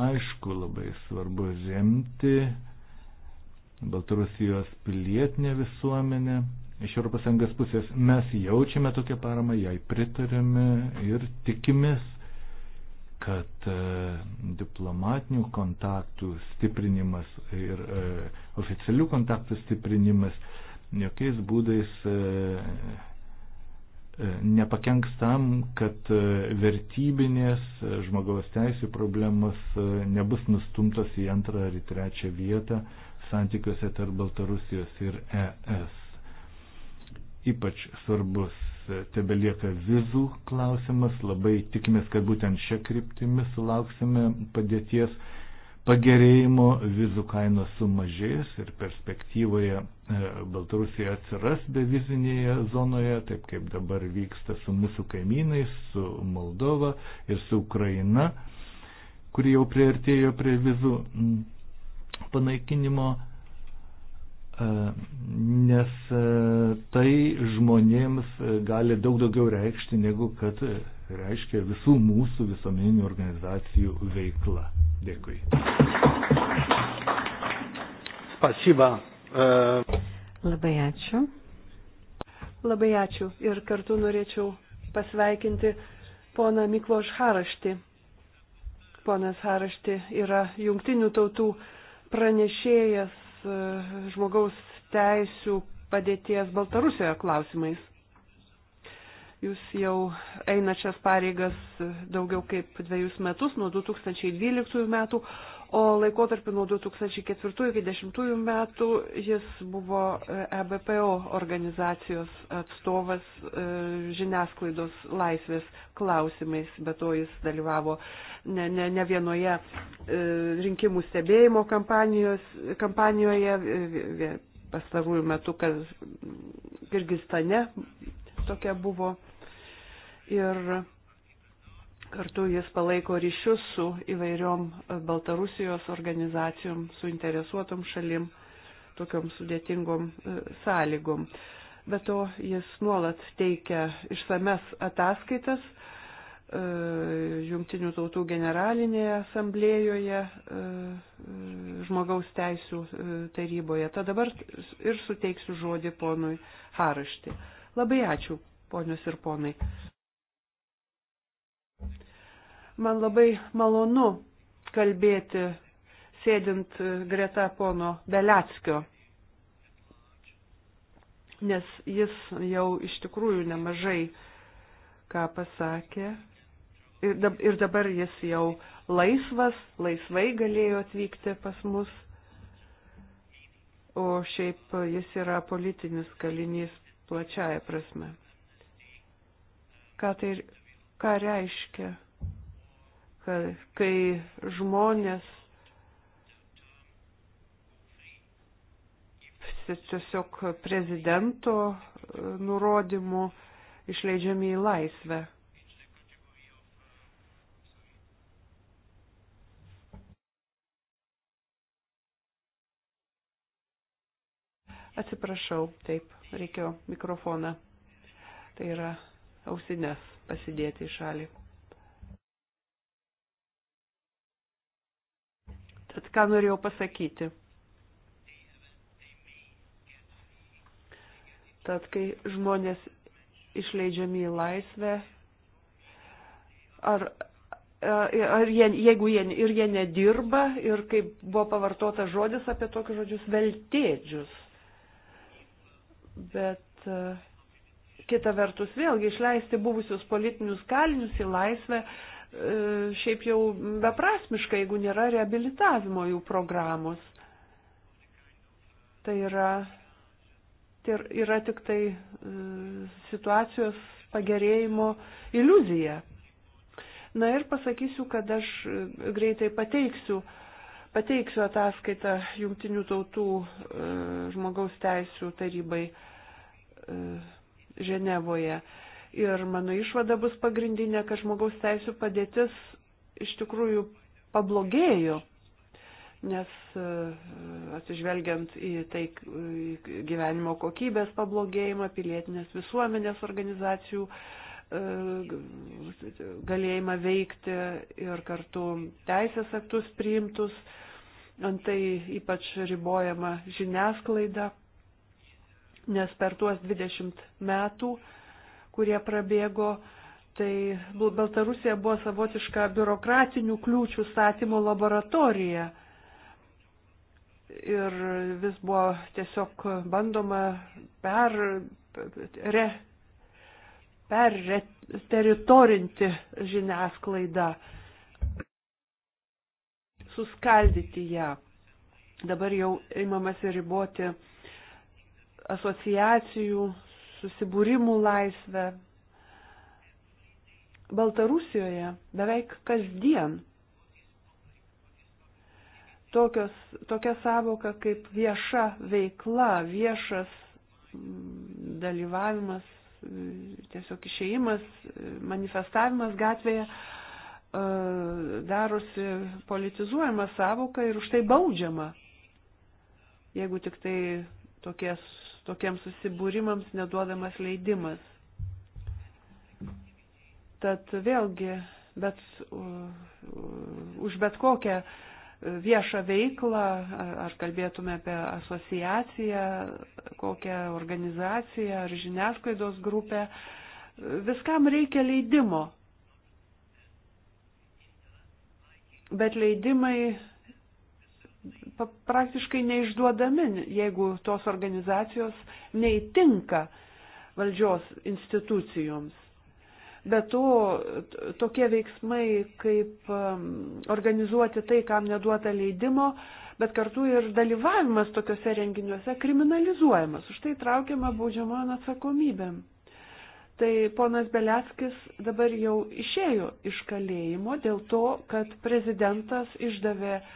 Aišku, labai svarbu žemti Baltarusijos pilietinę visuomenę. Iš ES pusės mes jaučiame tokią paramą, jai pritarėme ir tikimės kad e, diplomatinių kontaktų stiprinimas ir e, oficialių kontaktų stiprinimas jokiais būdais e, nepakenks tam, kad vertybinės žmogaus teisų problemas nebus nustumtos į antrą ar į trečią vietą santykiuose tarp Baltarusijos ir ES. Ypač svarbus tebelieka vizų klausimas. Labai tikimės, kad būtent šią kryptimį sulauksime padėties pagerėjimo, vizų kainos sumažės ir perspektyvoje e, Baltarusija atsiras bevizinėje zonoje, taip kaip dabar vyksta su mūsų kaimynais, su Moldova ir su Ukraina, kuri jau prieartėjo prie vizų panaikinimo nes e, tai žmonėms e, gali daug daugiau reikšti, negu kad e, reiškia visų mūsų visuomeninių organizacijų veikla. Dėkui. Spasiba. Labai ačiū. Labai ačiū. Ir kartu norėčiau pasveikinti poną Mikloš Haraštį. Ponas Harašti yra jungtinių tautų pranešėjas E, žmogaus teisų padėties Baltarusijoje klausimais. Jūs jau eina šias pareigas daugiau kaip dviejus metus, nuo 2012 metų, o laikotarpiu nuo 2004 iki 2010 metų jis buvo EBPO e organizacijos atstovas e, žiniasklaidos laisvės klausimais, bet to jis dalyvavo ne, ne, ne vienoje e, rinkimų stebėjimo kampanijoje, pastarųjų metų, kad Kirgistane tokia buvo. Ir Kartu jis palaiko ryšius su įvairiom e, Baltarusijos organizacijom, suinteresuotom šalim, tokiom sudėtingom e, sąlygom. Be to jis nuolat teikia išsames ataskaitas e, Jungtinių tautų generalinėje asamblėjoje žmogaus teisų taryboje. Tad dabar ir suteiksiu žodį ponui Harašti. Labai ačiū, ponios ir ponai. Man labai malonu kalbėti sėdint greta pono Beliackio, nes jis jau iš tikrųjų nemažai ką pasakė. Ir dabar jis jau laisvas, laisvai galėjo atvykti pas mus. O šiaip jis yra politinis kalinys plačiaja prasme. Ką tai ką reiškia? kad kai žmonės tiesiog prezidento e, nurodymų išleidžiami į laisvę. Atsiprašau, taip, reikėjo mikrofoną. Tai yra ausinės pasidėti į šalį. Tad ką norėjau pasakyti. Tad kai žmonės išleidžiami į laisvę, ar, ar jie, jeigu jie ir jie nedirba, ir kaip buvo pavartotas žodis apie tokius žodžius veltėdžius. Bet kita vertus, vėlgi išleisti buvusius politinius kalinius į laisvę E, šiaip jau beprasmiška, jeigu nėra reabilitavimo jų programos. Tai yra, tai yra tik tai e, situacijos pagerėjimo iliuzija. Na ir pasakysiu, kad aš e, greitai pateiksiu, pateiksiu ataskaitą Jungtinių tautų žmogaus teisų tarybai Ženevoje. E, Ir mano išvada bus pagrindinė, kad žmogaus teisų padėtis iš tikrųjų pablogėjo, nes e, atsižvelgiant į tai gyvenimo kokybės pablogėjimą, pilietinės visuomenės organizacijų e, galėjimą veikti ir kartu teisės aktus priimtus, antai ypač ribojama žiniasklaida, nes per tuos 20 metų kurie prabėgo. Tai Baltarusija buvo savotiška biurokratinių kliūčių statymo laboratorija. Ir vis buvo tiesiog bandoma per, re, per re, teritorinti žiniasklaidą, suskaldyti ją. Dabar jau įmamas riboti asociacijų susibūrimų laisvę. Baltarusijoje beveik kasdien tokios, tokia savoka kaip vieša veikla, viešas mm, dalyvavimas, tiesiog išėjimas, manifestavimas gatvėje e, darosi politizuojama savoka ir už tai baudžiama. Jeigu tik tai tokie tokiems susibūrimams neduodamas leidimas. Tad vėlgi, bet, už bet kokią viešą veiklą, ar kalbėtume apie asociaciją, kokią organizaciją ar žiniasklaidos grupę, viskam reikia leidimo. Bet leidimai praktiškai neišduodami, jeigu tos organizacijos neįtinka valdžios institucijoms. Be to, tokie veiksmai kaip um, organizuoti tai, kam neduota leidimo, bet kartu ir dalyvavimas tokiuose renginiuose kriminalizuojamas, už tai traukiama baudžiamojo atsakomybėm. Tai ponas Beleckis dabar jau išėjo iš kalėjimo dėl to, kad prezidentas išdavė uh,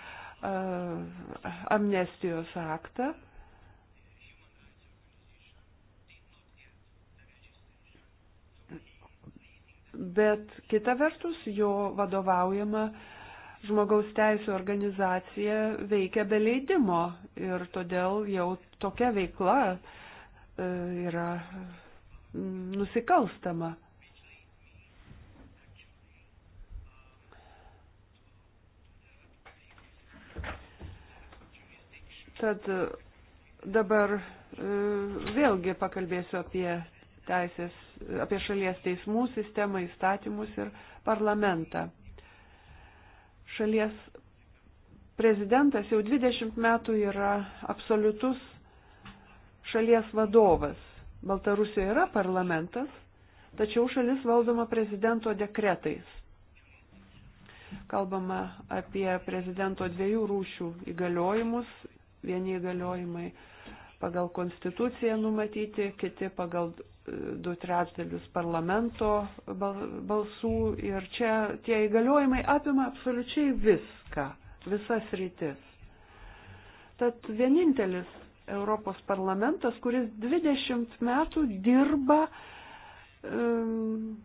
Uh, amnestijos aktą. Bet kita vertus, jo vadovaujama žmogaus teisų organizacija veikia be leidimo ir todėl jau tokia veikla uh, yra mm, nusikalstama. Tad e, dabar e, vėlgi pakalbėsiu apie teisės, apie šalies teismų sistemą, įstatymus ir parlamentą. Šalies prezidentas jau 20 metų yra absoliutus šalies vadovas. Baltarusijoje yra parlamentas, tačiau šalis valdoma prezidento dekretais. Kalbama apie prezidento dviejų rūšių įgaliojimus vieni įgaliojimai pagal konstituciją numatyti, kiti pagal e, du trečdalius parlamento balsų ir čia tie įgaliojimai apima absoliučiai viską, visas rytis. Tad vienintelis Europos parlamentas, kuris 20 metų dirba um,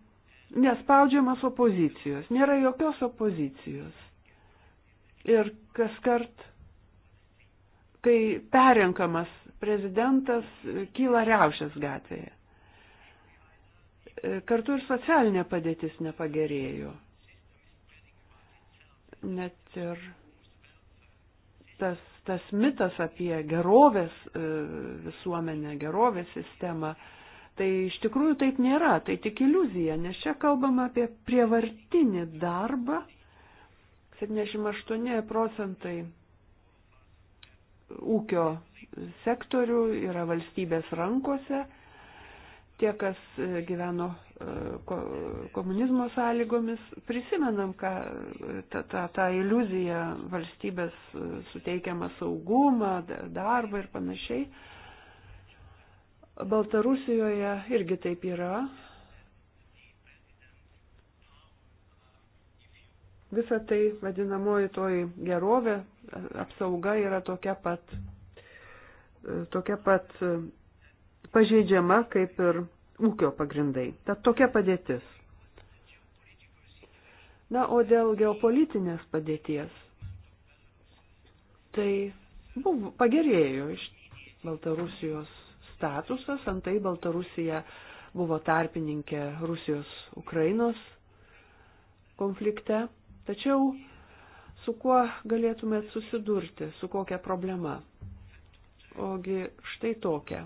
nespaudžiamas opozicijos, nėra jokios opozicijos. Ir kas kart kai perrenkamas prezidentas, kyla reušės gatvėje. Kartu ir socialinė padėtis nepagerėjo. Net ir tas, tas mitas apie gerovės e, visuomenę, gerovės sistemą, tai iš tikrųjų taip nėra, tai tik iliuzija, nes čia kalbama apie prievartinį darbą. 78 procentai ūkio sektorių yra valstybės rankose. Tie, kas e, gyveno e, komunizmo sąlygomis, prisimenam, ką tą, e, tą, tą iliuziją valstybės suteikiamą saugumą, darbą ir panašiai. Baltarusijoje irgi taip yra, Visa tai vadinamoji toji gerovė, apsauga yra tokia pat, tokia pat e, pažeidžiama kaip ir ūkio pagrindai. Tad tokia padėtis. Na, o dėl geopolitinės padėties, tai buvo, pagerėjo iš Baltarusijos statusas, antai Baltarusija buvo tarpininkė Rusijos Ukrainos konflikte. Tačiau su kuo galėtumėt susidurti, su kokia problema? Ogi štai tokia.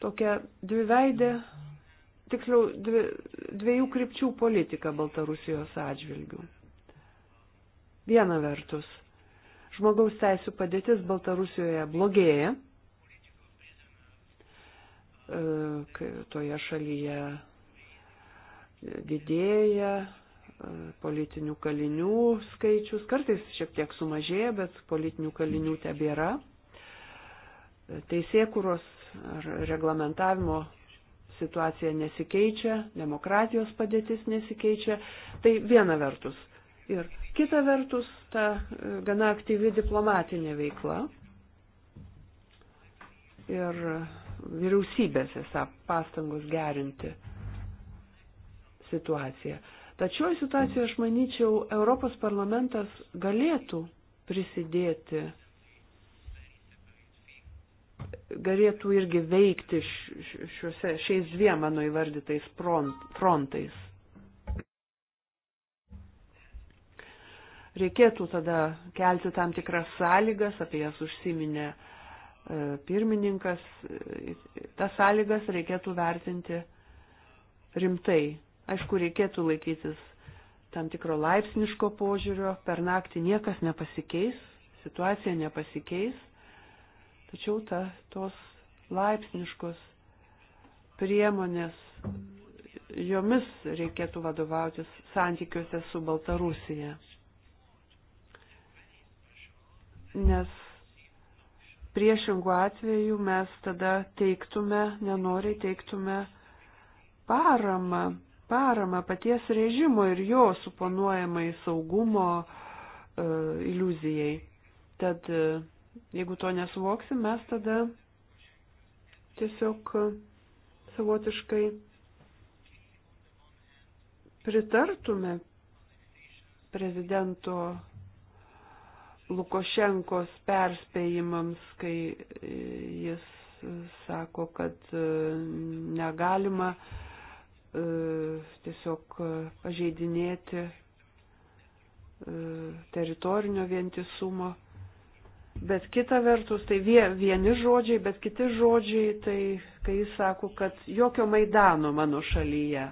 Tokia dviveidė, tiksliau dvi, dviejų krypčių politika Baltarusijos atžvilgių. Viena vertus, žmogaus teisų padėtis Baltarusijoje blogėja, e, toje šalyje didėja politinių kalinių skaičius. Kartais šiek tiek sumažėja, bet politinių kalinių tebėra. Teisėkuros ar reglamentavimo situacija nesikeičia, demokratijos padėtis nesikeičia. Tai viena vertus. Ir kita vertus ta e, gana aktyvi diplomatinė veikla. Ir vyriausybės esą pastangos gerinti situaciją. Tačiau situacijoje, aš manyčiau, Europos parlamentas galėtų prisidėti, galėtų irgi veikti šiuose, šiais dviem mano įvardytais front, frontais. Reikėtų tada kelti tam tikras sąlygas, apie jas užsiminė e, pirmininkas, e, tas sąlygas reikėtų vertinti rimtai Aišku, reikėtų laikytis tam tikro laipsniško požiūrio, per naktį niekas nepasikeis, situacija nepasikeis, tačiau ta, tos laipsniškos priemonės, jomis reikėtų vadovautis santykiuose su Baltarusija. Nes priešingų atveju mes tada teiktume, nenoriai teiktume paramą paramą paties režimo ir jo suponuojamai saugumo e, iliuzijai. Tad e, jeigu to nesuvoksim, mes tada tiesiog e, savotiškai pritartume prezidento Lukošenkos perspėjimams, kai e, jis e, sako, kad negalima uh, E, tiesiog e, pažeidinėti e, teritorinio vientisumo. Bet kita vertus, tai vieni žodžiai, bet kiti žodžiai, tai kai jis sako, kad jokio Maidano mano šalyje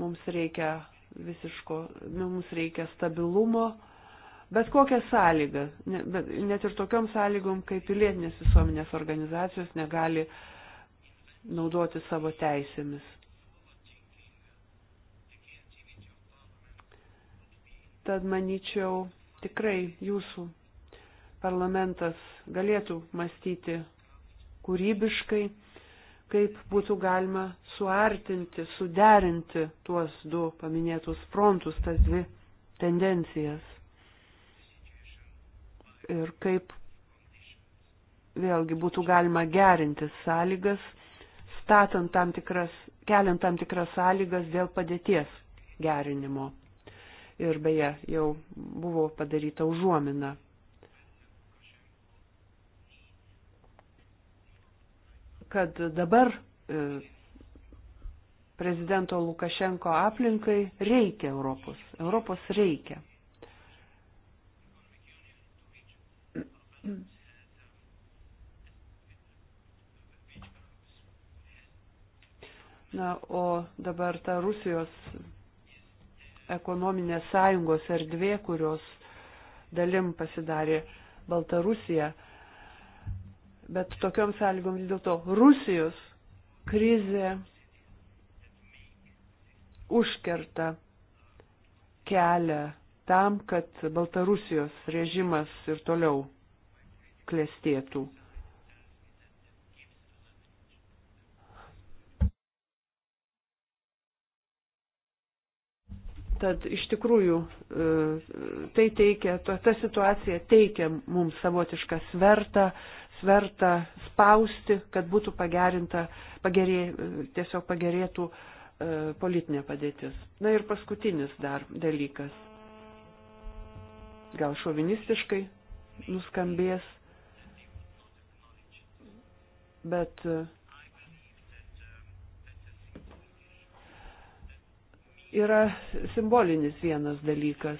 mums reikia visiško, nu, mums reikia stabilumo, bet kokią sąlygą, net ir tokiom sąlygom, kaip pilietinės visuomenės organizacijos negali naudoti savo teisėmis. Tad manyčiau, tikrai jūsų parlamentas galėtų mąstyti kūrybiškai, kaip būtų galima suartinti, suderinti tuos du paminėtus frontus, tas dvi tendencijas. Ir kaip vėlgi būtų galima gerinti sąlygas, statant tam tikras, keliant tam tikras sąlygas dėl padėties gerinimo ir beje jau buvo padaryta užuomina. kad dabar e, prezidento Lukašenko aplinkai reikia Europos. Europos reikia. Na, o dabar ta Rusijos ekonominės sąjungos erdvė, kurios dalim pasidarė Baltarusija. Bet tokiom sąlygom vis dėlto Rusijos krizė užkerta kelią tam, kad Baltarusijos režimas ir toliau klestėtų. Tad iš tikrųjų e, tai teikia, ta situacija teikia mums savotišką svertą, svertą spausti, kad būtų pagerinta, pagerė, e, tiesiog pagerėtų e, politinė padėtis. Na ir paskutinis dar dalykas. Gal šovinistiškai nuskambės, bet uh, yra simbolinis vienas dalykas.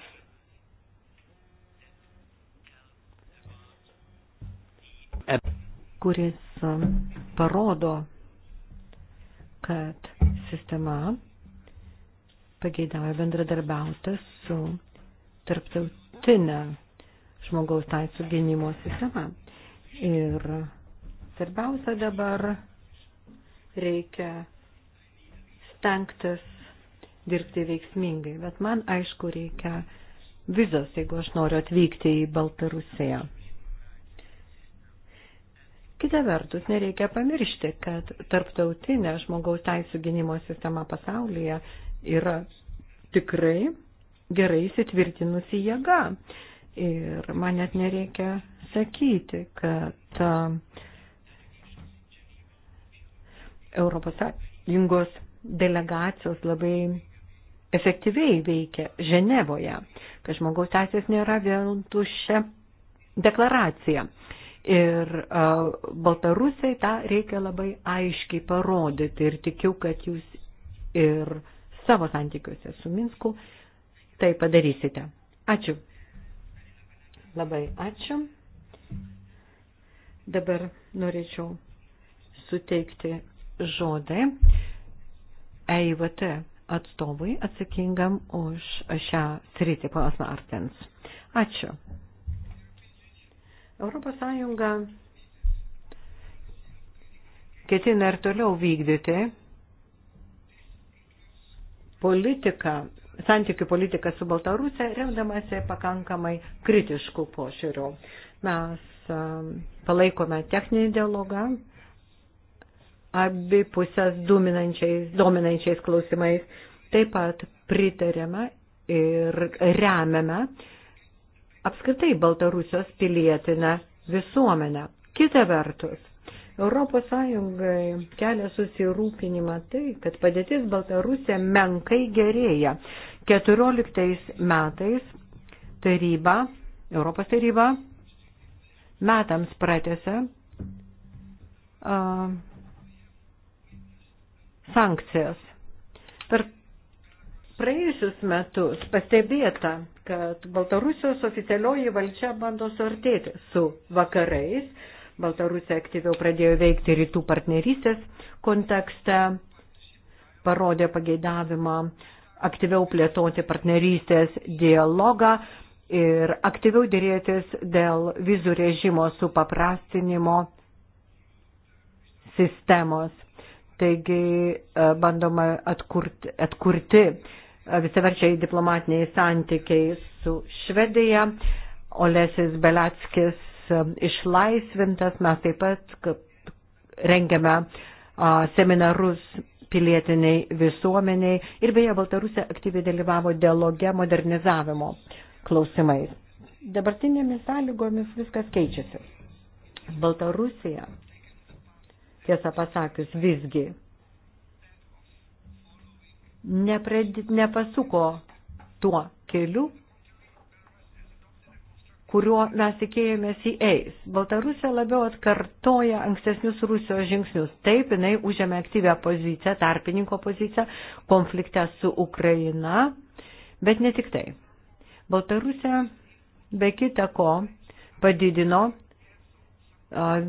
kuris um, parodo, kad sistema pageidavo bendradarbiauti su tarptautinė žmogaus taisų gynimo sistema. Ir svarbiausia dabar reikia stengtis dirbti veiksmingai. Bet man aišku reikia vizos, jeigu aš noriu atvykti į Baltarusiją. Kita vertus, nereikia pamiršti, kad tarptautinė žmogaus teisų gynimo sistema pasaulyje yra tikrai gerai įsitvirtinusi jėga. Ir man net nereikia sakyti, kad e, Europos Sąjungos delegacijos labai efektyviai veikia Ženevoje, kad žmogaus teisės nėra vien tuščia deklaracija. Ir uh, Baltarusiai tą reikia labai aiškiai parodyti ir tikiu, kad jūs ir savo santykiuose su Minsku tai padarysite. Ačiū. Labai ačiū. Dabar norėčiau suteikti žodį EIVT atstovui atsakingam už šią sritį, panas Martins. Ačiū. Europos Sąjunga ketina ir toliau vykdyti politiką, santykių politiką su Baltarusija, remdamasi pakankamai kritiškų pošiūrių. Mes um, palaikome techninį dialogą abi pusės dominančiais klausimais. Taip pat pritarėme ir remiame apskritai Baltarusijos pilietinę visuomenę. Kita vertus, Europos Sąjungai kelia susirūpinimą tai, kad padėtis Baltarusija menkai gerėja. 14 metais taryba, Europos taryba metams pratėse sankcijas. Per praėjusius metus pastebėta, kad Baltarusijos oficialioji valdžia bando suartėti su vakarais. Baltarusija aktyviau pradėjo veikti rytų partnerystės kontekste, parodė pageidavimą aktyviau plėtoti partnerystės dialogą ir aktyviau dėrėtis dėl vizų režimo supaprastinimo sistemos Taigi e, bandoma atkurti, atkurti e, visaverčiai diplomatiniai santykiai su Švedija. Olesis Belatskis e, išlaisvintas, mes taip pat rengiame seminarus pilietiniai visuomeniai ir beje Baltarusija aktyviai dalyvavo dialoge modernizavimo klausimais. Dabartinėmis sąlygomis viskas keičiasi. Baltarusija tiesą pasakius, visgi nepred, nepasuko tuo keliu, kuriuo mes tikėjomės į eis. Baltarusija labiau atkartoja ankstesnius Rusijos žingsnius. Taip, jinai užėmė aktyvę poziciją, tarpininko poziciją konflikte su Ukraina, bet ne tik tai. Baltarusija be kita ko padidino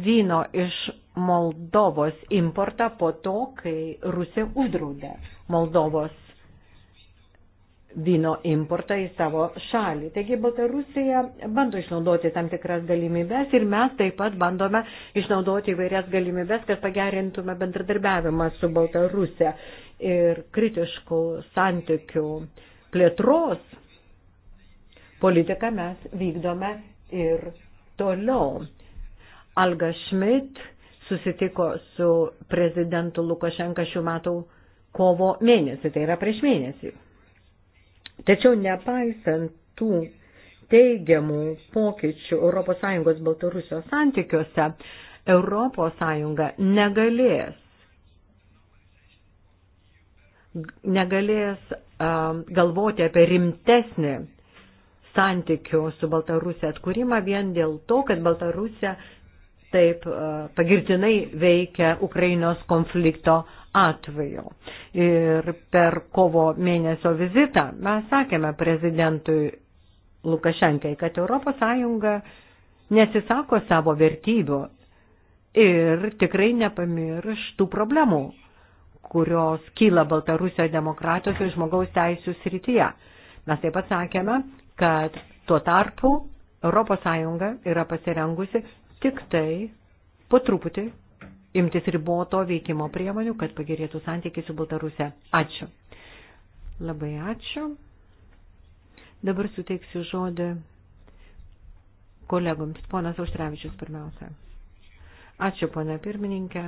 vyno iš Moldovos importą po to, kai Rusija uždraudė Moldovos vyno importą į savo šalį. Taigi Baltarusija bando išnaudoti tam tikras galimybės ir mes taip pat bandome išnaudoti įvairias galimybės, kad pagerintume bendradarbiavimą su Baltarusija ir kritiškų santykių plėtros politiką mes vykdome ir toliau. Alga Šmit susitiko su prezidentu Lukašenka šių metų kovo mėnesį, tai yra prieš mėnesį. Tačiau nepaisant tų teigiamų pokyčių ES Baltarusijos santykiuose, ES negalės, negalės um, galvoti apie rimtesnį santykių su Baltarusija atkūrimą vien dėl to, kad Baltarusija taip e, pagirtinai veikia Ukrainos konflikto atveju. Ir per kovo mėnesio vizitą mes sakėme prezidentui Lukašenkai, kad ES nesisako savo vertybių ir tikrai nepamirš tų problemų, kurios kyla Baltarusio demokratijos ir žmogaus teisų srityje. Mes taip pat sakėme, kad tuo tarpu ES yra pasirengusi tik tai po truputį imtis riboto veikimo priemonių, kad pagerėtų santykiai su Baltaruse. Ačiū. Labai ačiū. Dabar suteiksiu žodį kolegoms. Ponas Auštrevičius pirmiausia. Ačiū, pana pirmininkė.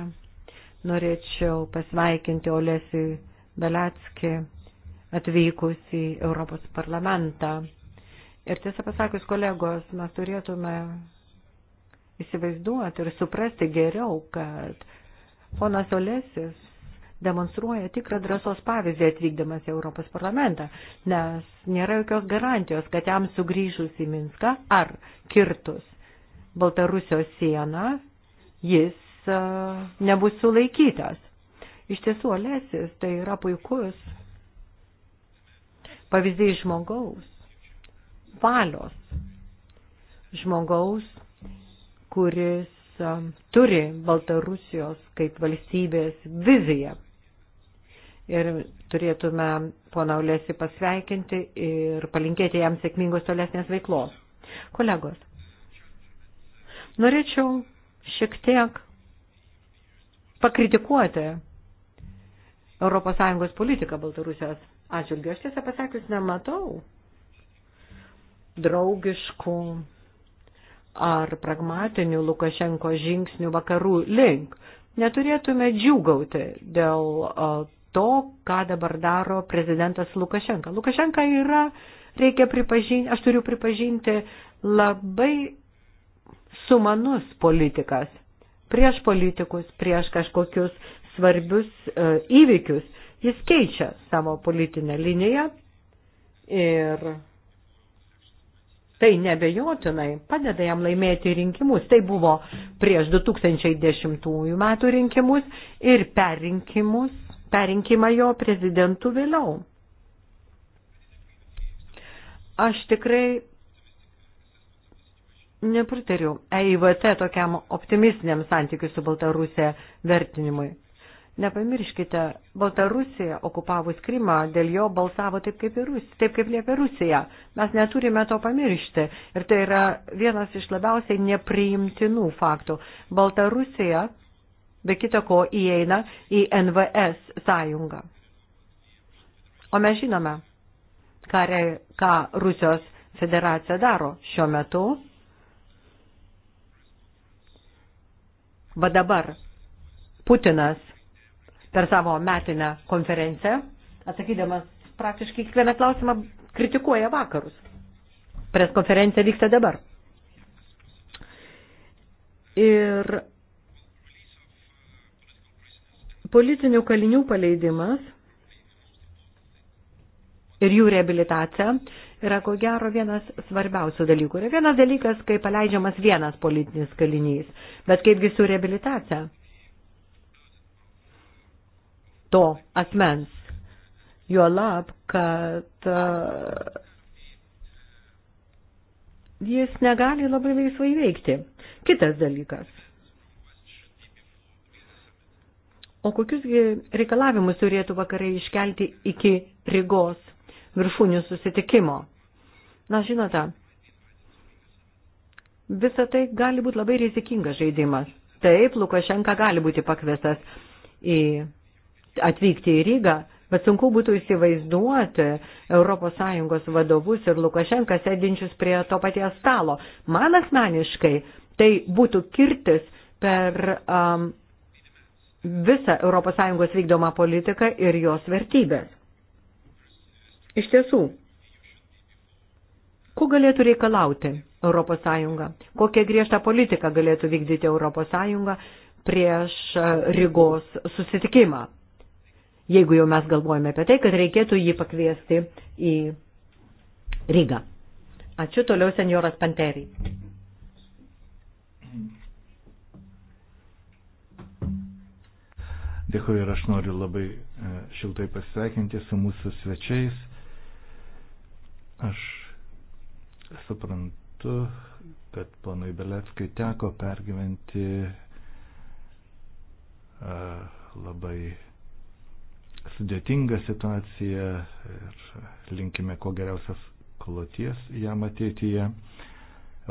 Norėčiau pasveikinti Olesį Belatskį atvykus į Europos parlamentą. Ir tiesą pasakius, kolegos, mes turėtume įsivaizduoti ir suprasti geriau, kad ponas Olesis demonstruoja tikrą drąsos pavyzdį atvykdamas į Europos parlamentą, nes nėra jokios garantijos, kad jam sugrįžus į Minską ar kirtus Baltarusijos sieną jis uh, nebus sulaikytas. Iš tiesų, Olesis tai yra puikus pavyzdys žmogaus, valios, žmogaus kuris um, turi Baltarusijos kaip valstybės viziją. Ir turėtume ponaulėsi pasveikinti ir palinkėti jam sėkmingos tolesnės veiklos. Kolegos, norėčiau šiek tiek pakritikuoti ES politiką Baltarusijos atžvilgiu. Aš tiesą pasakius nematau draugiškų ar pragmatinių Lukašenko žingsnių vakarų link, neturėtume džiūgauti dėl to, ką dabar daro prezidentas Lukašenka. Lukašenka yra, reikia pripažinti, aš turiu pripažinti, labai sumanus politikas. Prieš politikus, prieš kažkokius svarbius e, įvykius. Jis keičia savo politinę liniją ir Tai nebejotinai padeda jam laimėti rinkimus. Tai buvo prieš 2010 metų rinkimus ir perrinkimus, perrinkimą jo prezidentų vėliau. Aš tikrai nepritariu EIVT tokiam optimistiniam santykiu su Baltarusija vertinimui. Nepamirškite, Baltarusija okupavus Krimą, dėl jo balsavo taip kaip, ir Rusija, taip kaip liepia Rusija. Mes neturime to pamiršti. Ir tai yra vienas iš labiausiai nepriimtinų faktų. Baltarusija, be kita ko, įeina į NVS sąjungą. O mes žinome, ką, re, ką Rusijos federacija daro šiuo metu. Va dabar Putinas per savo metinę konferenciją, atsakydamas praktiškai kiekvieną klausimą, kritikuoja vakarus. Pres konferencija vyksta dabar. Ir politinių kalinių paleidimas ir jų reabilitacija yra ko gero vienas svarbiausių dalykų. Yra vienas dalykas, kai paleidžiamas vienas politinis kalinys, bet kaipgi su reabilitacija? to asmens. Jo lab, kad e, jis negali labai laisvai veikti. Kitas dalykas. O kokius reikalavimus turėtų vakarai iškelti iki Rygos viršūnių susitikimo? Na, žinote, visa tai gali būti labai rizikingas žaidimas. Taip, Lukašenka gali būti pakviestas į atvykti į Rygą, bet sunku būtų įsivaizduoti ES vadovus ir Lukašenką sėdinčius prie to paties stalo. Man asmeniškai tai būtų kirtis per um, visą ES vykdomą politiką ir jos vertybės. Iš tiesų, ko galėtų reikalauti ES? Kokią griežtą politiką galėtų vykdyti ES prieš uh, Rygos susitikimą? jeigu jau mes galvojame apie tai, kad reikėtų jį pakviesti į Rygą. Ačiū toliau, senjoras Panterį. Dėkuoju ir aš noriu labai e, šiltai pasveikinti su mūsų svečiais. Aš suprantu, kad ponui Beleckui teko pergyventi e, labai sudėtingą situaciją ir linkime kuo geriausias kloties jam ateityje.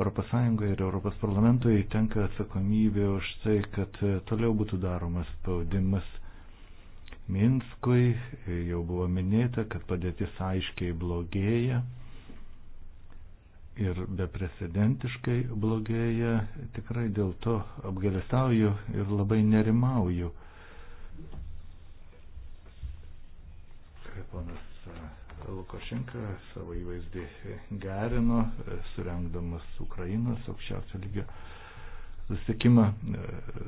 ES ir ES parlamentui tenka atsakomybė už tai, kad toliau būtų daromas spaudimas Minskui. Jau buvo minėta, kad padėtis aiškiai blogėja ir beprecedentiškai blogėja. Tikrai dėl to apgalėstauju ir labai nerimauju. ponas e, Lukašenka savo įvaizdį gerino, e, surengdamas Ukrainos aukščiausio lygio susitikimą, e,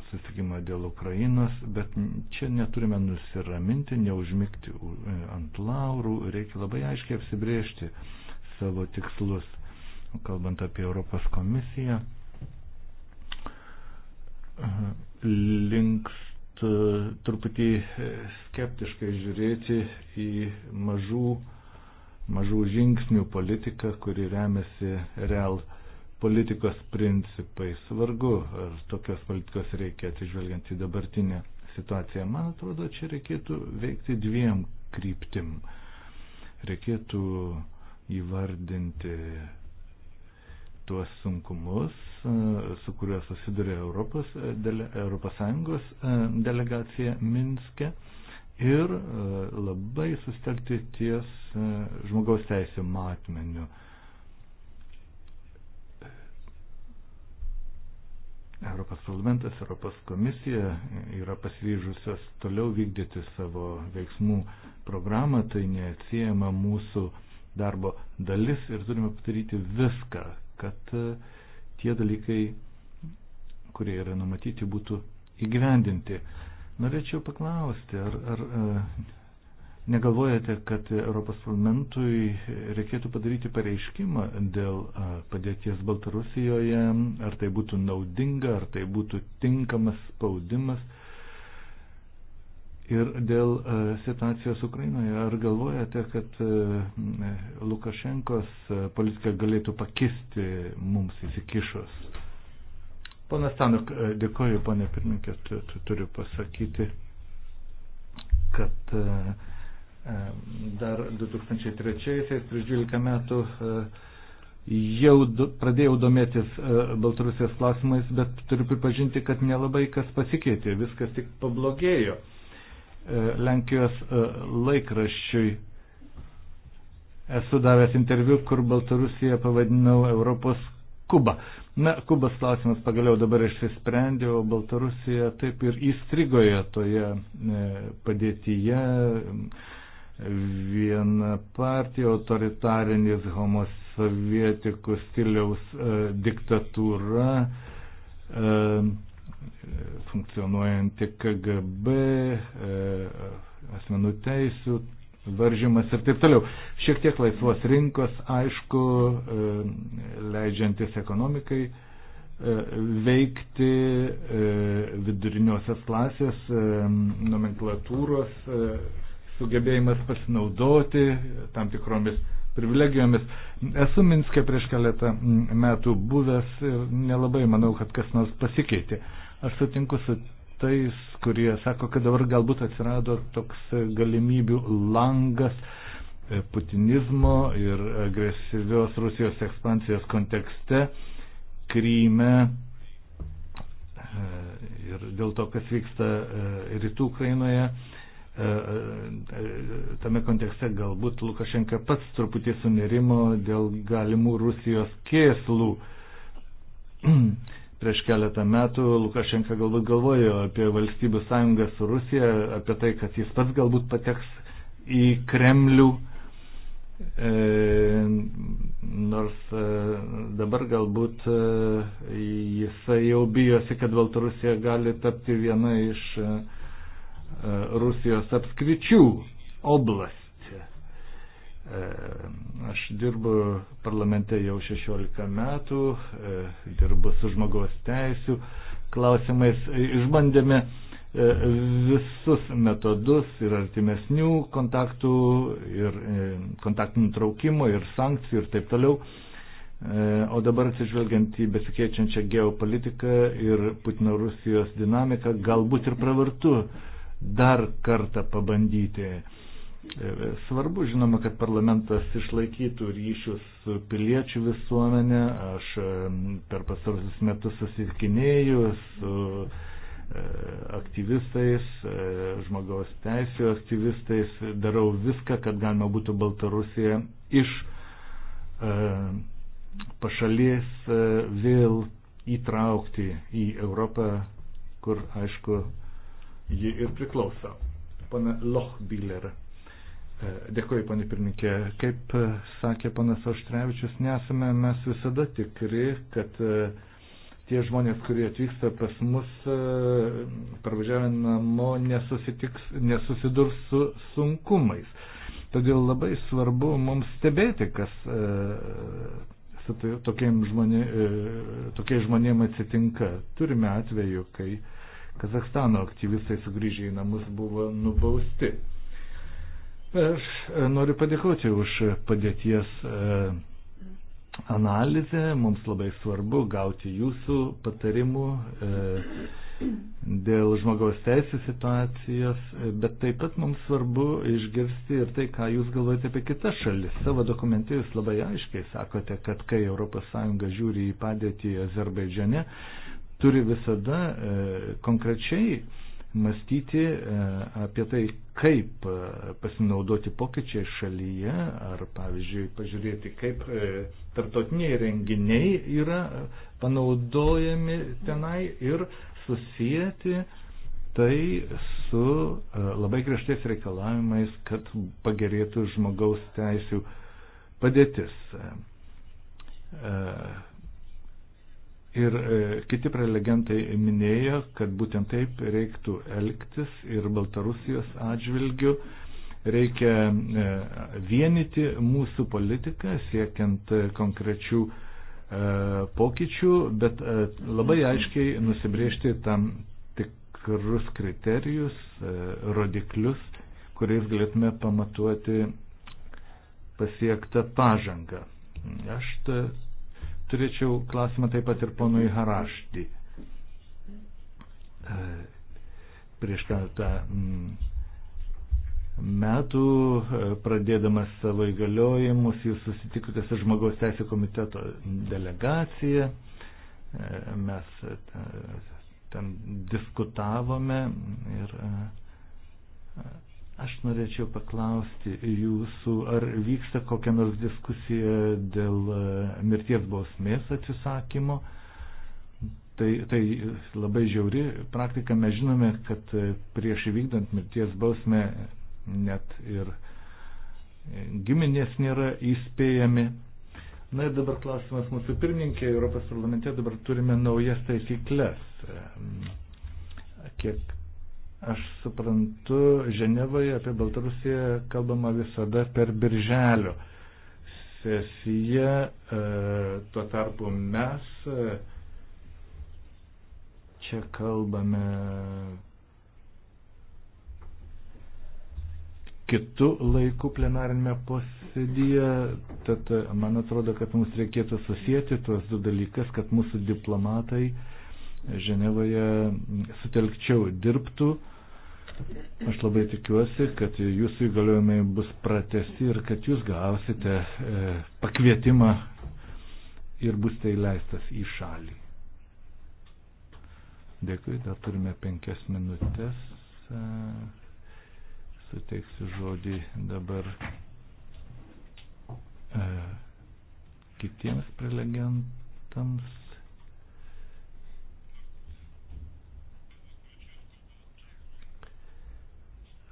susitikimą dėl Ukrainos, bet čia neturime nusiraminti, neužmygti ant laurų, reikia labai aiškiai apsibriežti savo tikslus, kalbant apie Europos komisiją. Links E, truputį e, skeptiškai žiūrėti į mažų, mažų žingsnių politiką, kuri remiasi real politikos principai. Svargu, ar tokios politikos reikia atsižvelgiant į dabartinę situaciją. Man atrodo, čia reikėtų veikti dviem kryptim. Reikėtų įvardinti tuos sunkumus, e, su kuriuo susiduria Europos, e, dele, Europos Sąjungos e, delegacija Minske ir labai sustelkti ties žmogaus teisų matmeniu. Europos parlamentas, Europos komisija yra pasiryžusios toliau vykdyti savo veiksmų programą, tai neatsiejama mūsų darbo dalis ir turime padaryti viską, kad e, tie dalykai, kurie yra numatyti, būtų įgyvendinti. Norėčiau paklausti, ar, ar e, negalvojate, kad Europos parlamentui reikėtų padaryti pareiškimą dėl e, padėties Baltarusijoje, ar tai būtų naudinga, ar tai būtų tinkamas spaudimas Ir dėl e, situacijos Ukrainoje, ar galvojate, kad e, Lukašenkos e, politika galėtų pakisti mums įsikišus? Pana Stanuk, dėkoju, ponė pirmininkė, turiu pasakyti, kad dar 2003-2013 metų jau pradėjau domėtis Baltarusijos klausimais, bet turiu pripažinti, kad nelabai kas pasikeitė, viskas tik pablogėjo. E, Lenkijos e, laikraščiui esu davęs interviu, kur Baltarusiją pavadinau Europos Kuba. Na, Kubas klausimas pagaliau dabar išsisprendė, o Baltarusija taip ir įstrigoje toje e, padėtyje. Viena partija, autoritarinis homosovietikų stiliaus e, diktatūra, e, funkcionuojanti KGB, e, asmenų teisų varžymas ir taip toliau. Šiek tiek laisvos rinkos, aišku, e, leidžiantis ekonomikai e, veikti viduriniosios klasės nomenklatūros sugebėjimas pasinaudoti tam tikromis privilegijomis. Esu Minske prieš keletą metų buvęs ir nelabai manau, kad kas nors pasikeitė. Aš sutinku su tais, kurie sako, kad dabar galbūt atsirado toks galimybių langas e, putinizmo ir agresyvios Rusijos ekspansijos kontekste Kryme e, ir dėl to, kas vyksta e, rytų Ukrainoje. Tame kontekste galbūt Lukašenka pats truputį sunerimo dėl galimų Rusijos kėslų. [CLEARS THROAT] Prieš keletą metų Lukašenka galbūt galvojo apie valstybių sąjungą su Rusija, apie tai, kad jis pats galbūt pateks į Kremlių. E, nors e, dabar galbūt e, jisai jau bijosi, kad Baltarusija gali tapti viena iš e, e Rusijos apskričių oblastų. E, aš dirbu parlamente jau 16 metų, e, dirbu su žmogaus teisų klausimais, e, išbandėme visus metodus ir artimesnių kontaktų, ir kontaktinių traukimo, ir sankcijų ir taip toliau. O dabar atsižvelgiant į besikeičiančią geopolitiką ir Putino Rusijos dinamiką, galbūt ir pravartu dar kartą pabandyti Svarbu, žinoma, kad parlamentas išlaikytų ryšius su piliečių visuomenė. Aš e, per pasarusius metus susitikinėjau su e, aktyvistais, e, žmogaus teisų aktyvistais. Darau viską, kad galima būtų Baltarusiją iš pašalies vėl įtraukti į Europą, kur, aišku, ji ir priklauso. Pana Lochbiller. E, Dėkuoju, panė pirmininkė. Kaip e, sakė panas Auštrevičius, nesame mes visada tikri, kad e, tie žmonės, kurie atvyksta pas mus, parvažiavę namo, nesusidurs su sunkumais. Todėl labai svarbu mums stebėti, kas su tai, tokiems žmonė, tokie žmonėm atsitinka. Turime atveju, kai Kazakstano aktyvistai sugrįžę į namus buvo nubausti. Aš e, noriu padėkoti už padėties e, analizę. Mums labai svarbu gauti jūsų patarimų e, dėl žmogaus teisų situacijos, bet taip pat mums svarbu išgirsti ir tai, ką jūs galvojate apie kitas šalis. Savo dokumente jūs labai aiškiai sakote, kad kai ES žiūri į padėtį Azerbaidžiane, turi visada konkrečiai mąstyti e, apie tai, kaip e, pasinaudoti pokyčiai šalyje, ar pavyzdžiui, pažiūrėti, kaip e, tarptautiniai renginiai yra panaudojami tenai ir susijęti tai su labai griežtais reikalavimais, kad pagerėtų žmogaus teisių padėtis. Ir e, kiti prelegentai minėjo, kad būtent taip reiktų elgtis ir Baltarusijos atžvilgiu. Reikia e, vienyti mūsų politiką siekiant e, konkrečių e, pokyčių, bet e, labai mhm. aiškiai nusibriežti tam tikrus kriterijus, e, rodiklius, kuriais galėtume pamatuoti pasiektą pažangą. Aš Turėčiau klausimą taip pat ir ponui Harašti. E, prieš keletą mm, metų, e, pradėdamas savo įgaliojimus, jūs susitikote su žmogaus teisė komiteto delegacija. E, mes ten diskutavome ir Aš norėčiau paklausti jūsų, ar vyksta kokia nors diskusija dėl e, mirties bausmės atsisakymo. Tai, tai labai žiauri praktika. Mes žinome, kad e, prieš įvykdant mirties bausmę net ir e, giminės nėra įspėjami. Na ir dabar klausimas mūsų pirmininkė. Europos parlamente dabar turime naujas taisyklės. Kiek Aš suprantu, Ženevoje apie Baltarusiją kalbama visada per birželio sesiją, e, tuo tarpu mes e, čia kalbame kitų laikų plenarinėme posėdyje, tad man atrodo, kad mums reikėtų susijęti tuos du dalykas, kad mūsų diplomatai uh, Ženevoje sutelkčiau dirbtų. Aš labai tikiuosi, kad jūsų įgaliojimai bus pratesti ir kad jūs gausite e, pakvietimą ir būsite įleistas į šalį. Dėkui, dar turime penkias minutės. E, suteiksiu žodį dabar e, kitiems prelegentams.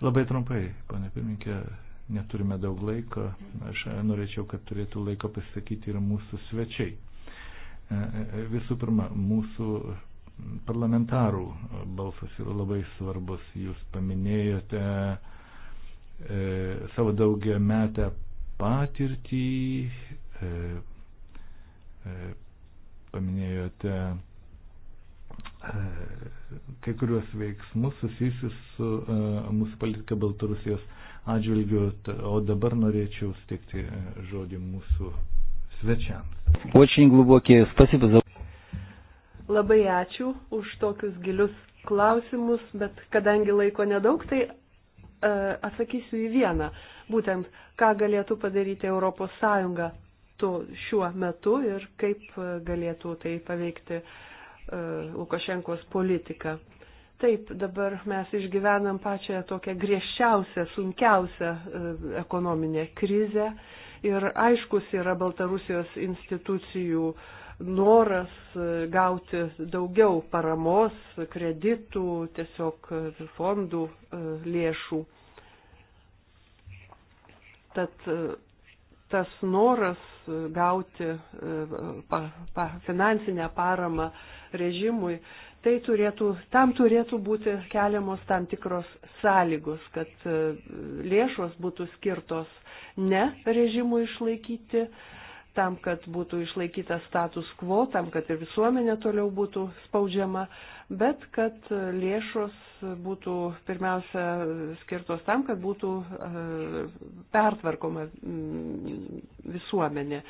Labai trumpai, pane pirminkė, neturime daug laiko. Aš norėčiau, kad turėtų laiko pasisakyti ir mūsų svečiai. E, e, e, visų pirma, mūsų parlamentarų balsas yra labai svarbus. Jūs paminėjote e, savo daugia metę patirtį, e, e, paminėjote E, kai kuriuos veiksmus susijusius su e, mūsų politika Baltarusijos atžvilgiu, o dabar norėčiau steigti e, žodį mūsų svečiams. Очень глубокие. Спасибо за... Labai ačiū už tokius gilius klausimus, bet kadangi laiko nedaug, tai e, atsakysiu į vieną. Būtent, ką galėtų padaryti ES tu šiuo metu ir kaip galėtų tai paveikti e, E, Lukašenkos politiką. Taip, dabar mes išgyvenam pačią tokią griežčiausią, sunkiausią e, ekonominę krizę ir aiškus yra Baltarusijos institucijų noras e, gauti daugiau paramos, kreditų, tiesiog fondų lėšų. Tad tas noras gauti pa, pa, finansinę paramą režimui, tai turėtų, tam turėtų būti keliamos tam tikros sąlygos, kad e, lėšos būtų skirtos ne režimui išlaikyti, tam, kad būtų išlaikytas status quo, tam, kad ir visuomenė toliau būtų spaudžiama, bet kad lėšos būtų pirmiausia skirtos tam, kad būtų e, pertvarkoma mm, visuomenė,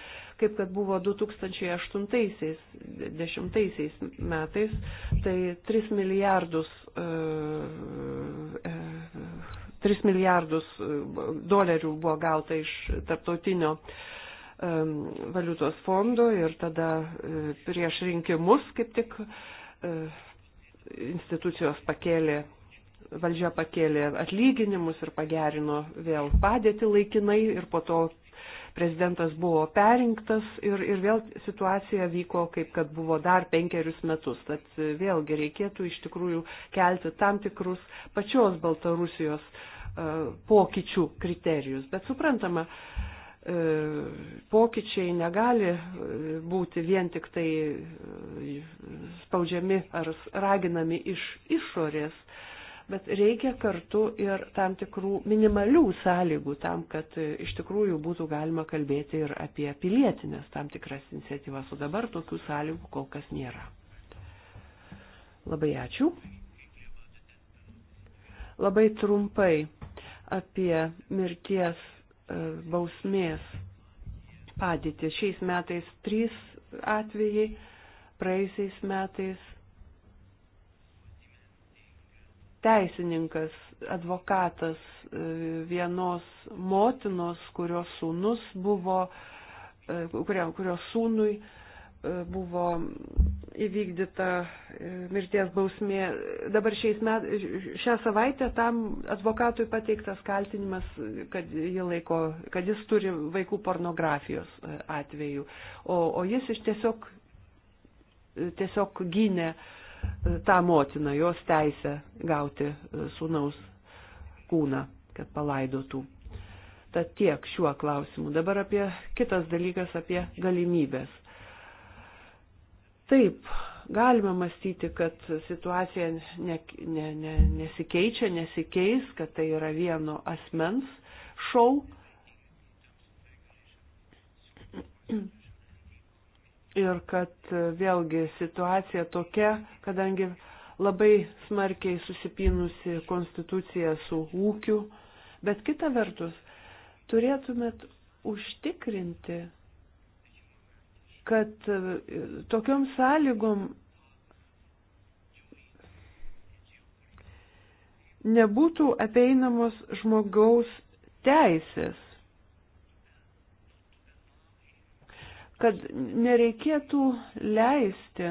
kaip kad buvo 2008-2010 metais, tai 3 milijardus 3 e, e, milijardus dolerių buvo gauta iš tarptautinio uh, valiutos fondo ir tada e, prieš rinkimus kaip tik e, institucijos pakėlė, valdžia pakėlė atlyginimus ir pagerino vėl padėti laikinai ir po to prezidentas buvo perinktas ir, ir vėl situacija vyko kaip kad buvo dar penkerius metus. Tad e, vėlgi reikėtų iš tikrųjų kelti tam tikrus pačios Baltarusijos pokyčių kriterijus. Bet suprantama, uh, E, pokyčiai negali e, būti vien tik tai e, spaudžiami ar raginami iš išorės, bet reikia kartu ir tam tikrų minimalių sąlygų tam, kad iš tikrųjų būtų galima kalbėti ir apie pilietinės tam tikras iniciatyvas, o dabar tokių sąlygų kol kas nėra. Labai ačiū. Labai trumpai apie mirties E, bausmės padėtį. Šiais metais trys atvejai, praeisiais metais teisininkas, advokatas e, vienos motinos, kurios sūnus buvo, e, kurios sūnui E, buvo įvykdyta e, mirties bausmė. Dabar šiais met, šią savaitę tam advokatui pateiktas kaltinimas, kad, laiko, kad jis turi vaikų pornografijos e, atvejų, o, o jis iš tiesiog, tiesiog gynė tą motiną, jos teisę gauti sūnaus kūną, kad palaidotų. Tad tiek šiuo klausimu. Dabar apie kitas dalykas, apie galimybės Taip, galime mąstyti, kad situacija ne, ne, ne, nesikeičia, nesikeis, kad tai yra vieno asmens šau. Ir kad vėlgi situacija tokia, kadangi labai smarkiai susipinusi konstitucija su ūkiu, bet kita vertus turėtumėt užtikrinti, kad e, tokiom sąlygom nebūtų apeinamos žmogaus teisės, kad nereikėtų leisti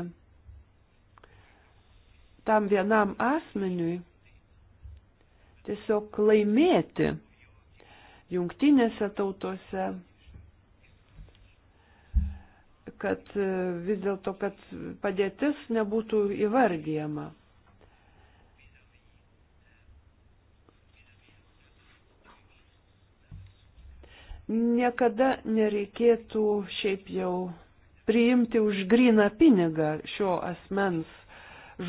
tam vienam asmeniui tiesiog laimėti jungtinėse tautose kad e, vis dėlto, kad padėtis nebūtų įvardyjama. Niekada nereikėtų šiaip jau priimti už gryną pinigą šio asmens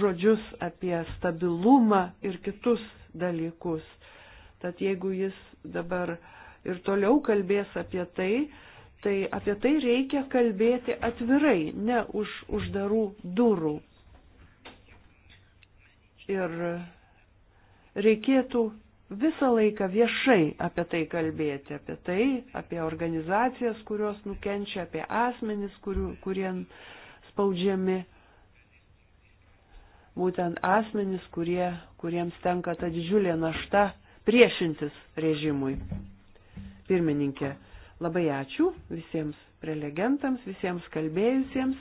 žodžius apie stabilumą ir kitus dalykus. Tad jeigu jis dabar ir toliau kalbės apie tai, Tai apie tai reikia kalbėti atvirai, ne už uždarų durų. Ir reikėtų visą laiką viešai apie tai kalbėti, apie tai, apie organizacijas, kurios nukenčia, apie asmenis, kurių, kurie spaudžiami, būtent asmenis, kurie, kuriems tenka ta didžiulė našta priešintis režimui. Pirmininkė, Labai ačiū visiems prelegentams, visiems kalbėjusiems.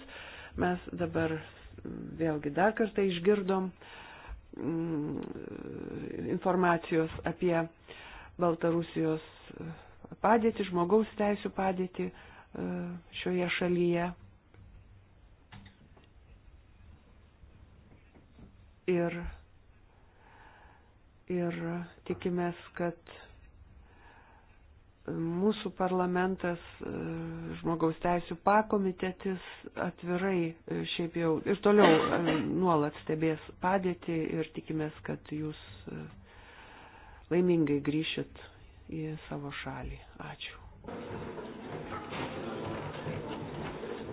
Mes dabar mm, vėlgi dar kartą išgirdom mm, informacijos apie Baltarusijos e, padėtį, žmogaus teisų padėtį e, šioje šalyje. Ir, ir tikimės, kad mūsų parlamentas, e, žmogaus teisų pakomitetis atvirai e, šiaip jau ir toliau e, nuolat stebės padėtį ir tikimės, kad jūs laimingai grįšit į savo šalį. Ačiū.